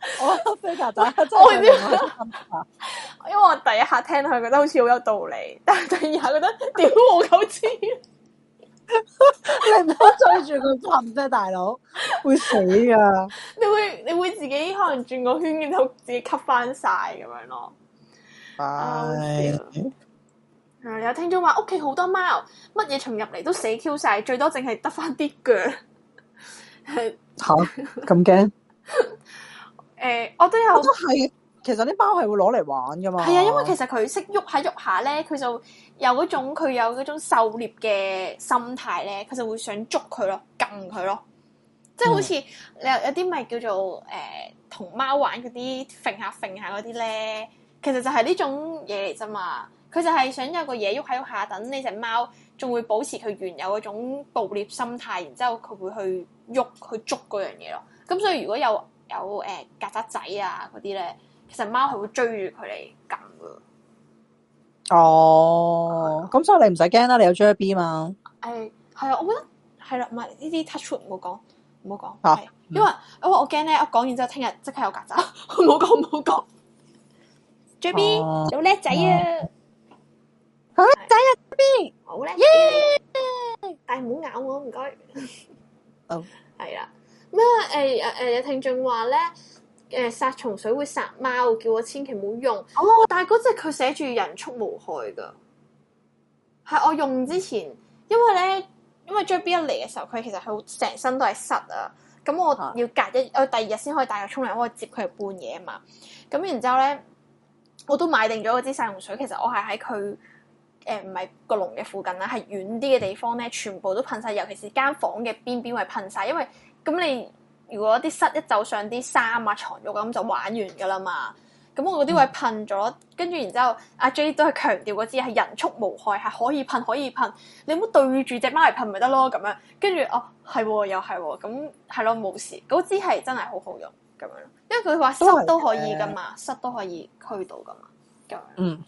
我飛炸彈，我唔知。我我飛達達 因為我第一下聽佢覺得好似好有道理，但係第二下覺得，屌 我狗痴。 你唔好追住佢噴啫，大佬會死噶。 你會你會自己可能轉個圈，然後自己吸翻晒咁樣咯。啊。Bye. 啊！嗯、你有聽眾話屋企好多貓，乜嘢蟲入嚟都死 Q 晒，最多淨係得翻啲腳。吓咁驚？誒、 呃，我都有都係。其實啲貓係會攞嚟玩噶嘛？係啊、嗯，嗯、因為其實佢識喐喺喐下咧，佢就有嗰種佢有嗰種狩獵嘅心態咧，佢就會想捉佢咯，撳佢咯。即係好似你有啲咪叫做誒，同、呃、貓玩嗰啲揈下揈下嗰啲咧，其實就係呢種嘢嚟啫嘛。佢就係想有個嘢喐喺屋下，等呢隻貓仲會保持佢原有嗰種捕獵心態，然之後佢會去喐去捉嗰樣嘢咯。咁、嗯、所以如果有有誒、欸、曱甴仔啊嗰啲咧，其實貓係會追住佢嚟撳噶。哦、oh, uh,，咁所以你唔使驚啦，你有追、er、B 嘛？誒係啊，我覺得係啦，唔係呢啲 touchwood 唔好講，唔好講因為、嗯、因為我驚咧，我講完之後聽日即刻有曱甴，唔好講唔好講。追 B 好叻仔啊！好仔入 b 好咧耶！但係唔好咬我，唔該哦。係 啦、oh.，咩誒誒誒？呃呃呃、有聽眾話咧，誒、呃、殺蟲水會殺貓，叫我千祈唔好用。哦，oh. 但係嗰隻佢寫住人畜無害噶。係我用之前，因為咧，因為追 B 一嚟嘅時候，佢其實佢成身都係濕啊。咁、嗯、我要隔一我第二日先可以帶佢沖涼，因為接佢去半夜啊嘛。咁然之後咧，我都買定咗嗰支殺蟲水。其實我係喺佢。誒，唔係、呃、個籠嘅附近啦，係遠啲嘅地方咧，全部都噴晒，尤其是間房嘅邊邊位噴晒，因為咁你如果啲虱一走上啲衫啊、床褥咁就玩完噶啦嘛。咁我嗰啲位噴咗，跟住然之後阿 J 都係強調嗰支係人畜無害，係可以噴可以噴，你唔好對住隻貓嚟噴咪得咯，咁樣。跟住、啊、哦，係又係、哦，咁係咯，冇、哦、事。嗰支係真係好好用，咁樣。因為佢話虱都可以噶嘛，虱都可以驅到噶嘛，咁嗯。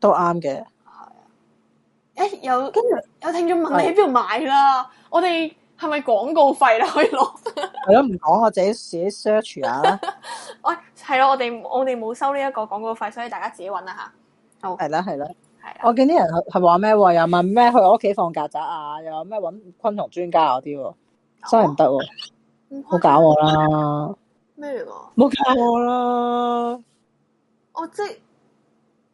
都啱嘅，係啊！誒，有跟住有聽眾問你喺邊度買啦？的我哋係咪廣告費啦？可以攞？係咯，唔講，我自己自己 search 下啦、 哎。喂係咯，我哋我哋冇收呢一個廣告費，所以大家自己搵啦吓。哦，係啦，係啦，係。我見啲人係係話咩？又問咩？去我屋企放曱甴啊？又有咩搵昆蟲專家嗰啲？真係唔得，好搞我啦！咩嚟？冇搞我啦！我即係。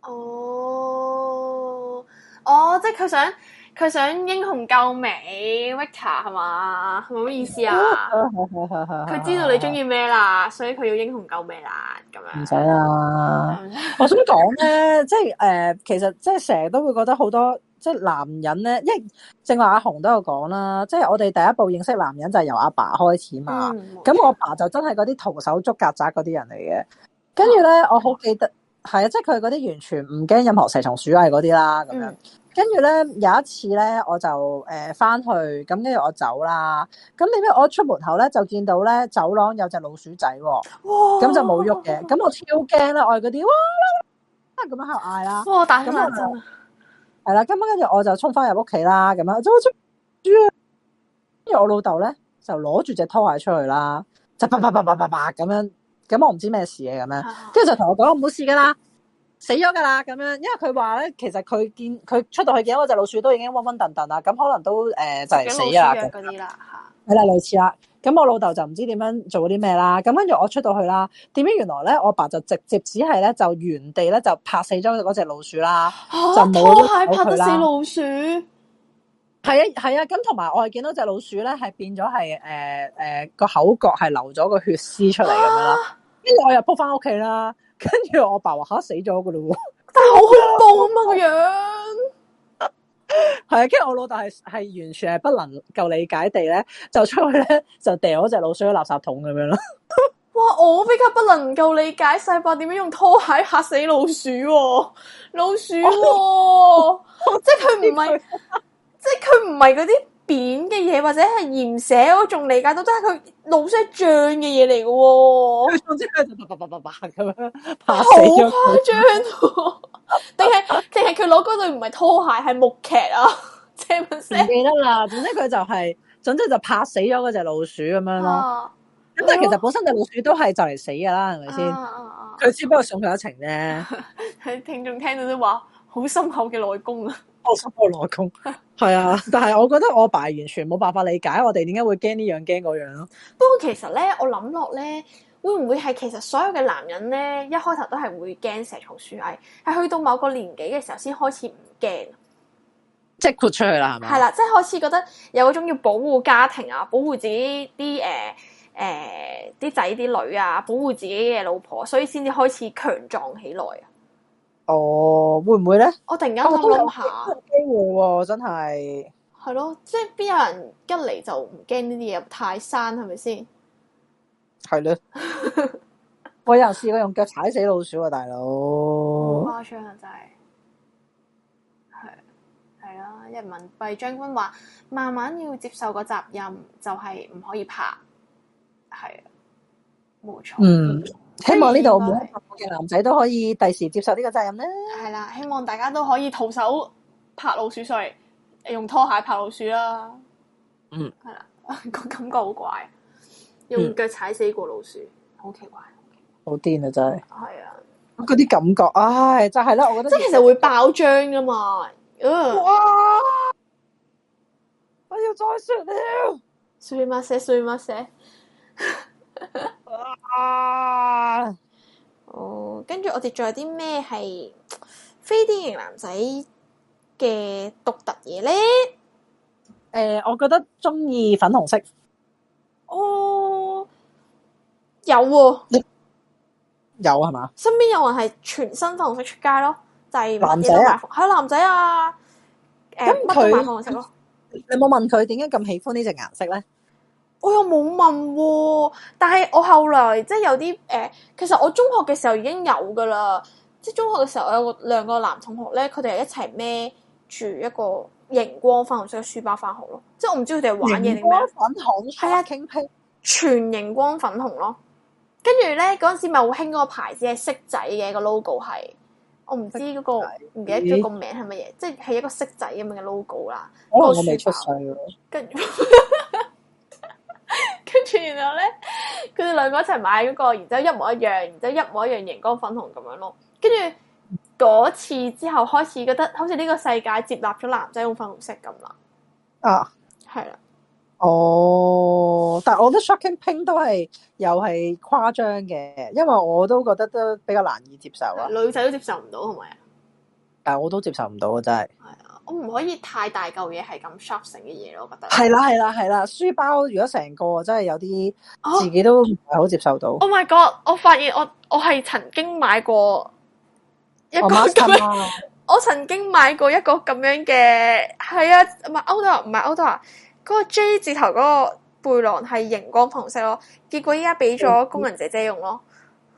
哦，oh，哦，即係佢想佢想英雄救美，Victor 係嘛？唔好意思啊，佢 知道你中意咩啦，所以佢要英雄救美啦，咁樣唔使啦。啊、 我想講咧，即係誒、呃，其實即係成日都會覺得好多，即係男人咧，因為正話阿紅都有講啦，即係我哋第一步認識男人就係由阿爸，爸開始嘛。咁、嗯、我阿爸，爸就真係嗰啲徒手捉曱甴嗰啲人嚟嘅，跟住咧我好記得。係啊，即係佢嗰啲完全唔驚任何蛇蟲鼠蟻嗰啲啦，咁樣。跟住咧有一次咧，我就誒翻、呃、去，咁跟住我走啦。咁你咩？我出門口咧就見到咧走廊有隻老鼠仔、哦，咁哇就冇喐嘅。咁哇我超驚啦，我係嗰啲哇，咁樣喺度嗌啦。哇！打起冷針。係啦，今晚跟住我就衝翻入屋企啦。咁樣，總之，跟住我老豆咧就攞住隻拖鞋出去啦，就啪啪啪啪啪啪。咁樣。咁我唔知咩事嘅咁樣，跟住就同我講冇事噶啦，死咗噶啦咁樣，因為佢話咧，其實佢見佢出到去見到隻見、呃嗯、老鼠都已經昏昏沌沌啦，咁可能都誒就係死啊，嗰啲啦吓，係啦類似啦。咁我老豆就唔知點樣做啲咩啦。咁跟住我出到去啦，點知原來咧我爸就直接只係咧就原地咧就拍死咗嗰隻老鼠啦，哦、就冇拍得死老鼠。係、呃呃、啊，係啊，咁同埋我係見到隻老鼠咧，係變咗係誒誒個口角係流咗個血絲出嚟咁樣啦，跟住我又撲翻屋企啦，跟住我爸話吓死咗噶咯但係好恐怖啊嘛個樣，係啊，跟住我老豆係係完全係不能夠理解地咧，就出去咧就掉嗰隻老鼠喺垃圾桶咁樣啦。哇，我比較不能夠理解世伯點樣用拖鞋嚇死老鼠，啊，老鼠，啊， 即係佢唔係。 即係佢唔係嗰啲扁嘅嘢，或者係鹽寫，我仲理解到，都係佢老鼠係脹嘅嘢嚟嘅。佢總之佢就啪啪啪啪啪咁樣拍死咗。好誇張，定係定係佢攞嗰對唔係拖鞋，係木屐啊？借問聲唔記得啦。總之佢就係、是，總之就拍死咗嗰隻老鼠咁樣咯。咁、啊、但係其實本身隻老鼠都係就嚟死噶啦，係咪先？佢隻、啊、不過送上咗一程咧。喺 聽眾聽到都話好深厚嘅內功啊！我出過內功，係啊，但係我覺得我爸完全冇辦法理解我哋點解會驚呢樣驚嗰樣咯。不過其實咧，我諗落咧，會唔會係其實所有嘅男人咧，一開頭都係會驚蛇蟲鼠蟻，係去到某個年紀嘅時候先開始唔驚，即係豁出去啦，係嘛？係啦，即係開始覺得有嗰種要保護家庭啊，保護自己啲誒誒啲仔啲女啊，保護自己嘅老婆，所以先至開始強壯起來啊。哦，會唔會咧？我突然間諗下機會喎，想想真係係咯，即係邊有人一嚟就唔驚呢啲嘢，泰山係咪先？係咯，我有人試過用腳踩死老鼠啊，大佬好誇張啊真係，係係啊！人民幣將軍話慢慢要接受個責任，就係、是、唔可以怕，係冇錯。希望呢度每一個嘅男仔都可以第時接受呢個責任咧，係啦，希望大家都可以徒手拍老鼠出嚟，用拖鞋拍老鼠啦。嗯，係啦，個感覺好怪，用腳踩死個老鼠，好、嗯、奇怪，好癲啊！真係，係啊的，嗰啲感覺，唉的，就係啦。我覺得即係其實會爆漿噶嘛。嗯，我要再說了，睡乜寫，睡乜寫哇！哦、 啊，跟住我哋仲有啲咩係非典型男仔嘅獨特嘢咧？誒、呃，我覺得中意粉紅色。哦，有喎、啊，有係嘛？身邊有人係全身粉紅色出街咯，就係、是、男仔生、哎、啊，係男仔啊，誒他，乜都買粉紅色咯？你冇問佢點解咁喜歡顏呢隻顏色咧？我又冇問、哦，但係我後來即係有啲誒、呃，其實我中學嘅時候已經有噶啦，即係中學嘅時候有個兩個男同學咧，佢哋係一齊孭住一個熒光粉紅色嘅書包返學咯，即係我唔知佢哋係玩嘢定咩粉紅，係啊，傾拼全熒光粉紅咯，跟住咧嗰陣時咪好興嗰個牌子係色仔嘅、個 logo 係，我唔知嗰、個唔仔記得咗個名係乜嘢，嗯、即係係一個色仔咁樣嘅 logo 啦，可能我未出世咯，跟住。 跟住然後咧，佢哋兩個一齊買嗰個，然之後一模一樣，然之後一模一樣熒光粉紅咁樣咯。跟住嗰次之後開始覺得，好似呢個世界接納咗男仔用粉紅色咁啦。啊，係喇。哦，但係我覺得 shocking pink 都係又係誇張嘅，因為我都覺得都比較難以接受啊。女仔都接受唔到係咪啊？是是但我都接受唔到啊！真係。我唔可以太大嚿嘢，係咁 shopping 嘅嘢咯，我覺得係啦，係啦，係啦。書包如果成個真係有啲、哦、自己都唔係好接受到。Oh my god！我發現我我係曾經買過一個咁我曾經買過一個咁樣嘅係啊，唔係歐多啊，唔係歐嗰個 J 字頭嗰個背囊係熒光粉紅色咯。結果依家俾咗工人姐姐用咯。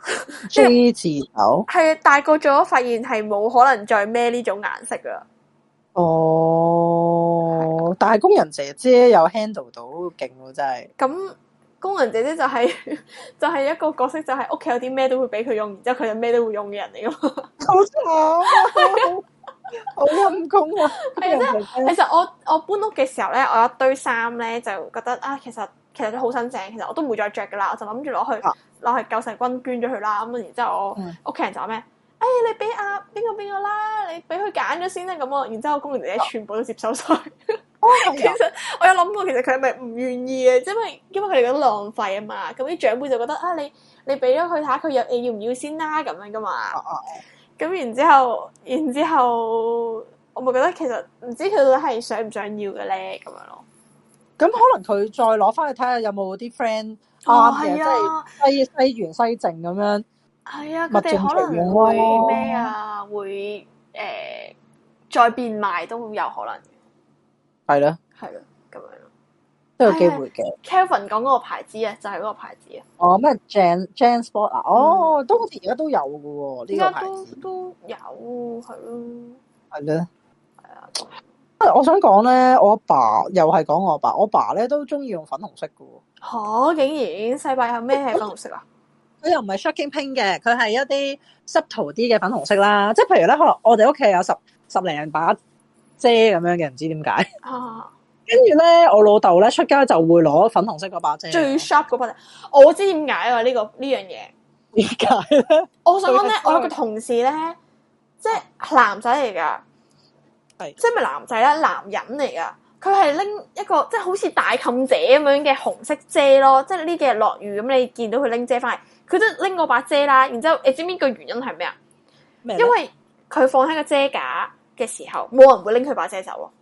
J 字頭係 大個咗，發現係冇可能再孭呢種顏色噶。哦，oh，但係工人姐姐又 handle 到，勁喎，真係。咁工人姐姐就係、是、就係、是、一個角色，就係屋企有啲咩都會俾佢用，然之後佢就咩都會用嘅人嚟咯。好慘，好陰功啊！其實我我搬屋嘅時候咧，我有一堆衫咧就覺得啊，其實其實都好新淨，其實我都唔會再着噶啦，我就諗住攞去攞、啊、去救世軍捐咗佢啦。咁然之後，後我屋企人就咩？嗯 誒、哎，你俾啊，邊個邊個啦？你俾佢揀咗先啦、啊，咁咯、啊。然之後我工人姐姐，全部都接收晒。哦、 其實我有諗過，其實佢係咪唔願意啊？因為因為佢哋覺得浪費啊嘛。咁啲長輩就覺得啊，你你俾咗佢睇下，佢要要唔要先啦、啊？咁樣噶、啊、嘛。哦咁然之後，然之後,然後我咪覺得其實唔知佢到底係想唔想要嘅咧，咁樣咯、啊。咁可能佢再攞翻去睇下有冇啲 friend 啱嘅，即係、哦啊、西西元西靜咁樣。係啊，佢哋可能會咩啊，會誒、呃、再變賣都有可能。係啦的，係啦，咁樣都有機會嘅。Kelvin 講嗰個牌子啊，就係、是、嗰個牌子啊。哦，咩 Jan Jan Sport 啊？哦，都好似而家都有嘅喎，呢個牌子都，都有係咯，係咧。係啊的的、嗯，我想講咧，我阿爸，爸又係講我阿爸，爸，我爸咧都中意用粉紅色嘅。吓、哦，竟然世伯又咩係粉紅色啊？佢又唔係 shocking pink 嘅，佢係一啲 subtle 啲嘅粉紅色啦。即係譬如咧，可能我哋屋企有十十零把遮咁樣嘅，唔知點解。跟住咧，我老豆咧出街就會攞粉紅色嗰把遮。 最 shock 嗰把，我知點解啊！這個這個這個、呢個呢樣嘢，點解？我想講咧， 我有個同事咧，即係男仔嚟噶，係是即係咪男仔咧？男人嚟噶。佢係拎一個，即係好似大冚者咁樣嘅紅色遮咯，即係呢幾日落雨咁，你見到佢拎遮翻嚟，佢都拎我把遮啦。然之後，你知唔知個原因係咩啊？因為佢放喺個遮架嘅時候，冇人會拎佢把遮走咯。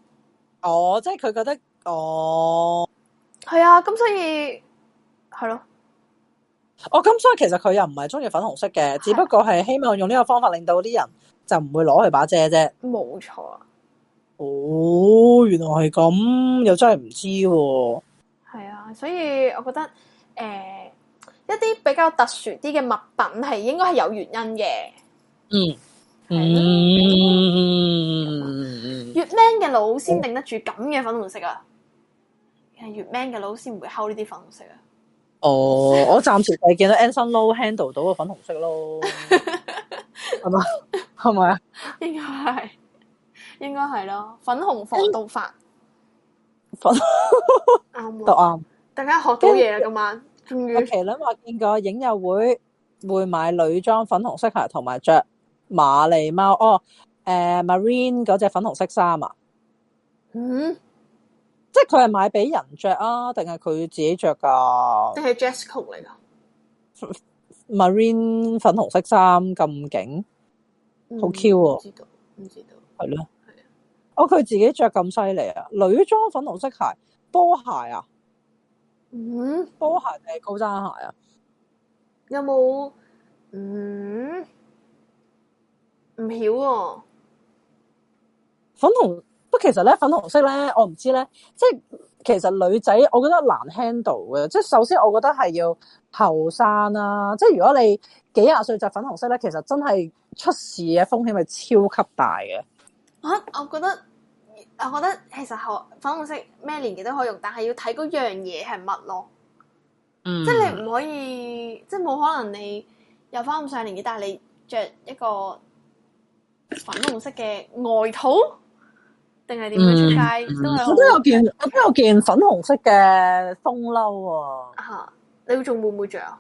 哦，即係佢覺得，哦，係啊，咁所以係咯。啊、哦，咁所以其實佢又唔係中意粉紅色嘅，啊、只不過係希望用呢個方法令到啲人就唔會攞佢把遮啫。冇錯。哦，原來係咁，又真係唔知喎，啊。係啊，所以我覺得誒、呃，一啲比較特殊啲嘅物品係應該係有原因嘅。嗯嗯嗯，越 man 嘅老先定得住咁嘅粉紅色啊？係越 man 嘅老師唔會 hold 呢啲粉紅色啊？哦，我暫時係見到 Anson Lo handle 到個粉紅色咯，係咪？ 係咪啊？ 應該係。應該係咯，粉紅防盜法，啱，都啱，大家學到嘢啊！ 今晚，阿奇倫話見過影友會會買女裝粉紅色鞋，同埋着瑪麗貓哦，誒，Marine 嗰隻粉紅色衫啊，嗯、mm，hmm. 即係佢係買俾人着啊，定係佢自己着噶、啊？即係 Jessica 嚟噶，Marine 粉紅色衫咁勁，好 cute 喎，唔、嗯、知道，係咯。 哦，佢自己着咁犀利啊！女裝粉紅色鞋，波鞋啊？嗯，波鞋定係高踭鞋啊？有冇？嗯，唔曉哦粉。粉紅不過呢，其實咧粉紅色咧，我唔知咧。即係其實女仔，我覺得難 handle 嘅。即係首先，我覺得係要後生啦。即係如果你幾廿歲就粉紅色咧，其實真係出事嘅風險係超級大嘅。我、啊、我覺得，我覺得其實可粉紅色咩年紀都可以用，但係要睇嗰樣嘢係乜咯。嗯、即係你唔可以，即係冇可能你又返咁上年紀，但係你着一個粉紅色嘅外套，定係點去出街都、嗯嗯？我都有件我都有件粉紅色嘅風褸啊！吓、啊，你會仲會唔會着啊？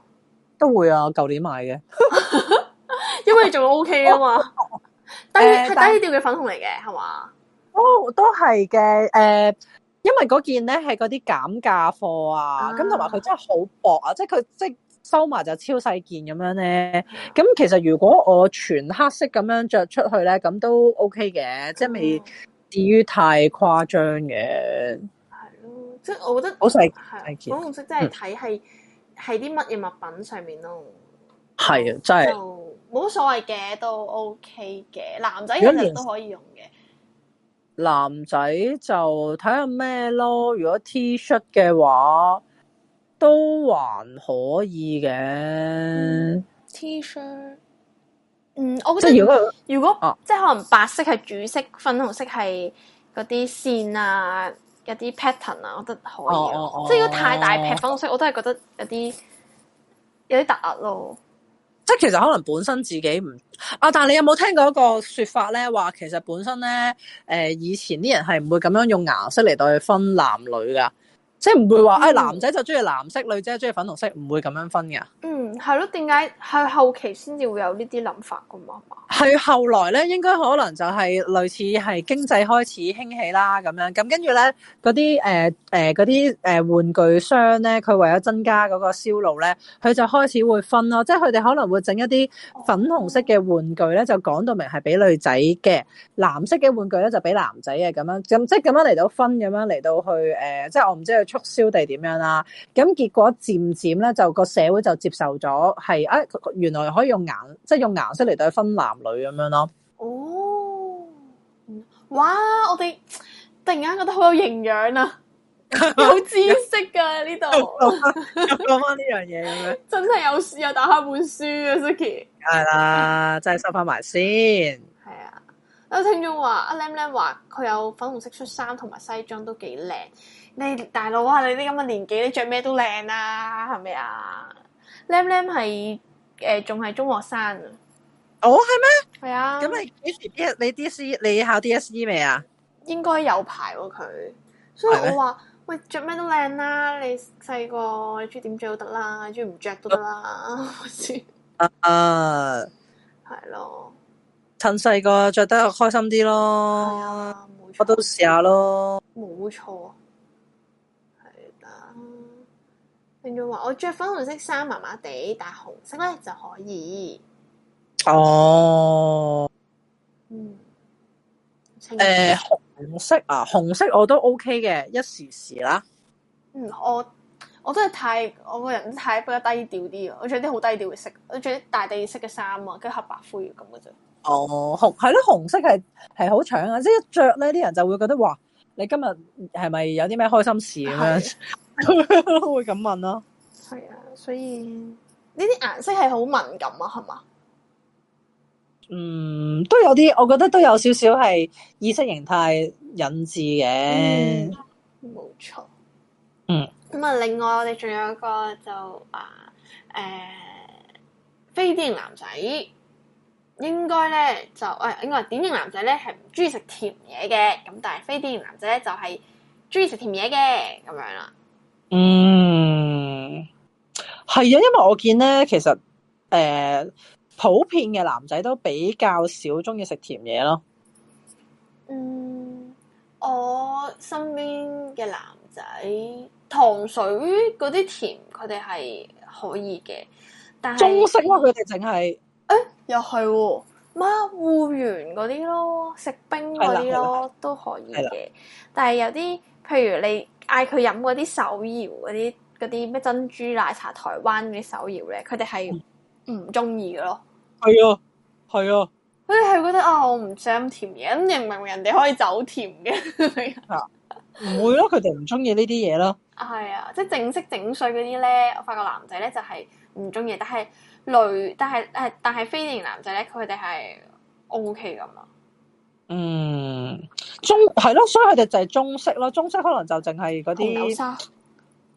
都會啊，舊年買嘅， 因為仲 O K 啊嘛。 低係低調嘅粉紅嚟嘅，係嘛？哦，都係嘅。誒，因為嗰件咧係嗰啲減價貨啊，咁同埋佢真係好薄啊，即係佢即係收埋就超細件咁樣咧。咁其實如果我全黑色咁樣着出去咧，咁都 OK 嘅,即係未至於太誇張嘅。係咯,即係我覺得，好細件，粉紅色，真係睇係係啲乜嘢物品上面咯。係啊，真係。冇所謂嘅，都 OK 嘅。男仔其實都可以用嘅。男仔就睇下咩咯。如果 T 恤嘅話，都還可以嘅、嗯。T 恤，shirt？嗯，我覺得如果，如果、啊、即係可能白色係主色，粉紅色係嗰啲線啊，有啲 pattern 啊，我覺得可以。啊啊啊即係如果太大劈粉紅色，我都係覺得有啲有啲突兀咯。即係其實可能本身自己唔啊，但係你有冇聽過一個説法咧？話其實本身咧，誒、呃、以前啲人係唔會咁樣用顏色嚟對分男女㗎。即係唔會話，誒、哎、男仔就中意藍色，女仔中意粉紅色，唔會咁樣分㗎。嗯，係咯，點解係後期先至會有呢啲諗法㗎嘛？係後來咧，應該可能就係類似係經濟開始興起啦，咁樣咁，跟住咧，嗰啲誒誒啲誒玩具商咧，佢為咗增加嗰個銷路咧，佢就開始會分咯。即係佢哋可能會整一啲粉紅色嘅玩具咧，就講到明係俾女仔嘅，藍色嘅玩具咧，就俾男仔啊，咁樣咁，即係咁樣嚟到分，咁樣嚟到去誒、呃，即係我唔知。促銷地點樣啦、啊？咁結果漸漸咧，就個社會就接受咗係啊，原來可以用顏即係用顏色嚟對分男女咁樣咯、啊。哦，哇！我哋突然間覺得好有營養啊， 有知識啊。呢度又講翻呢樣嘢咁樣，真係有事啊， 打開本書啊，Suki 係啦，真係收翻埋先。係啊，有聽眾話，阿 Lem Lem 話佢有粉紅色恤衫同埋西裝都幾靚。你大佬啊！你啲咁嘅年紀，你着咩都靚啦，啊，係咪啊？lem lem 係誒，仲係、呃、中學生、oh, 啊？我係咩？係啊。咁你幾時 D 你 D S 你考 D S E 未啊？應該有排佢，啊，所以嗎我話喂，着咩都靚啦，啊。你細個你中意點着都得啦，中意唔着都得啦。算。啊！係咯，趁細個着得開心啲咯。係啊，錯我都試下咯。冇錯。聽眾話：我着粉紅色衫麻麻地，但係紅色咧就可以。哦，嗯，誒、呃，紅色啊，紅色我都 OK 嘅，一時時啦。嗯，我我真係太我個人太比較低調啲，我着啲好低調嘅色，我着啲大地色嘅衫啊，跟黑白灰咁嘅啫。哦，紅係咯，紅色係係好搶啊！即係一着咧，啲人就會覺得哇，你今日係咪有啲咩開心事咁樣？的 會咁問啦，啊，係啊，所以呢啲顏色係好敏感啊，係嘛？嗯，都有啲，我覺得都有少少係意識形態引致嘅，冇錯。嗯，咁啊、嗯嗯，另外我哋仲有一個就啊，誒、呃，非、哎、典型男仔應該咧就誒，應該典型男仔咧係唔中意食甜嘢嘅，咁但係非典型男仔咧就係中意食甜嘢嘅咁樣啦。嗯，係啊，因為我見咧，其實誒、呃，普遍嘅男仔都比較少中意食甜嘢咯。嗯，我身邊嘅男仔，糖水嗰啲甜，佢哋係可以嘅，但係中式咯，佢哋淨係誒，又係、哦，孖芋圓嗰啲咯，食冰嗰啲咯的都可以嘅，但係有啲譬如你。嗌佢飲嗰啲手搖嗰啲啲咩珍珠奶茶台灣嗰啲手搖咧，佢哋係唔中意嘅咯。係啊，係啊，佢哋係覺得啊，我唔想甜嘢，咁你唔明人哋可以走甜嘅。唔會咯，佢哋唔中意呢啲嘢咯。係啊，即係整色整水嗰啲咧，我發覺男仔咧就係唔中意，但係女，但係誒，但係非典型男仔咧，佢哋係 O K 咁啦。嗯，中係咯，所以佢哋就係中式咯，中式可能就淨係嗰啲豆沙、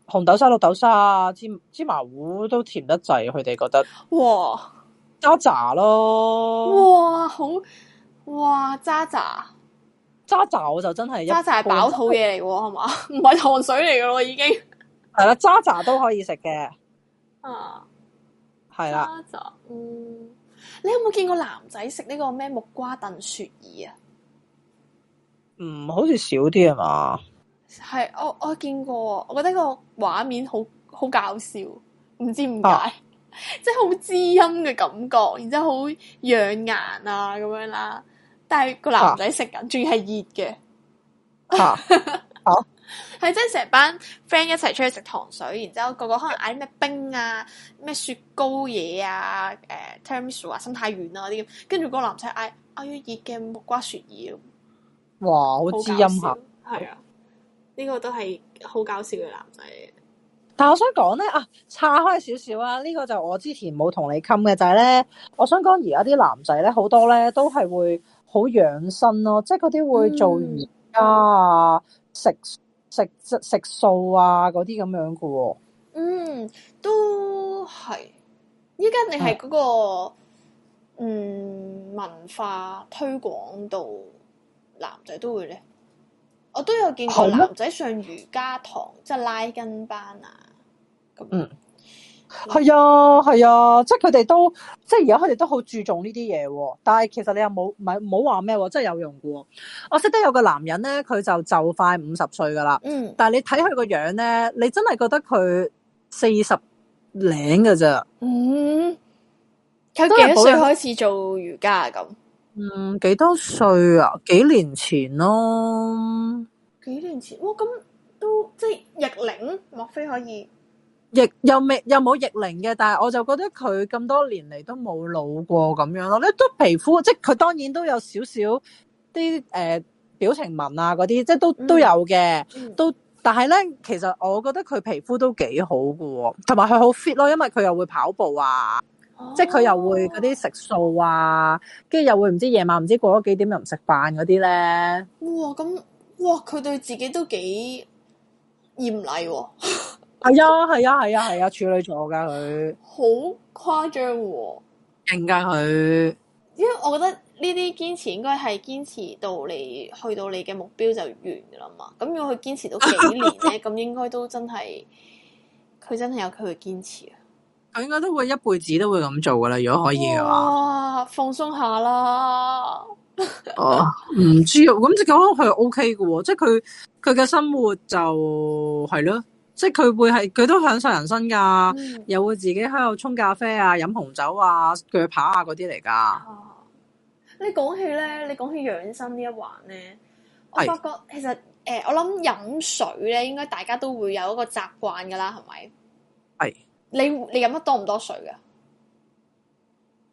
紅豆沙、綠豆沙、芝麻芝麻糊都甜得滯，佢哋覺得哇渣渣咯，哇好哇渣渣渣渣我就真係渣渣係飽肚嘢嚟嘅係嘛，唔係 糖水嚟嘅咯已經係啦，渣渣都可以食嘅啊係啦了、啊渣渣，嗯。你有冇見過男仔食呢個咩木瓜燉雪耳啊？唔、嗯、好似少啲係嘛？係我我見過，我覺得個畫面好好搞笑，唔知點解，啊、 即係好滋陰嘅感覺，然之後好養顏啊咁樣啦。但係個男仔食緊，仲要係熱嘅。啊啊！係即係成班 friend 一齊出去食糖水，然之後個個可能嗌咩冰啊、咩雪糕嘢啊、誒、呃、termisu 啊、心太軟啊啲咁，跟住個男仔嗌啊要熱嘅木瓜雪耳。哇，好滋陰吓，係啊，呢個都係好搞笑嘅男仔。但係我想講咧啊，岔開少少啊，呢個就我之前冇同你傾嘅就係、是、咧，我想講而家啲男仔咧好多咧都係會好養生咯，即係嗰啲會做瑜伽啊、食。食食素啊，嗰啲咁樣嘅喎、哦。嗯，都係。依家你係嗰、嗰個、啊、嗯文化推廣到男仔都會咧。我都有見過男仔上瑜伽堂，啊、即係拉筋班啊。咁、嗯。係啊，係啊，即係佢哋都，即係而家佢哋都好注重呢啲嘢。但係其實你又冇，唔係唔好話咩，真係有用嘅。我識得有個男人咧，佢就就快五十歲噶啦。嗯，但係你睇佢個樣咧，你真係覺得佢四十零嘅咋。嗯，佢幾多歲開始做瑜伽咁、啊、嗯，幾多歲啊？幾年前咯、啊，幾年前哇，咁、哦、都即係逆齡，莫非可以？亦又未又冇逆齡嘅，但係我就覺得佢咁多年嚟都冇老過咁樣咯。咧都皮膚，即係佢當然都有少少啲誒表情紋啊嗰啲，即係都都有嘅。嗯嗯、都但係咧，其實我覺得佢皮膚都幾好喎，同埋佢好 fit 咯，因為佢又會跑步啊，哦、即係佢又會嗰啲食素啊，跟住又會唔知夜晚唔知過咗幾點又唔食飯嗰啲咧。哇，咁哇，佢對自己都幾嚴厲。係啊，係啊、哎，係、哎、啊，係、哎、呀，處女座噶佢，好誇張喎，勁噶佢，因為我覺得呢啲堅持應該係堅持到你去到你嘅目標就完噶啦嘛，咁如果佢堅持到幾年咧，咁 應該都真係，佢真係有佢嘅堅持啊，佢應該都會一輩子都會咁做噶啦，如果可以嘅話，放鬆下啦，哦，唔知啊，咁即係講佢 O K 嘅，即係佢佢嘅生活就係囉。即係佢會係佢都享受人生噶，嗯、又會自己喺度沖咖啡啊、飲紅酒啊、鋸扒啊嗰啲嚟噶。你講起咧，你講起養生一環呢一環咧，我發覺是其實誒、呃，我諗飲水咧，應該大家都會有一個習慣噶啦，係咪？係是。你你飲得多唔多水噶？誒、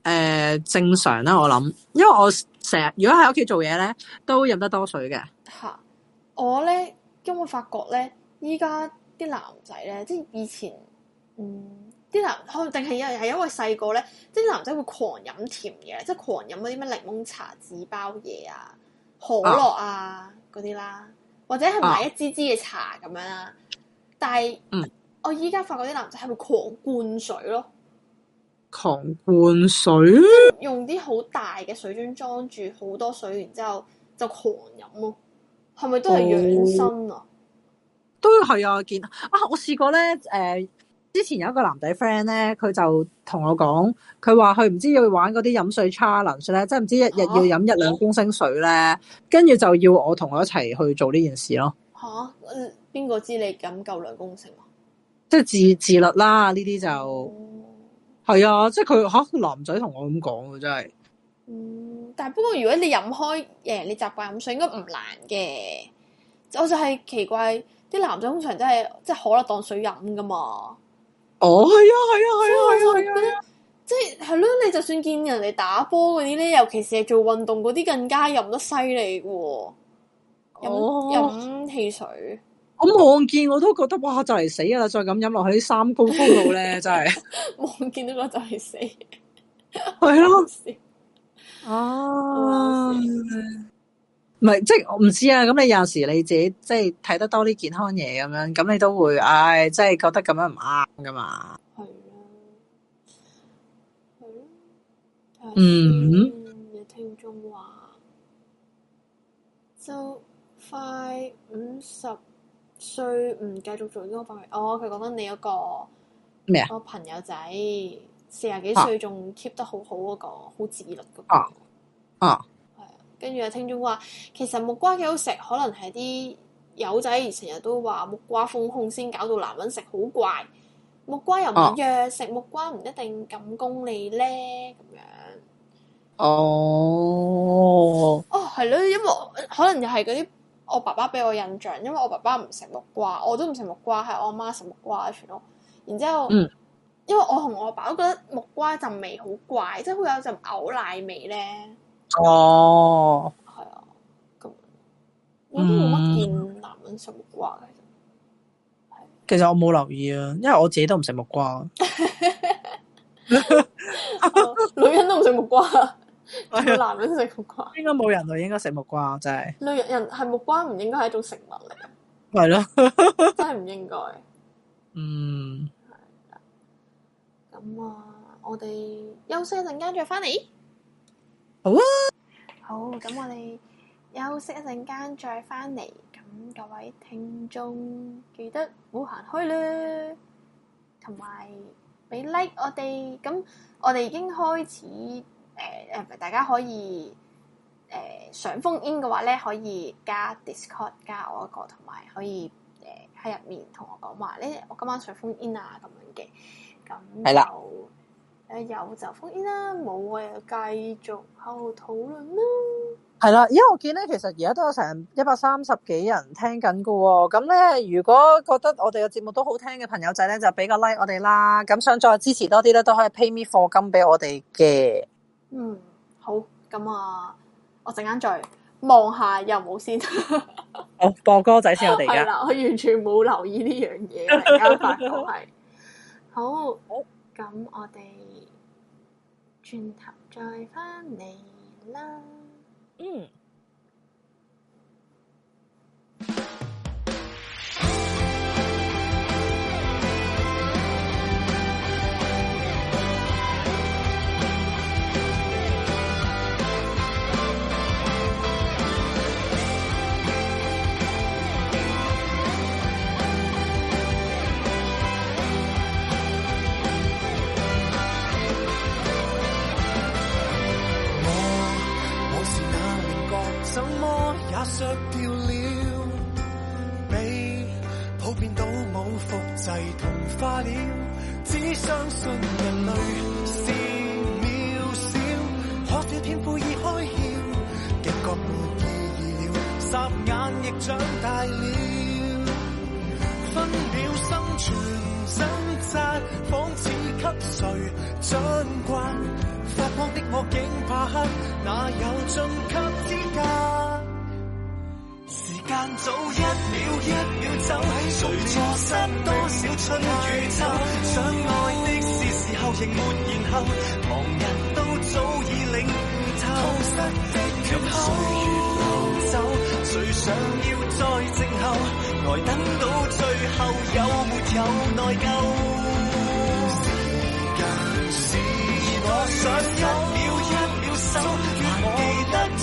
呃，正常啦、啊，我諗，因為我成日如果喺屋企做嘢咧，都飲得多水嘅。吓、啊，我咧，因為我發覺咧，依家。啲男仔咧，即係以前，嗯，啲男，可能淨係又係因為細個咧，即係啲男仔會狂飲甜嘢，即係狂飲嗰啲咩檸檬茶、紙包嘢啊、可樂啊嗰啲、啊、啦，或者係買一支支嘅茶咁、啊、樣啦、啊。但係，嗯、我依家發覺啲男仔係會狂灌水咯，狂灌水，用啲好大嘅水樽裝住好多水，然之後就狂飲咯，係咪都係養生啊？嗯都係啊！見啊！我試過咧，誒、呃，之前有一個男仔 friend 咧，佢就同我講，佢話佢唔知要去玩嗰啲飲水 challenge 咧，即係唔知一日要飲一兩公升水咧，跟住、啊、就要我同佢一齊去做呢件事咯。吓、啊，邊個知你飲夠兩公升、嗯、啊？即係自自律啦，呢啲就係啊，即係佢吓男仔同我咁講嘅，真係。嗯，但係不過如果你飲開，誒，你習慣飲水應該唔難嘅。我就係奇怪。啲男仔通常真係即可樂當水飲噶嘛？哦，係啊，係啊，係啊，係啊，係啊，係啊，即係咧，你就算見人哋打波嗰啲咧，尤其是係做運動嗰啲，更加飲得犀利噶。哦，飲汽水，我望見我都覺得哇，就嚟死啦！再咁飲落去啲三高風度咧，真係望 見都個就係死，係咯， 啊。唔係，即係我唔知啊。咁你有時你自己即係睇得多啲健康嘢咁樣，咁你都會，唉、哎，即係覺得咁樣唔啱噶嘛。係啊，係咯。看看嗯。有聽眾話，就快五十歲唔繼續做呢個範圍。哦，佢講緊你嗰、嗰個咩啊？我麼朋友仔四廿幾歲仲 keep 得好好、嗰、嗰個，好自律嗰個啊。啊。跟住阿青中話其實木瓜幾好食，可能係啲友仔而成日都話木瓜風控先搞到難揾食，好怪。木瓜又唔藥，食、啊、木瓜唔一定咁功利咧。咁樣哦，哦係咯，因為可能又係嗰啲我爸爸俾我印象，因為我爸爸唔食木瓜，我都唔食木瓜，係我阿媽食木瓜全屋。然之後，嗯、因為我同我阿爸，都覺得木瓜陣味好怪，即係會有陣嘔奶味咧。哦，係啊、嗯，咁我都冇乜見男人食木瓜嘅，其實我冇留意啊，因為我自己都唔食木瓜，女人都唔食木瓜，哎、呀男人食木瓜，應該冇人類，應該食木瓜，真係女人人係木瓜，唔應該係一種食物嚟，係咯對了， 真係唔應該，嗯，咁啊，我哋休息一陣間再翻嚟。好啊！好，咁我哋休息一陣間再翻嚟。咁各位聽眾記得冇行開啦，同埋俾 like 我哋。咁我哋已經開始誒誒、呃，大家可以誒、呃、上 phone in 嘅話咧，可以加 Discord 加我一個，同埋可以誒喺入面同我講話咧，我今晚上 phone in 啊，咁樣嘅。咁係啦。誒有就封煙啦，冇誒繼續喺度討論啦。係啦，因為我見咧，其實而家都有成一百三十幾人聽緊嘅、哦，咁咧如果覺得我哋嘅節目都好聽嘅朋友仔咧，就俾個 like 我哋啦。咁想再支持多啲咧，都可以 pay me 課金俾我哋嘅。嗯，好，咁、嗯、啊，我陣間再望下有冇先。我、 哦、播歌仔先我，我哋 我完全冇留意呢樣嘢，而 家發覺係好，咁、嗯嗯、我哋。轉頭再返嚟啦。嗯。削掉了，被普遍都冇複製同化了，只相信人類是渺小。可笑，笑掉天賦已開竅，驚覺沒意義了，霎眼亦長大了。分秒生存掙扎，仿似給誰掌摑。發光的我竟怕黑，哪有進級資格？但早一秒一秒走，誰錯失多少春與秋？想愛的是時,時候亦沒然後，旁人都早已領悟透。錯失的缺口，任歲月流走，誰想要再靜候？來等到最後，有沒有內疚？時間時，是我想一秒一秒守，還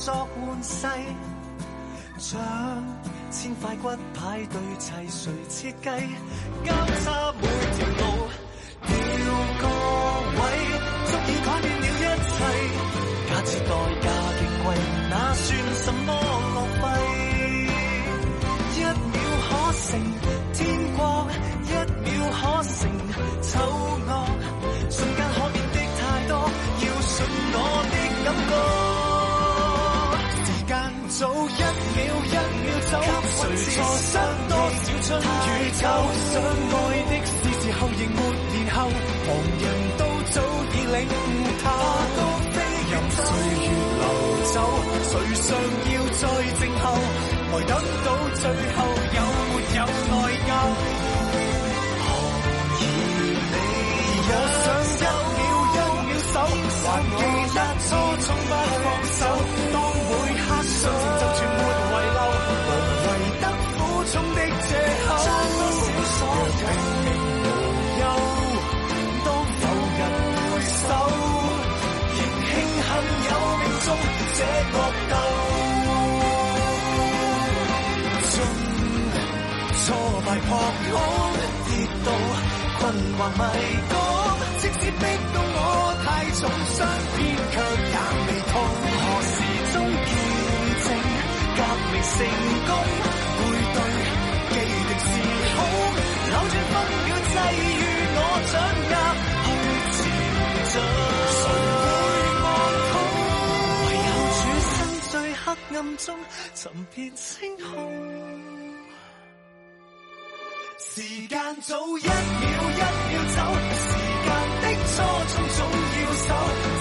作換世，像千塊骨牌對齊，誰設計？交叉每條路，調個位，足以改變了一切。假設代價極貴，那算什麼浪費？一秒可成天光，一秒可成醜。早一秒一秒走，誰是錯失多少春與秋？久想愛的是時候，仍沒然後。旁人都早已領悟，他都飛，任歲月流走，誰想要再靜候？沒等到最後有，有沒有內疚？何以你？也想一秒一秒走，還記得初衷不放手。傷心執著沒遺留，唯得苦衷的藉口。若平平無憂，當有人回手，仍慶幸有命中這搏鬥。縱挫敗破空跌倒，困惑迷港，直至逼到我太重傷。未成功，背對既定時空，扭轉分秒際遇我，我掌握去前進。誰會望到？唯有處身最黑暗中，尋遍星空。時間早一秒一秒走，時間的錯綜總要守。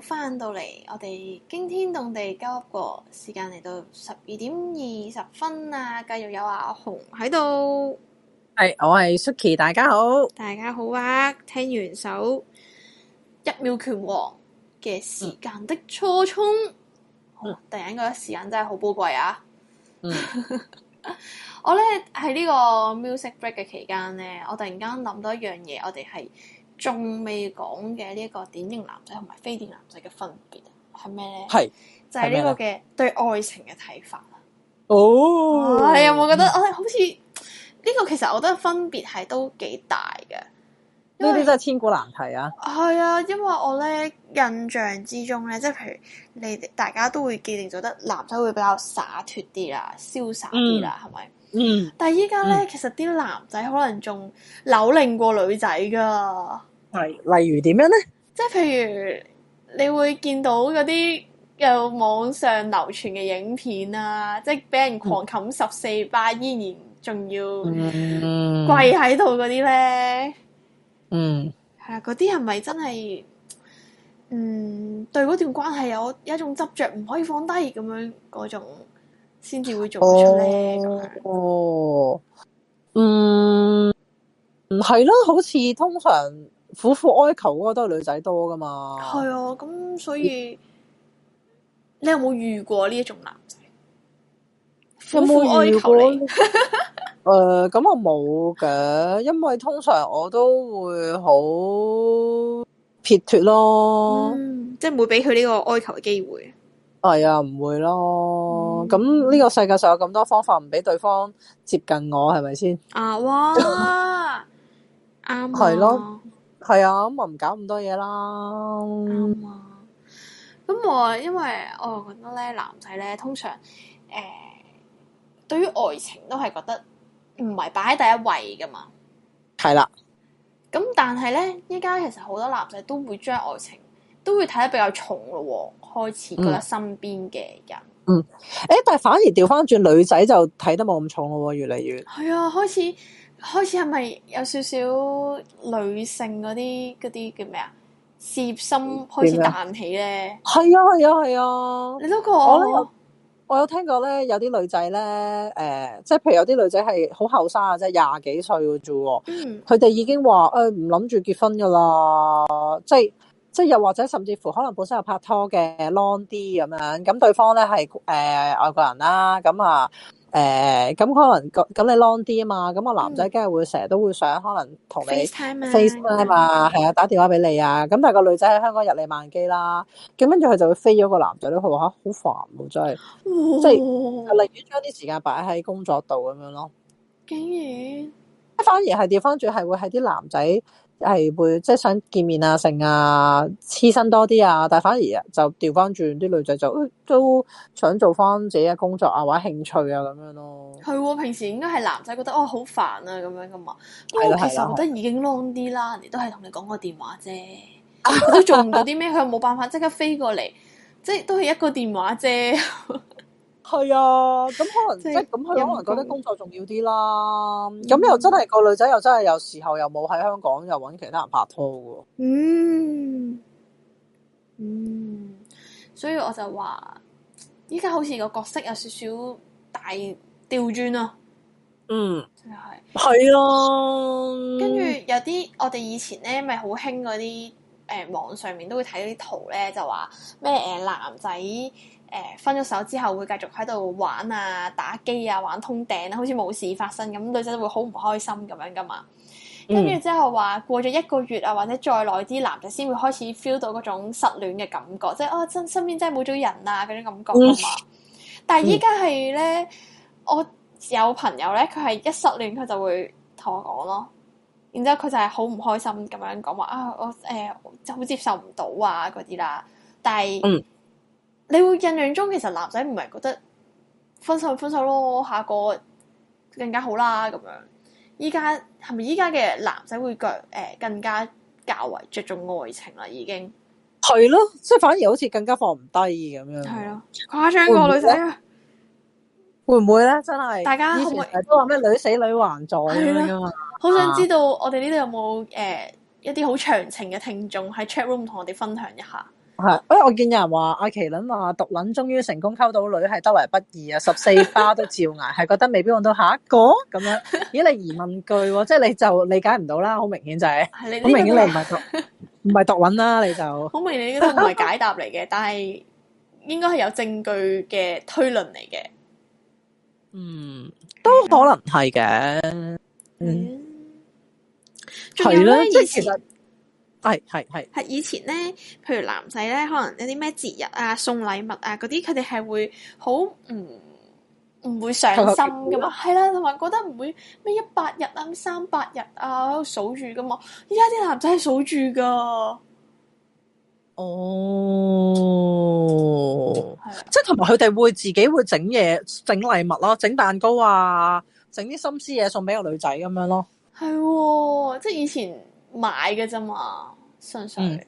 翻到嚟，我哋驚天動地 9up 過，時間嚟到十二點二十分啊！繼續有阿紅喺度，係，我係 Suki，大家好，大家好啊！聽完首一秒拳王嘅時間的初衷，好、嗯哦、突然覺得時間真係好寶貴啊！嗯、 我咧喺呢個 music break 嘅期間咧，我突然間諗到一樣嘢，我哋係。仲未講嘅呢一個典型男仔同埋非典型男仔嘅分別係咩咧？係是就係呢個嘅對愛情嘅睇法、哦、啊！哦，係啊、嗯，我覺得我好似呢個其實我覺得分別係都幾大嘅。呢啲都係千古難題啊！係啊，因為我咧印象之中咧，即係譬如你大家都會記定咗，得男仔會比較灑脱啲啦、瀟灑啲啦，係咪？嗯。吧嗯，但係依家咧，嗯、其實啲男仔可能仲扭令過女仔㗎。例例如點樣咧？即係譬如你會見到嗰啲有網上流傳嘅影片啊，嗯、即係俾人狂冚十四巴，依然仲要跪喺度嗰啲咧。嗯，係啊，嗰啲係咪真係嗯對嗰段關係有一種執着，唔可以放低咁樣嗰種，先至會做出咧？哦，嗯，唔係咯，好似通常。苦苦哀求嗰個都係女仔多噶嘛？係啊，咁所以你有冇遇過呢一種男仔苦苦哀求你？誒，咁我冇嘅，因為通常我都會好撇脫咯，即係唔會俾佢呢個哀求嘅機會。係啊，唔會咯。咁呢個世界上有咁多方法唔俾對方接近我，係咪先？啊，哇，啱係咯。係啊，咁我唔搞咁多嘢啦。啱、嗯、啊，咁我因為我又覺得咧，男仔咧通常誒、呃，對於愛情都係覺得唔係擺喺第一位噶嘛。係啦了，咁但係咧，依家其實好多男仔都會將愛情都會睇得比較重咯、哦，開始覺得身邊嘅人嗯。嗯，誒、欸，但係反而掉返轉女仔就睇得冇咁重咯，越嚟越。係、嗯嗯欸、啊，開始。開始係咪有少少女性嗰啲啲叫咩啊？事業心開始彈起咧？係啊係啊係啊！啊啊你都個我呢，我有聽講咧，有啲女仔咧，誒、呃，即係譬如有啲女仔係好後生啊、嗯呃，即係廿幾歲嘅啫，佢哋已經話誒唔諗住結婚噶啦，即係即係又或者甚至乎可能本身有拍拖嘅 long 啲咁樣，咁對方咧係誒外國人啦，咁啊。誒，咁、欸、可能咁咁你 long 啲啊嘛，咁個男仔梗係會成日、嗯、都會想可能同你 FaceTime 啊，係啊嘛 Yeah.，打電話俾你啊，咁但係個女仔喺香港日理萬機啦，咁跟住佢就會飛咗、那個男仔咧，佢話好煩啊，真係，嗯、即係寧願將啲時間擺喺工作度咁樣咯，竟然，反而係調翻轉係會喺啲男仔。係會即係想見面啊，成啊，黐身多啲啊，但係反而就調翻轉啲女仔就，欸，都想做翻自己嘅工作啊，或者興趣啊咁樣咯。係，平時應該係男仔覺得哦好煩啊咁樣噶嘛，因為其實我覺得已經 long 啲啦，都你都係同你講個電話啫，啊，佢都做唔到啲咩，佢冇辦法即刻飛過嚟，即係都係一個電話啫。 係啊，咁可能、就是、即係咁，佢可能覺得工作重要啲啦。咁、嗯、又真係、個女仔又真係有時候又冇喺香港又搵其他人拍拖嘅。嗯嗯，所以我就話，依家好似個角色有少少大調轉咯。嗯，真係係咯。啦跟住有啲我哋以前咧，咪好興嗰啲誒網上面都會睇啲圖咧，就話咩誒男仔。誒、呃、分咗手之後會繼續喺度玩啊、打機啊、玩通頂啊，好似冇事發生咁，女仔都會好唔開心咁樣㗎嘛。跟住、嗯、之後話過咗一個月啊，或者再耐啲，男仔先會開始 feel 到嗰種失戀嘅感覺，即係啊，真身邊真係冇咗人啊嗰種感覺啊嘛。嗯嗯、但係依家係咧，我有朋友咧，佢係一失戀佢就會同我講咯。然之後佢就係好唔開心咁樣講話啊，我誒、呃、就好接受唔到啊嗰啲啦。但係嗯。你會印象中其實男仔唔係覺得分手就分手咯，下個更加好啦咁樣。依家係咪依家嘅男仔會覺誒、呃、更加較為着重愛情啦？已經係咯，即係反而好似更加放唔低咁樣。係咯，誇張過會會女仔。會唔會咧？真係大家會會都話咩女死女還在，好了、啊、想知道我哋呢度有冇誒、呃、一啲好長情嘅聽眾喺 chat room 同我哋分享一下。係，誒，我見有人話阿麒麟話毒撚終於成功溝到女，係得來不易啊，十四巴都照挨，係覺得未必搵到下一，啊，個咁樣。咦，你疑問句，即係你就理解唔到啦，好明顯就係、是，好明顯你唔係毒唔係毒撚啦，你就好明顯呢個唔係解答嚟嘅，但係應該係有證據嘅推論嚟嘅。嗯，都可能係嘅。奇輪之前。嗯 係係係，係以前咧，譬如男仔咧，可能有啲咩節日啊、送禮物啊嗰啲，佢哋係會好唔唔會上心噶嘛？係啦、 啊，同埋覺得唔會咩一百日啊、三百日啊，喺度數住噶嘛？而家啲男仔係數住噶，哦， 啊、即係同埋佢哋會自己會整嘢、整禮物咯、啊，整蛋糕啊，整啲心思嘢送俾個女仔咁樣咯，係、啊，即係以前。買嘅啫嘛，相信、嗯。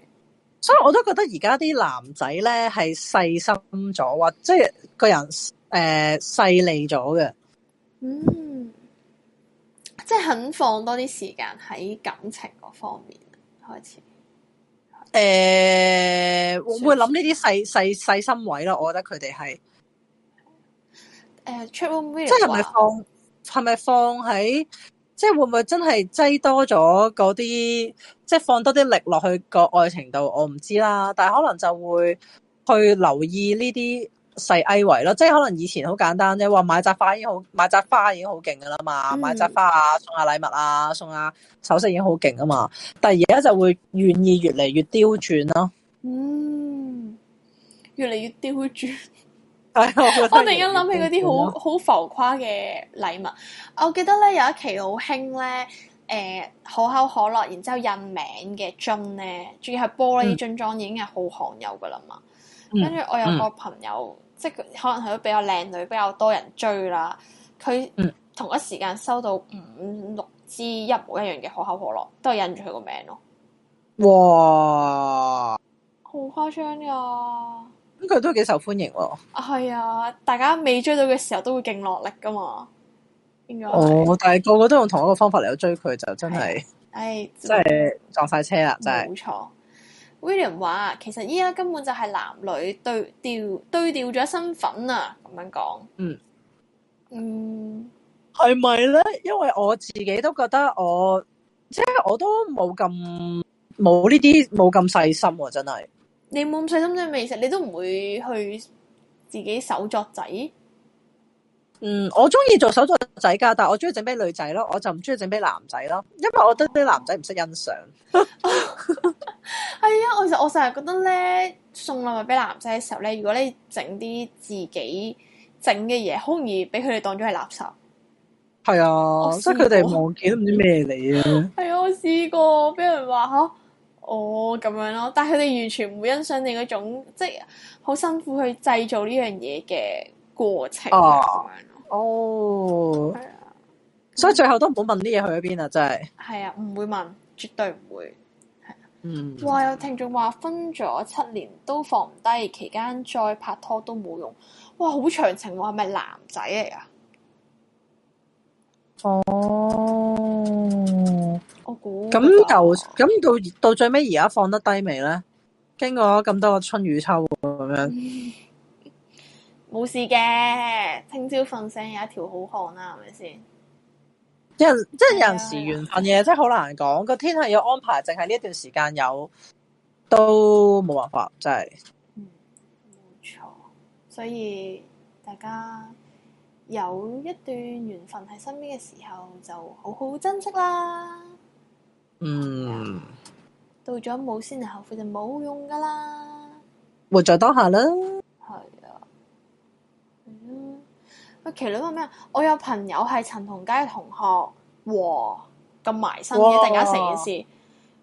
所以我都覺得而家啲男仔咧係細心咗，或者係個人誒細膩咗嘅。呃、嗯，即係肯放多啲時間喺感情嗰方面，開始誒，我、呃、了會諗呢啲細細細心位啦，我覺得佢哋係。誒 c h 即係咪放？係咪、啊、放喺？即係會唔會真係擠多咗嗰啲，即係放多啲力落去個愛情度，我唔知啦。但係可能就會去留意呢啲細 I 圍咯。即係可能以前好簡單啫，話買紮花已經好，買紮花已經好勁噶啦嘛，嗯、買紮花啊，送下禮物啊，送下首飾已經好勁噶嘛。但係而家就會願意越嚟越刁鑽咯、啊。嗯，越嚟越刁鑽。我突然間諗起嗰啲好好浮誇嘅禮物，我記得咧有一期好興咧，誒、呃、可口可樂，然之後印名嘅樽咧，仲要係玻璃樽裝，嗯、已經係好罕有噶啦嘛。跟住、嗯、我有個朋友，嗯、即係可能佢都比較靚女，比較多人追啦，佢同一時間收到五、五、六支一模一樣嘅可口可樂，都係印住佢個名咯。哇，好誇張呀！咁佢都幾受歡迎喎。係啊，啊，大家未追到嘅時候都會勁落力噶嘛。應該哦，但係個個都用同一個方法嚟到追佢，就真係，唉、哎，即係撞晒車啦，真係。冇錯。William 話，其實依家根本就係男女對調，對調咗身份啊，咁樣講。嗯，嗯，係咪咧？因為我自己都覺得我，即係我都冇咁冇呢啲冇咁細心喎、啊，真係。你冇咁細心啲美食，你都唔會去自己手作仔。嗯，我中意做手作仔噶，但係我中意整俾女仔咯，我就唔中意整俾男仔咯，因為我覺得啲男仔唔識欣賞。係 啊、 哎，我其實我成日覺得咧，送禮物俾男仔嘅時候咧，如果你整啲自己整嘅嘢，好容易俾佢哋當咗係垃圾。係啊，所以佢哋望見唔知咩嚟啊！係啊、 哎，我試過俾人話吓。哦，咁樣咯，但係佢哋完全唔會欣賞你嗰種，即係好辛苦去製造呢樣嘢嘅過程咁、哦、樣咯。哦，係啊，所以最後都唔好問啲嘢去咗邊啊，真係。係啊，唔會問，絕對唔會。啊、嗯。哇！有聽眾話分咗七年都放唔低，期間再拍拖都冇用。哇！好長情喎，係咪男仔嚟啊？哦。嗯我估咁舊咁到就到，到最尾而家放得低未咧？經過咁多個春與秋咁樣，冇、嗯、事嘅。聽朝瞓醒有一條好漢啦，係咪先？即係即係，有、即係、時緣分嘢即係好難講。個天係有安排，淨係呢一段時間有都冇辦法，真係。冇錯、嗯，所以大家。有一段緣分喺身邊嘅時候，就好好珍惜啦。嗯，到咗冇先後悔就冇用㗎啦。活在當下啦。係啊，喂、嗯，奇女話咩啊？我有朋友係陳同佳嘅同學，哇咁埋身嘅，突然間成件事。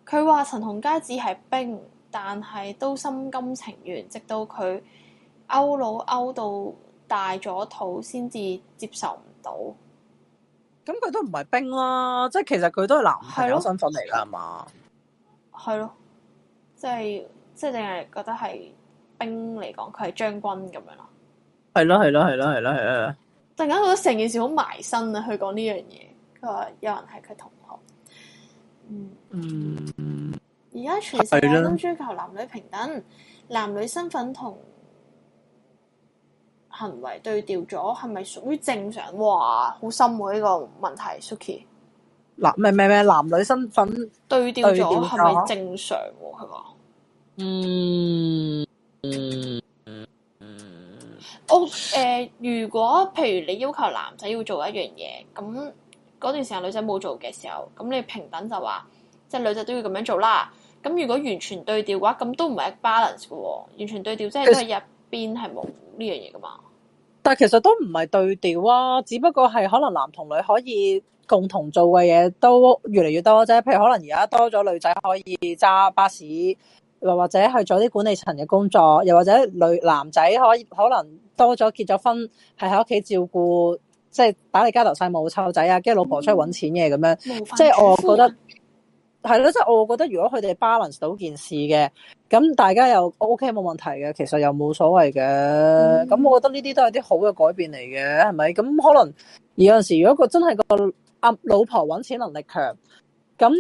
佢話陳同佳只係兵，但係都心甘情願。直到佢勾佬勾到，大咗肚先至接受唔到，咁佢都唔係兵啦，即係其實佢都係男朋友身份嚟噶嘛，係咯的，即係即係淨係覺得係兵嚟講，佢係將軍咁樣啦，係啦係啦係啦係啦係啦，突然間覺得成件事好埋身啊，去講呢樣嘢，佢話有人係佢同學，嗯嗯，而家全世界都追求男女平等，的男女身份同，行為對調咗，係咪屬於正常？哇，好深喎，啊、呢、這個問題，Suki。嗱，咩咩咩，男女身份對調咗，係咪正常啊？佢話，嗯，嗯嗯嗯嗯。我誒、oh, 呃，如果譬如你要求男仔要做一樣嘢，咁嗰段時間女仔冇做嘅時候，咁你平等就話，即係女仔都要咁樣做啦。咁如果完全對調嘅話，咁都唔係一個 balance 嘅，啊，完全對調即係因為入邊係冇呢樣嘢噶嘛。其實 但其實都唔係對調啊，只不過係可能男同女可以共同做嘅嘢都越嚟越多啫。譬如可能而家多咗女仔可以揸巴士，又或者去做啲管理層嘅工作，又或者女男仔可以可能多咗結咗婚，係喺屋企照顧，即係打理家頭細務、湊仔啊，跟住老婆出去揾錢嘅嗯，咁樣。即係我覺得。係咯，即係我覺得如果佢哋係 balance 到件事嘅，咁大家又 O K 冇問題嘅，其實又冇所謂嘅。咁、嗯、我覺得呢啲都係啲好嘅改變嚟嘅，係咪？咁可能有陣時如果真個真係個阿老婆揾錢能力強，咁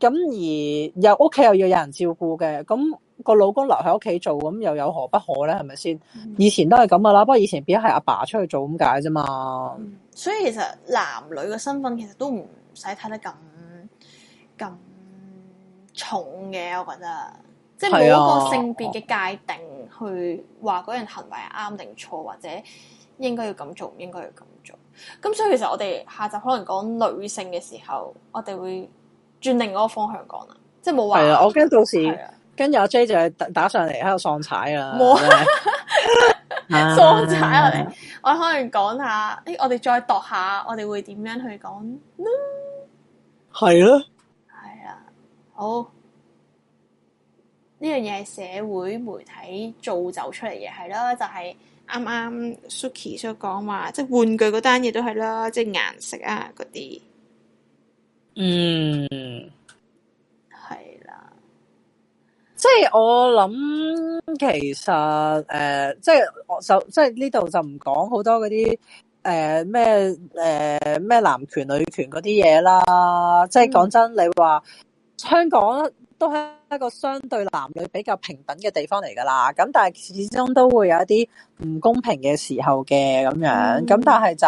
咁而又屋企又要有人照顧嘅，咁、個老公留喺屋企做，咁又有何不可咧？係咪先？嗯、以前都係咁噶啦，不過以前變咗係阿爸出去做咁解啫嘛。所以其實男女嘅身份其實都唔使睇得咁。咁重嘅，我覺得即係冇一個性別嘅界定去話嗰個人行為係啱定錯，或者應該要咁做，應該要咁做。咁所以其實我哋下集可能講女性嘅時候，我哋會轉另一個方向講啦，即係冇話。係啊，我驚到時的跟住阿 J 就係打上嚟，喺度喪踩冇，啦，喪踩啊！我可能講下，誒，我哋再度下，我哋會點樣去講咧？係啦。好，呢樣嘢係社會媒體造就出嚟嘅，係啦，就係、是、啱啱 Suki 所講話，即係玩具嗰單嘢都係啦，即係顏色啊嗰啲，嗯，係啦的、呃，即係我諗其實誒，即係我就即係呢度就唔講好多嗰啲誒咩誒咩男權女權嗰啲嘢啦。即係講真，嗯、你話。香港都係一個相對男女比較平等嘅地方嚟噶啦，咁但係始終都會有一啲唔公平嘅時候嘅咁樣，咁、嗯、但係就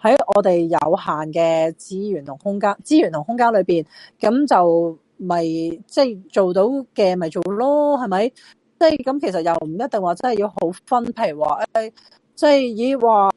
喺我哋有限嘅資源同空間、資源同空間裏邊，咁就咪即係做到嘅咪做咯，係咪？即係咁，其實又唔一定話真係要好分，譬如話誒。哎即係咦話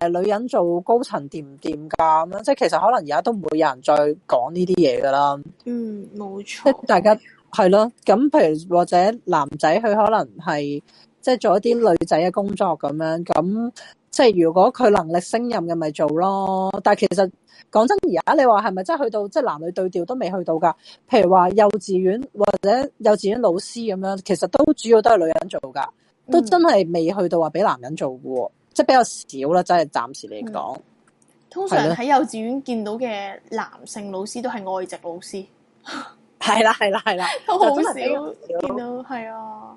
誒女人做高層掂唔掂㗎咁樣？即係其實可能而家都唔會有人再講呢啲嘢㗎啦。嗯，冇錯。即係大家係咯。咁譬如或者男仔佢可能係即係做一啲女仔嘅工作咁樣。咁即係如果佢能力升任嘅，咪做咯。但係其實講真，而家你話係咪真係去到即係、就是、男女對調都未去到㗎？譬如話幼稚園或者幼稚園老師咁樣，其實都主要都係女人做㗎。都真係未去到話俾男人做嘅，即係比較少啦，真係暫時嚟講、嗯。通常喺幼稚園見到嘅男性老師都係外籍老師，係啦係啦係啦， 都好少 見到，係啊，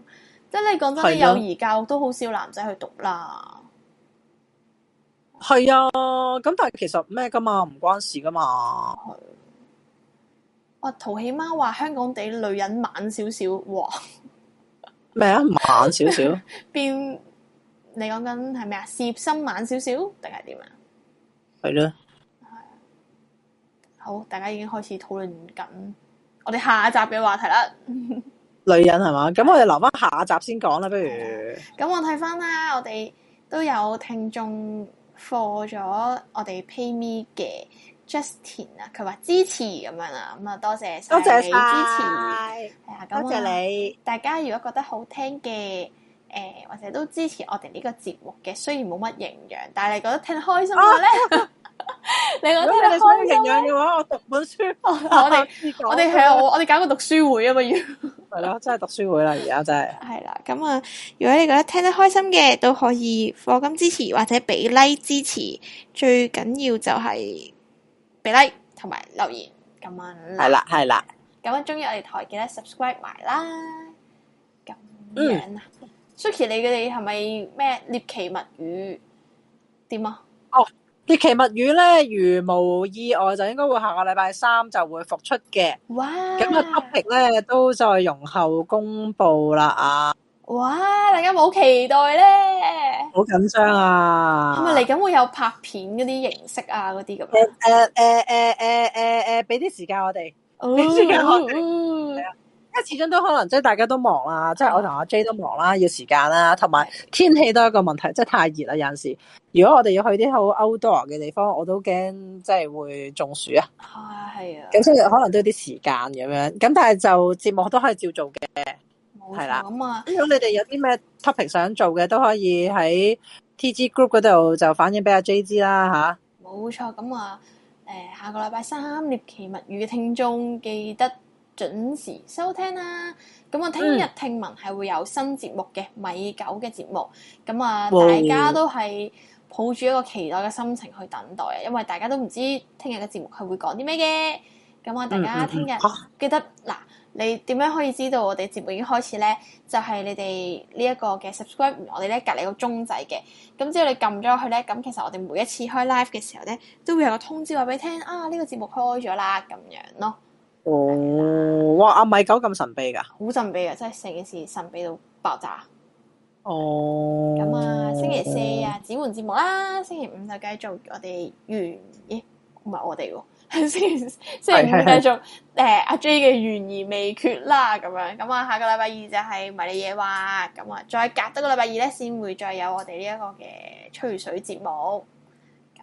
即係你講真啲，幼兒教育都好少男仔去讀啦。係啊， 咁但係其實咩噶嘛，唔關事噶嘛、係啊，哦。哇！淘氣媽話香港地女人猛少少喎。咩啊？晚少少變？你講緊係咩啊？涉心晚少少定係點啊？係啦，係啊的， 好，大家已經開始討論緊我哋下集嘅話題啦。 女人係嘛？咁我哋留翻下集先講啦，不如。咁、嗯、我睇翻啦，我哋都有聽眾課咗我哋 pay me 嘅。Justin 啊，佢話支持咁樣啦，咁啊多謝多謝你支持係啊。多謝你。大家如果覺得好聽嘅，誒、呃，或者都支持我哋呢個節目嘅，雖然冇乜營養，但係你覺得聽得開心嘅咧，你覺得聽得開心營養嘅話，我讀本書。我哋我哋係我我哋搞個讀書會啊嘛，要係咯，真係讀書會啦。而家真係係啦。咁啊、嗯，如果你覺得聽得開心嘅，都可以課金支持或者俾 like 支持，最緊要就係、是。俾 like 同埋留言咁啊，係啦係啦，咁啊，鍾意我哋台記得 subscribe 埋啦，咁樣啊、嗯、，Suki 你佢哋係咪咩獵奇物語點啊？哦，獵奇物語咧，如無意外就應該會下個禮拜三就會復出嘅。哇！咁個 topic 咧都在容後公布啦啊！哇！大家冇期待咧，好緊張啊！係咪嚟緊會有拍片嗰啲形式啊？嗰啲咁誒誒誒誒誒誒誒，俾、欸、啲、欸欸欸欸、時間我哋。俾噢時間我哋。因為噢始終都可能即係大家都忙啦，即係我同阿 J 都忙啦，要時間啦，同埋天氣都係一個問題，即係太熱啦。有陣時如果我哋要去啲好 outdoor 嘅地方，我都驚即係會中暑啊。係啊係啊。咁所以可能都有啲時間咁樣，咁但係就節目都可以照做嘅。係啦，咁啊，如果你哋有啲咩 topic 想做嘅，嗯、都可以喺 TG Group 嗰度就反映俾阿 JG 啦，吓。冇錯，咁啊，誒、呃，下個禮拜三《獵奇物語》嘅聽眾記得準時收聽啦。咁啊，聽日聽聞係會有新節目嘅米九嘅節目，咁啊，大家都係抱住一個期待嘅心情去等待，啊，因為大家都唔知聽日嘅節目佢會講啲咩嘅。咁啊，大家聽日記得嗱。嗯嗯嗯你點樣可以知道我哋節目已經開始咧？就係、是、你哋呢一個嘅 subscribe，我哋咧隔離個鐘仔嘅。咁之後你撳咗入去咧，咁其實我哋每一次開 live 嘅時候咧，都會有個通知話俾你聽啊，呢、這個節目開咗啦咁樣咯。哦，的哇！阿米狗咁神秘噶，好神秘嘅，真係成件事神秘到爆炸。哦。咁啊，星期四啊，子換節目啦。星期五就繼續我哋完，咦？唔係我哋喎。先先繼續誒阿 J 嘅懸而未決啦，咁樣咁啊下個禮拜二就係迷你嘢話咁啊，再隔多個禮拜二咧先會再有我哋呢一個嘅吹水節目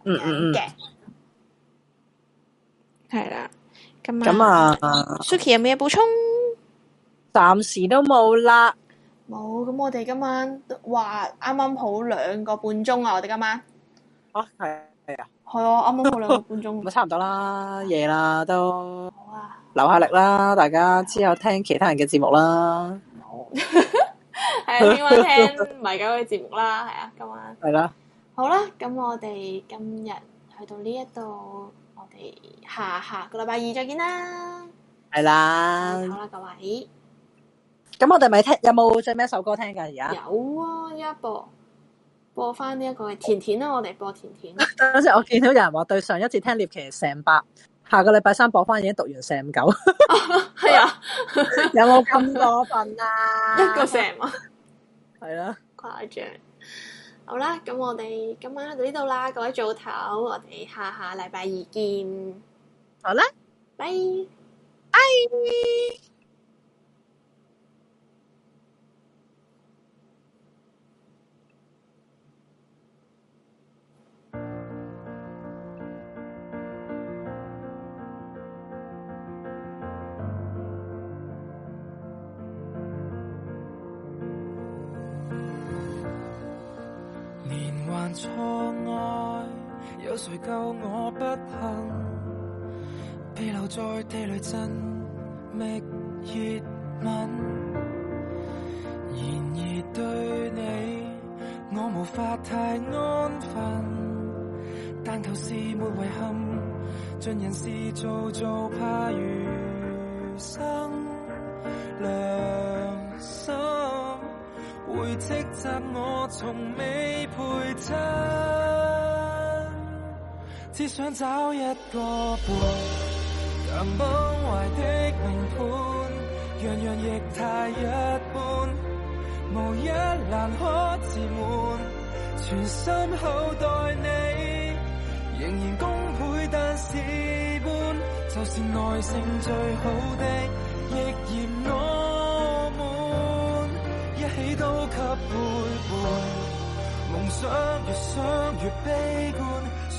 嗯,嗯,嗯，咁樣嘅，係 啦，咁咁啊 Suki、嗯嗯啊、有咩補充？暫時都冇啦，冇咁、哦、我哋今晚話啱啱好兩個半鐘啊，我哋今晚啊係係啊。嗯嗯嗯係啊，啱啱冇兩個半鐘。咪差唔多啦，夜啦都留下力啦，大家之後聽其他人嘅節目啦。冇，係今晚聽唔係今晚嘅節目啦，係啊，今晚。係啦。好啦，咁我哋今日去到呢一度，我哋下下個禮拜二再見啦。係啦。好啦，各位。咁我哋咪聽，有冇最尾首歌聽噶而家？有啊，一部。播翻呢一個係甜甜啦，我哋播甜甜。等陣我見到有人話，對上一次聽獵奇成八，下個禮拜三播翻已經讀完成九，係、哦、啊， 有冇咁過分啊？一個成啊，係啦 了，誇張。好啦，咁我哋今晚喺度呢度啦，各位早唞，我哋下下禮拜二見。好啦吧，拜拜 Bye。誰救我不幸？被留在地雷陣，覓熱吻。然而對你，我無法太安分。但求是沒遺憾，盡人事做做，怕餘生良心會斥責我從未陪襯。只想找一個伴，但崩壞的名盤，樣樣亦太一般，無一難可自滿。全心厚待你，仍然功倍，但事半 就是耐性最好的，亦嫌我悶，一起都給背叛。夢想越想越悲觀。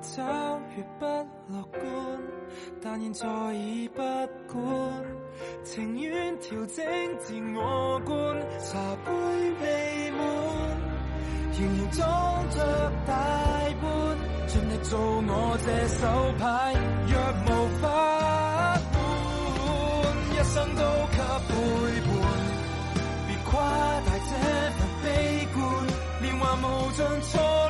越找越不樂觀，但現在已不管，情願調整自我觀，茶杯未滿，仍然裝着大半，盡力做我這手牌，若無法滿，一生都給背叛，別誇大這份悲觀，年華無盡錯。